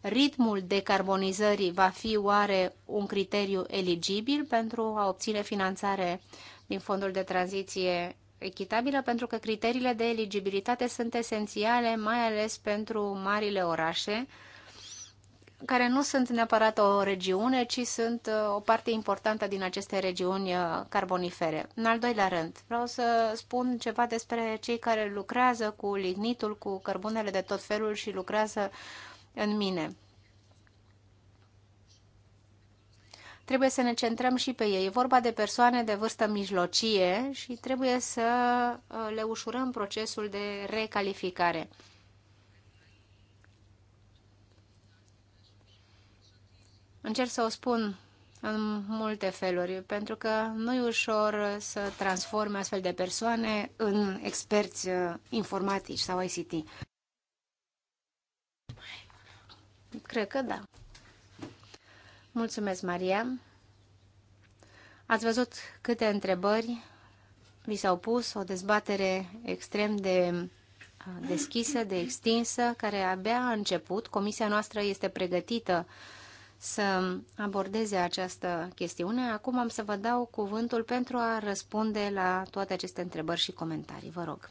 ritmul decarbonizării va fi oare un criteriu eligibil pentru a obține finanțare din fondul de tranziție echitabilă, pentru că criteriile de eligibilitate sunt esențiale, mai ales pentru marile orașe, care nu sunt neapărat o regiune, ci sunt uh, o parte importantă din aceste regiuni uh, carbonifere. În al doilea rând, vreau să spun ceva despre cei care lucrează cu lignitul, cu cărbunele de tot felul și lucrează în mine. Trebuie să ne centrăm și pe ei. E vorba de persoane de vârstă mijlocie și trebuie să uh, le ușurăm procesul de recalificare. Încerc să o spun în multe feluri, pentru că nu e ușor să transforme astfel de persoane în experți uh, informatici sau ICT. Cred că da. Mulțumesc, Maria. Ați văzut câte întrebări vi s-au pus, o dezbatere extrem de uh, deschisă, de extinsă, care abia a început. Comisia noastră este pregătită să abordeze această chestiune. Acum am să vă dau cuvântul pentru a răspunde la toate aceste întrebări și comentarii. Vă rog.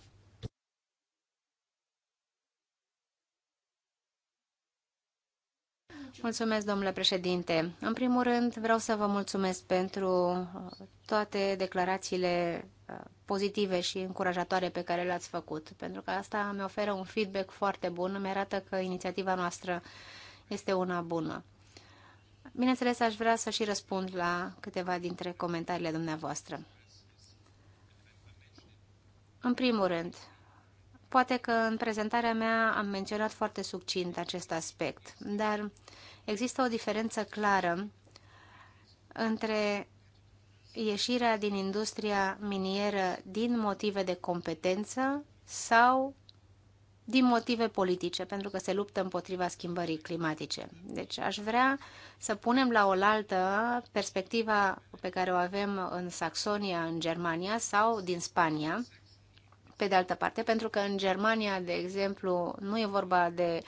Mulțumesc, domnule președinte. În primul rând, vreau să vă mulțumesc pentru uh, toate declarațiile uh, pozitive și încurajatoare pe care le-ați făcut, pentru că asta mi oferă un feedback foarte bun, mi arată că inițiativa noastră este una bună. Bineînțeles, aș vrea să și răspund la câteva dintre comentariile dumneavoastră. În primul rând, Poate că în prezentarea mea am menționat foarte succint acest aspect, dar există o diferență clară între ieșirea din industria minieră din motive de competență sau din motive politice, pentru că se luptă împotriva schimbării climatice. Deci aș vrea să punem la oaltă perspectiva pe care o avem în Saxonia, în Germania sau din Spania, pe de altă parte, pentru că în Germania, de exemplu, nu e vorba de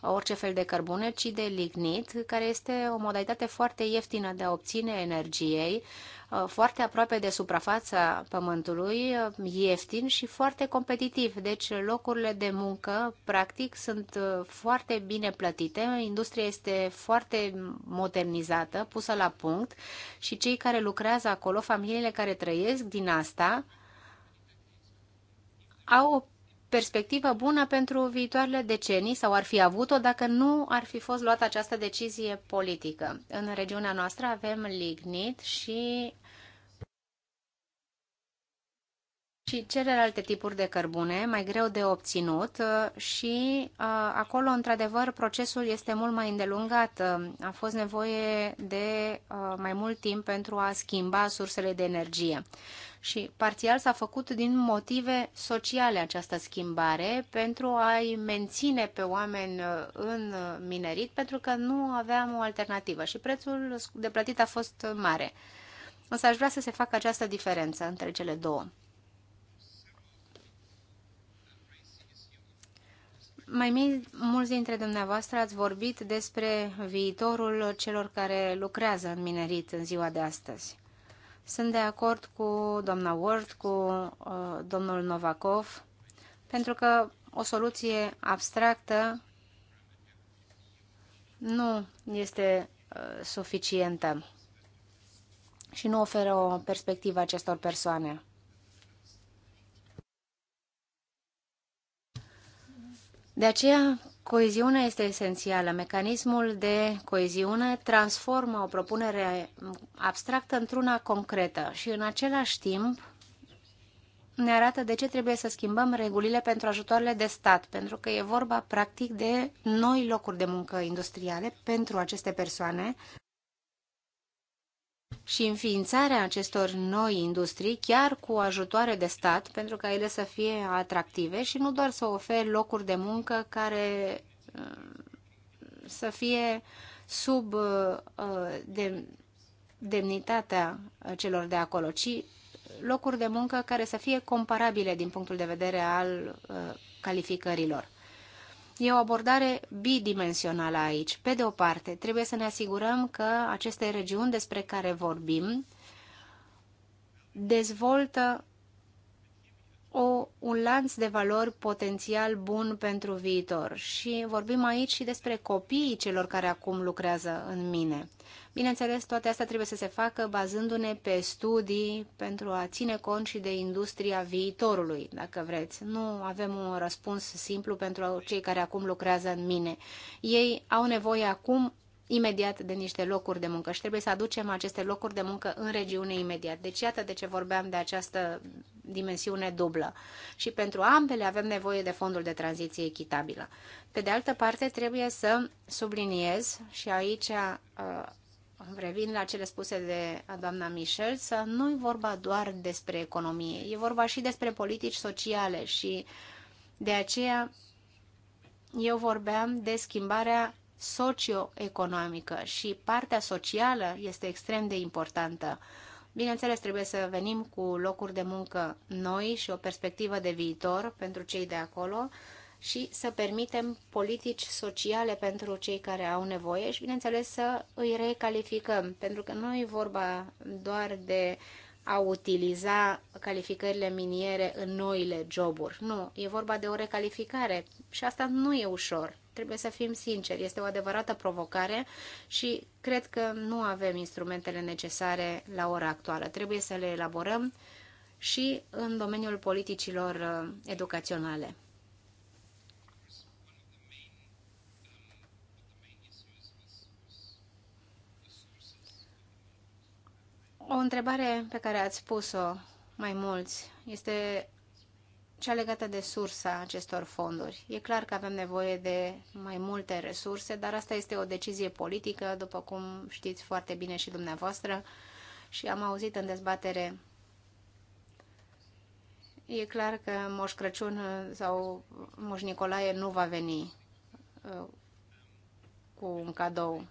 orice fel de cărbune, ci de lignit, care este o modalitate foarte ieftină de a obține energiei, uh, foarte aproape de suprafața pământului, uh, ieftin și foarte competitiv. Deci locurile de muncă, practic, sunt uh, foarte bine plătite, industria este foarte modernizată, pusă la punct și cei care lucrează acolo, familiile care trăiesc din asta, au o perspectivă bună pentru viitoarele decenii sau ar fi avut-o dacă nu ar fi fost luată această decizie politică. În regiunea noastră avem lignit și și celelalte tipuri de cărbune, mai greu de obținut uh, și uh, acolo, într-adevăr, procesul este mult mai îndelungat. Uh, a fost nevoie de mai mult timp pentru a schimba sursele de energie. Și parțial s-a făcut din motive sociale această schimbare pentru a-i menține pe oameni uh, în minerit, pentru că nu aveam o alternativă și prețul de plătit a fost mare. Însă aș vrea să se facă această diferență între cele două. Mai mulți dintre dumneavoastră ați vorbit despre viitorul celor care lucrează în minerit în ziua de astăzi. Sunt de acord cu doamna Ward, cu uh, domnul Novakov, pentru că o soluție abstractă nu este uh, suficientă și nu oferă o perspectivă acestor persoane. De aceea Coeziunea este esențială. Mecanismul de coeziune transformă o propunere abstractă într-una concretă și în același timp ne arată de ce trebuie să schimbăm regulile pentru ajutoarele de stat, pentru că e vorba practic de noi locuri de muncă industriale pentru aceste persoane și înființarea acestor noi industrii chiar cu ajutoare de stat pentru ca ele să fie atractive și nu doar să ofere locuri de muncă care uh, să fie sub uh, de, demnitatea celor de acolo, ci locuri de muncă care să fie comparabile din punctul de vedere al uh, calificărilor. E o abordare bidimensională aici. Pe de o parte, trebuie să ne asigurăm că aceste regiuni despre care vorbim dezvoltă o, un lanț de valori potențial bun pentru viitor. Și vorbim aici și despre copiii celor care acum lucrează în mine. Bineînțeles, toate astea trebuie să se facă bazându-ne pe studii pentru a ține cont și de industria viitorului, dacă vreți. Nu avem un răspuns simplu pentru cei care acum lucrează în mine. Ei au nevoie acum imediat de niște locuri de muncă și trebuie să aducem aceste locuri de muncă în regiune imediat. Deci iată de ce vorbeam de această dimensiune dublă. Și pentru ambele avem nevoie de fondul de tranziție echitabilă. Pe de altă parte, trebuie să subliniez și aici uh, revin la cele spuse de doamna Michel, să nu e vorba doar despre economie, e vorba și despre politici sociale și de aceea eu vorbeam de schimbarea socioeconomică și partea socială este extrem de importantă. Bineînțeles, trebuie să venim cu locuri de muncă noi și o perspectivă de viitor pentru cei de acolo și să permitem politici sociale pentru cei care au nevoie și, bineînțeles, să îi recalificăm, pentru că nu e vorba doar de a utiliza calificările miniere în noile joburi. Nu, e vorba de o recalificare și asta nu e ușor trebuie să fim sinceri, este o adevărată provocare și cred că nu avem instrumentele necesare la ora actuală. Trebuie să le elaborăm și în domeniul politicilor uh, educaționale. O întrebare pe care ați pus-o mai mulți este cea legată de sursa acestor fonduri. E clar că avem nevoie de mai multe resurse, dar asta este o decizie politică, după cum știți foarte bine și dumneavoastră și am auzit în dezbatere. E clar că Moș Crăciun uh, sau Moș Nicolae nu va veni uh, cu un cadou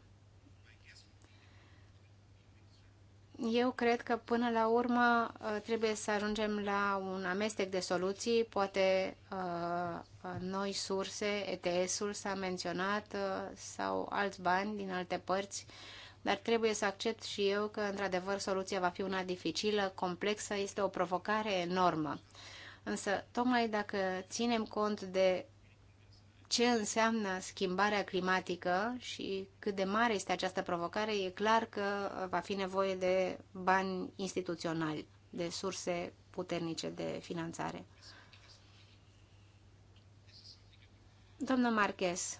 Eu cred că până la urmă uh, trebuie să ajungem la un amestec de soluții, poate uh, uh, noi surse, ETS-ul s-a menționat sau alți bani din alte părți, dar trebuie să accept și eu că într-adevăr soluția va fi una dificilă, complexă, este o provocare enormă. Însă, tocmai dacă ținem cont de ce înseamnă schimbarea climatică și cât de mare este această provocare, e clar că va fi nevoie de bani instituționali, de surse puternice de finanțare. Doamnă Marques,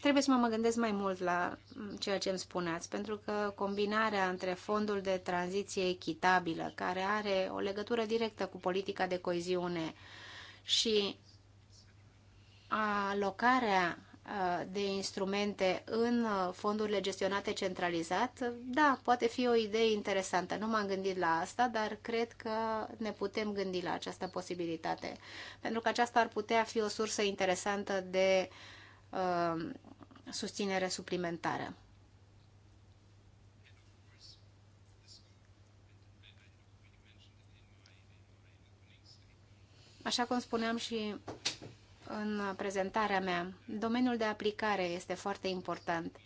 trebuie să mă, mă gândesc mai mult la ceea ce îmi spuneați, pentru că combinarea între fondul de tranziție echitabilă, care are o legătură directă cu politica de coeziune și alocarea uh, de instrumente în uh, fondurile gestionate centralizat, da, poate fi o idee interesantă. Nu m-am gândit la asta, dar cred că ne putem gândi la această posibilitate. Pentru că aceasta ar putea fi o sursă interesantă de uh, susținere suplimentară. Așa cum spuneam și în prezentarea mea. Domeniul de aplicare este foarte important.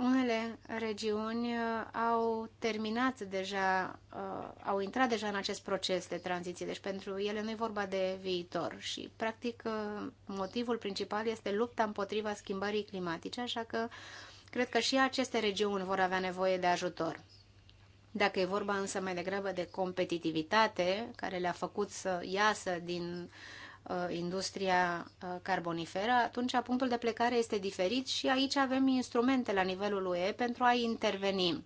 Unele regiuni uh, au terminat deja, uh, au intrat deja în acest proces de tranziție, deci pentru ele nu e vorba de viitor și, practic, uh, motivul principal este lupta împotriva schimbării climatice, așa că cred că și aceste regiuni vor avea nevoie de ajutor. Dacă e vorba însă mai degrabă de competitivitate, care le-a făcut să iasă din uh, Uh, industria uh, carboniferă, atunci punctul de plecare este diferit și aici avem instrumente la nivelul UE pentru a interveni.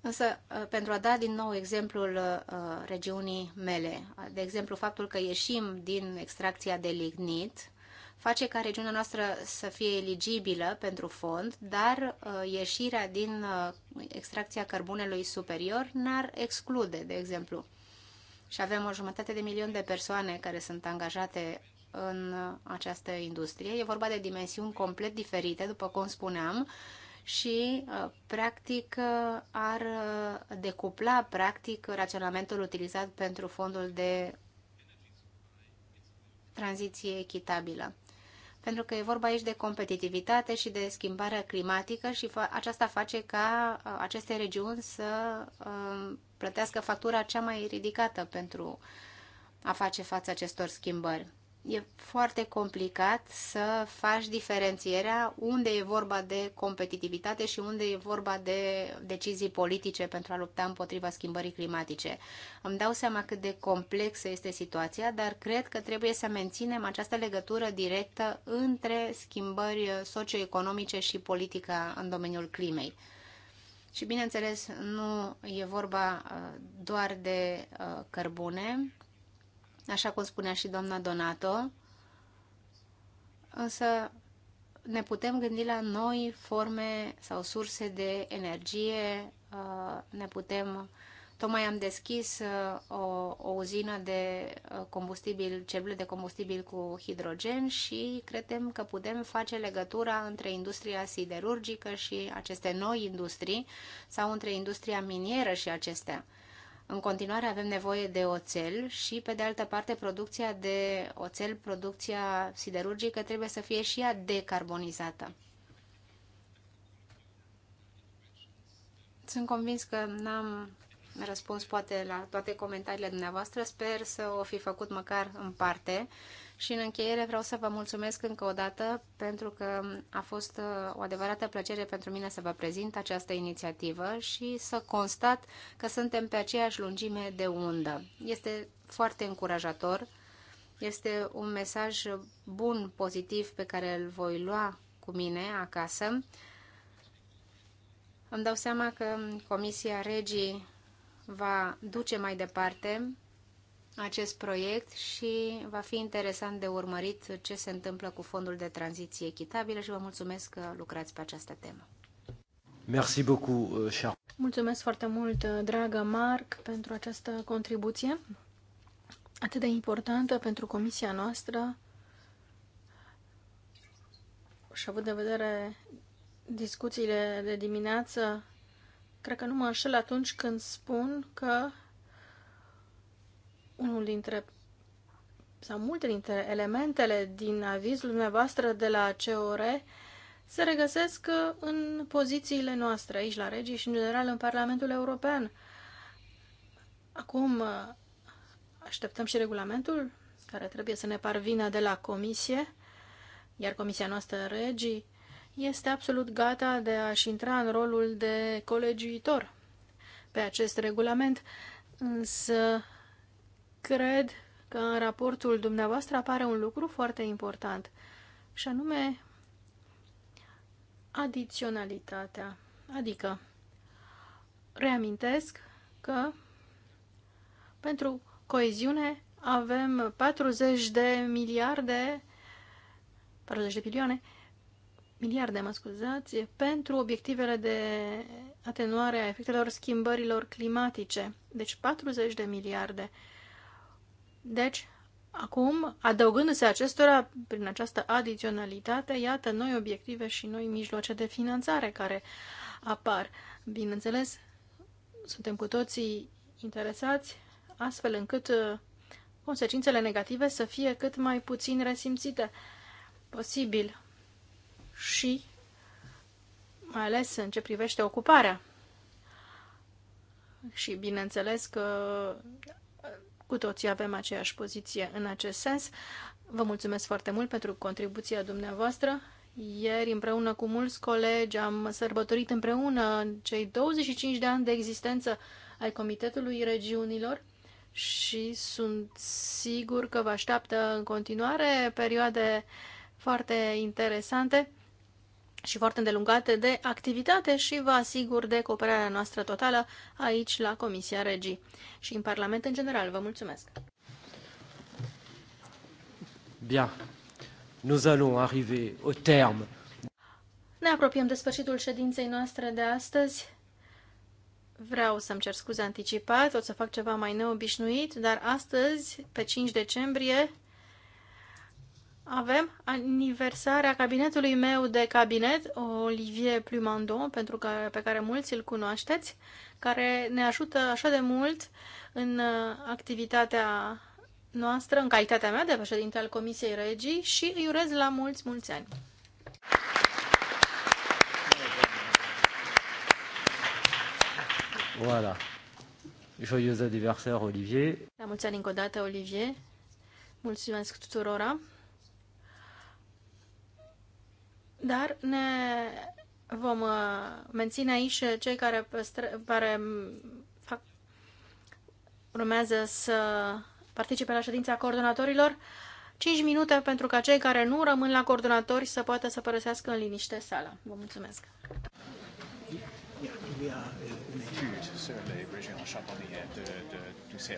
Însă, uh, pentru a da din nou exemplul uh, regiunii mele, de exemplu faptul că ieșim din extracția de lignit, face ca regiunea noastră să fie eligibilă pentru fond, dar uh, ieșirea din uh, extracția cărbunelui superior n-ar exclude, de exemplu și avem o jumătate de milion de persoane care sunt angajate în această industrie. E vorba de dimensiuni complet diferite, după cum spuneam, și uh, practic uh, ar uh, decupla practic raționamentul utilizat pentru fondul de tranziție echitabilă. Pentru că e vorba aici de competitivitate și de schimbare climatică și fa aceasta face ca aceste regiuni să plătească factura cea mai ridicată pentru a face față acestor schimbări. E foarte complicat să faci diferențierea unde e vorba de competitivitate și unde e vorba de decizii politice pentru a lupta împotriva schimbării climatice. Îmi dau seama cât de complexă este situația, dar cred că trebuie să menținem această legătură directă între schimbări socioeconomice și politica în domeniul climei. Și, bineînțeles, nu e vorba uh, doar de uh, cărbune, așa cum spunea și doamna Donato, însă ne putem gândi la noi forme sau surse de energie, uh, ne putem uh, Tocmai am deschis uh, o, o uzină de uh, combustibil, celule de combustibil cu hidrogen și credem că putem face legătura între industria siderurgică și aceste noi industrii sau între industria minieră și acestea. În continuare avem nevoie de oțel și, pe de altă parte, producția de oțel, producția siderurgică trebuie să fie și ea decarbonizată. Sunt convins că n-am răspuns poate la toate comentariile dumneavoastră. Sper să o fi făcut măcar în parte. Și în încheiere vreau să vă mulțumesc încă o dată pentru că a fost uh, o adevărată plăcere pentru mine să vă prezint această inițiativă și să constat că suntem pe aceeași lungime de undă. Este foarte încurajator, este un mesaj bun, pozitiv pe care îl voi lua cu mine acasă. Îmi dau seama că Comisia Regii va duce mai departe acest proiect și va fi interesant de urmărit ce se întâmplă cu fondul de tranziție echitabilă și vă mulțumesc că lucrați pe această temă. Merci beaucoup, euh, Charles. Mulțumesc foarte mult, uh, dragă Marc, pentru această contribuție atât de importantă pentru comisia noastră și având în vedere discuțiile de dimineață Cred că nu mă înșel atunci când spun că unul dintre sau multe dintre elementele din avizul dumneavoastră de la COR se regăsesc în pozițiile noastre aici la Regii și în general în Parlamentul European. Acum așteptăm și regulamentul care trebuie să ne parvină de la Comisie, iar Comisia noastră Regii este absolut gata de a-și intra în rolul de colegiuitor pe acest regulament, însă cred că în raportul dumneavoastră apare un lucru foarte important, și anume adiționalitatea. Adică, reamintesc că pentru coeziune avem 40 de miliarde, 40 de milioane miliarde, mă scuzați, pentru obiectivele de atenuare a efectelor schimbărilor climatice. Deci 40 de miliarde. Deci, acum, adăugându-se acestora, prin această adiționalitate, iată noi obiective și noi mijloace de finanțare care apar. Bineînțeles, suntem cu toții interesați, astfel încât uh, consecințele negative să fie cât mai puțin resimțite posibil și mai ales în ce privește ocuparea. Și bineînțeles că cu toții avem aceeași poziție în acest sens. Vă mulțumesc foarte mult pentru contribuția dumneavoastră. Ieri, împreună cu mulți colegi, am sărbătorit împreună cei 25 de ani de existență ai Comitetului Regiunilor și sunt sigur că vă așteaptă în continuare perioade foarte interesante și foarte îndelungate de activitate și vă asigur de cooperarea noastră totală aici la Comisia Regii și în Parlament în general. Vă mulțumesc! Bien. Nous allons arriver au terme. Ne apropiem de sfârșitul ședinței noastre de astăzi. Vreau să-mi cer scuze anticipat, o să fac ceva mai neobișnuit, dar astăzi, pe 5 decembrie, avem aniversarea cabinetului meu de cabinet, Olivier Plumandon, pentru că, pe care mulți îl cunoașteți, care ne ajută așa de mult în uh, activitatea noastră, în calitatea mea de președinte al Comisiei Regii și îi urez la mulți, mulți ani. Voilà. Joyeux anniversaire, Olivier. La mulți ani încă o dată, Olivier. Mulțumesc tuturora. Dar ne vom menține aici cei care, păstre, care fac, urmează să participe la ședința coordonatorilor. 5 minute pentru ca cei care nu rămân la coordonatori să poată să părăsească în liniște sala. Vă mulțumesc! Yeah, y a une